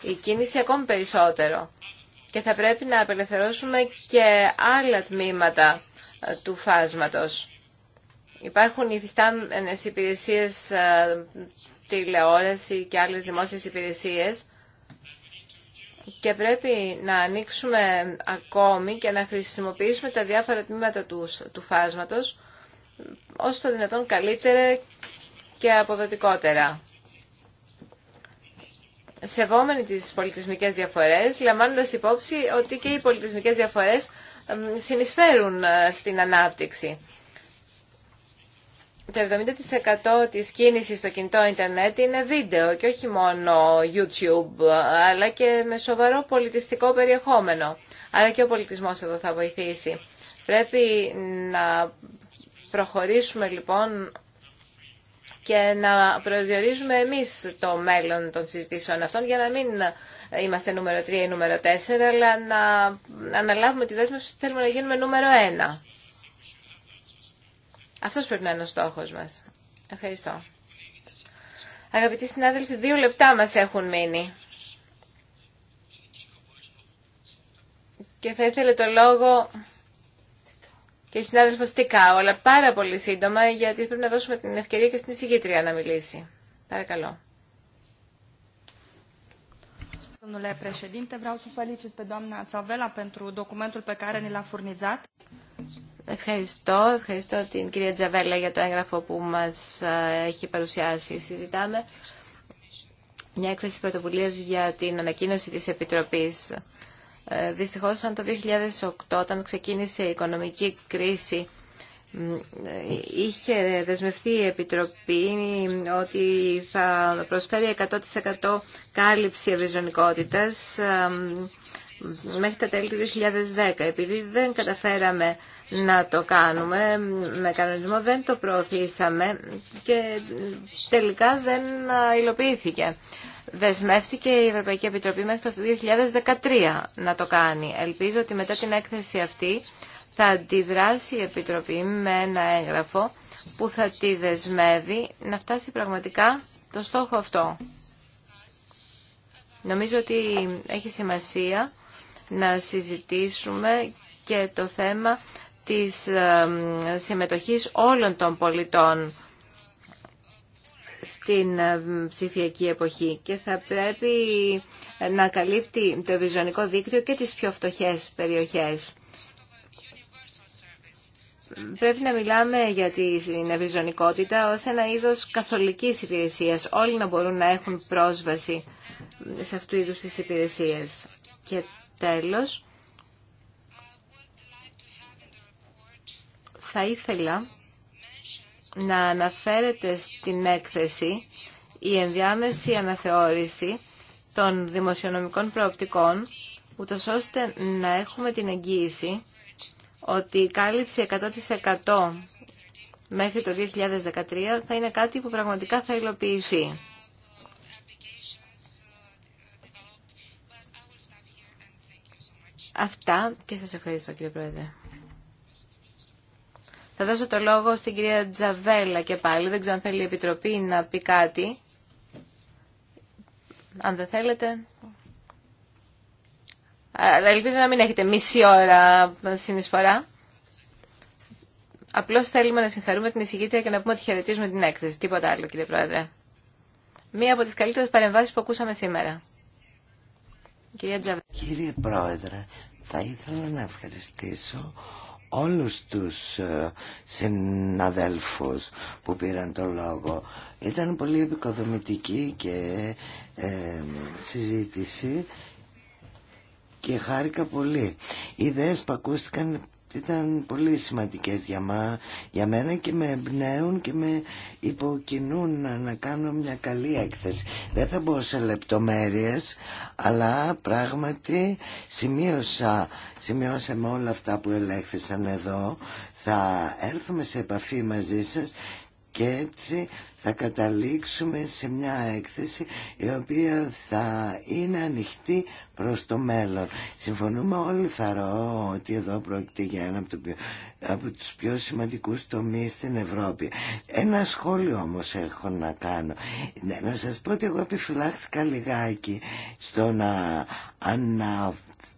η κίνηση ακόμη περισσότερο και θα πρέπει να απελευθερώσουμε και άλλα τμήματα ε, του φάσματος. Υπάρχουν οι υπηρεσίες ε, τηλεόραση και άλλες δημόσιες υπηρεσίες και πρέπει να ανοίξουμε ακόμη και να χρησιμοποιήσουμε τα διάφορα τμήματα του, του φάσματος όσο το δυνατόν καλύτερα και αποδοτικότερα. Σεβόμενοι τις πολιτισμικές διαφορές, λαμβάνοντας υπόψη ότι και οι πολιτισμικές διαφορές συνεισφέρουν ε, στην ανάπτυξη. Το 70% της κίνησης στο κινητό ίντερνετ είναι βίντεο και όχι μόνο YouTube, αλλά και με σοβαρό πολιτιστικό περιεχόμενο. Άρα και ο πολιτισμός εδώ θα βοηθήσει. Πρέπει να προχωρήσουμε λοιπόν και να προσδιορίζουμε εμείς το μέλλον των συζητήσεων αυτών για να μην είμαστε νούμερο 3 ή νούμερο 4, αλλά να αναλάβουμε τη δέσμευση ότι θέλουμε να γίνουμε νούμερο 1. Αυτός πρέπει να είναι ο στόχος μας. Ευχαριστώ. Αγαπητοί συνάδελφοι, δύο λεπτά μας έχουν μείνει. Και θα ήθελε το λόγο και η συνάδελφος Τικά, αλλά πάρα πολύ σύντομα, γιατί πρέπει να δώσουμε την ευκαιρία και στην εισηγήτρια να μιλήσει. Παρακαλώ. Ευχαριστώ. Ευχαριστώ την κυρία Τζαβέλα για το έγγραφο που μας ε, έχει παρουσιάσει. Συζητάμε μια έκθεση πρωτοβουλίας για την ανακοίνωση της Επιτροπής. Ε, δυστυχώς, αν το 2008, όταν ξεκίνησε η οικονομική κρίση, ε, είχε δεσμευτεί η Επιτροπή ότι θα προσφέρει 100% κάλυψη ευρυζωνικότητας μέχρι τα τέλη του 2010. Επειδή δεν καταφέραμε να το κάνουμε, με κανονισμό δεν το προωθήσαμε και τελικά δεν υλοποιήθηκε δεσμεύτηκε η Ευρωπαϊκή Επιτροπή μέχρι το 2013 να το κάνει. Ελπίζω ότι μετά την έκθεση αυτή θα αντιδράσει η Επιτροπή με ένα έγγραφο που θα τη δεσμεύει να φτάσει πραγματικά το στόχο αυτό. Νομίζω ότι έχει σημασία να συζητήσουμε και το θέμα της ε, συμμετοχής όλων των πολιτών στην ε, ψηφιακή εποχή και θα πρέπει να καλύπτει το ευρυζωνικό δίκτυο και τις πιο φτωχές περιοχές. Πρέπει να μιλάμε για την ευρυζωνικότητα ως ένα είδος καθολικής υπηρεσίας. Όλοι να μπορούν να έχουν πρόσβαση σε αυτού είδους τις υπηρεσίες. Και τέλος, θα ήθελα να αναφέρεται στην έκθεση η ενδιάμεση αναθεώρηση των δημοσιονομικών προοπτικών, ούτω ώστε να έχουμε την εγγύηση ότι η κάλυψη 100% μέχρι το 2013 θα είναι κάτι που πραγματικά θα υλοποιηθεί. Αυτά και σας ευχαριστώ κύριε Πρόεδρε. Θα δώσω το λόγο στην κυρία Τζαβέλα και πάλι. Δεν ξέρω αν θέλει η Επιτροπή να πει κάτι. Αν δεν θέλετε. Ελπίζω να μην έχετε μισή ώρα συνεισφορά. Απλώ θέλουμε να συγχαρούμε την εισηγήτρια και να πούμε ότι χαιρετίζουμε την έκθεση. Τίποτα άλλο, κύριε Πρόεδρε. Μία από τι καλύτερε παρεμβάσει που ακούσαμε σήμερα. Κυρία Τζαβέλα. Κύριε Πρόεδρε, θα ήθελα να ευχαριστήσω όλους τους ε, συναδέλφους που πήραν το λόγο. Ήταν πολύ επικοδομητική και ε, συζήτηση και χάρηκα πολύ. Οι ιδέες ήταν πολύ σημαντικές για, μα, για μένα και με εμπνέουν και με υποκινούν να κάνω μια καλή έκθεση. Δεν θα μπω σε λεπτομέρειες, αλλά πράγματι σημείωσα, σημειώσαμε όλα αυτά που ελέγχθησαν εδώ. Θα έρθουμε σε επαφή μαζί σας και έτσι θα καταλήξουμε σε μια έκθεση η οποία θα είναι ανοιχτή προς το μέλλον. Συμφωνούμε όλοι θα ότι εδώ πρόκειται για ένα από, το πιο, από τους πιο σημαντικούς τομείς στην Ευρώπη. Ένα σχόλιο όμως έχω να κάνω. Να σας πω ότι εγώ επιφυλάχθηκα λιγάκι στο να ανα,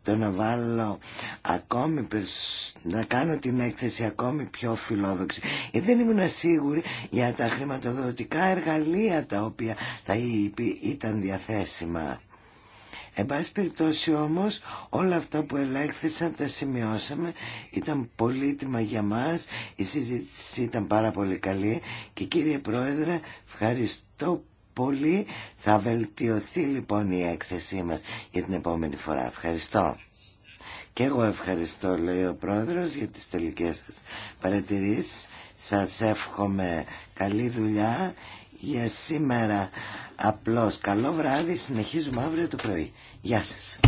το να βάλω ακόμη να κάνω την έκθεση ακόμη πιο φιλόδοξη γιατί ε, δεν ήμουν σίγουρη για τα χρηματοδοτικά εργαλεία τα οποία θα ήταν διαθέσιμα. Εν πάση περιπτώσει όμως όλα αυτά που ελέγχθησαν τα σημειώσαμε ήταν πολύτιμα για μας η συζήτηση ήταν πάρα πολύ καλή και κύριε Πρόεδρε ευχαριστώ πολύ. Θα βελτιωθεί λοιπόν η έκθεσή μας για την επόμενη φορά. Ευχαριστώ. Και εγώ ευχαριστώ λέει ο πρόεδρος για τις τελικές σας παρατηρήσεις. Σας εύχομαι καλή δουλειά για σήμερα. Απλώς καλό βράδυ. Συνεχίζουμε αύριο το πρωί. Γεια σας.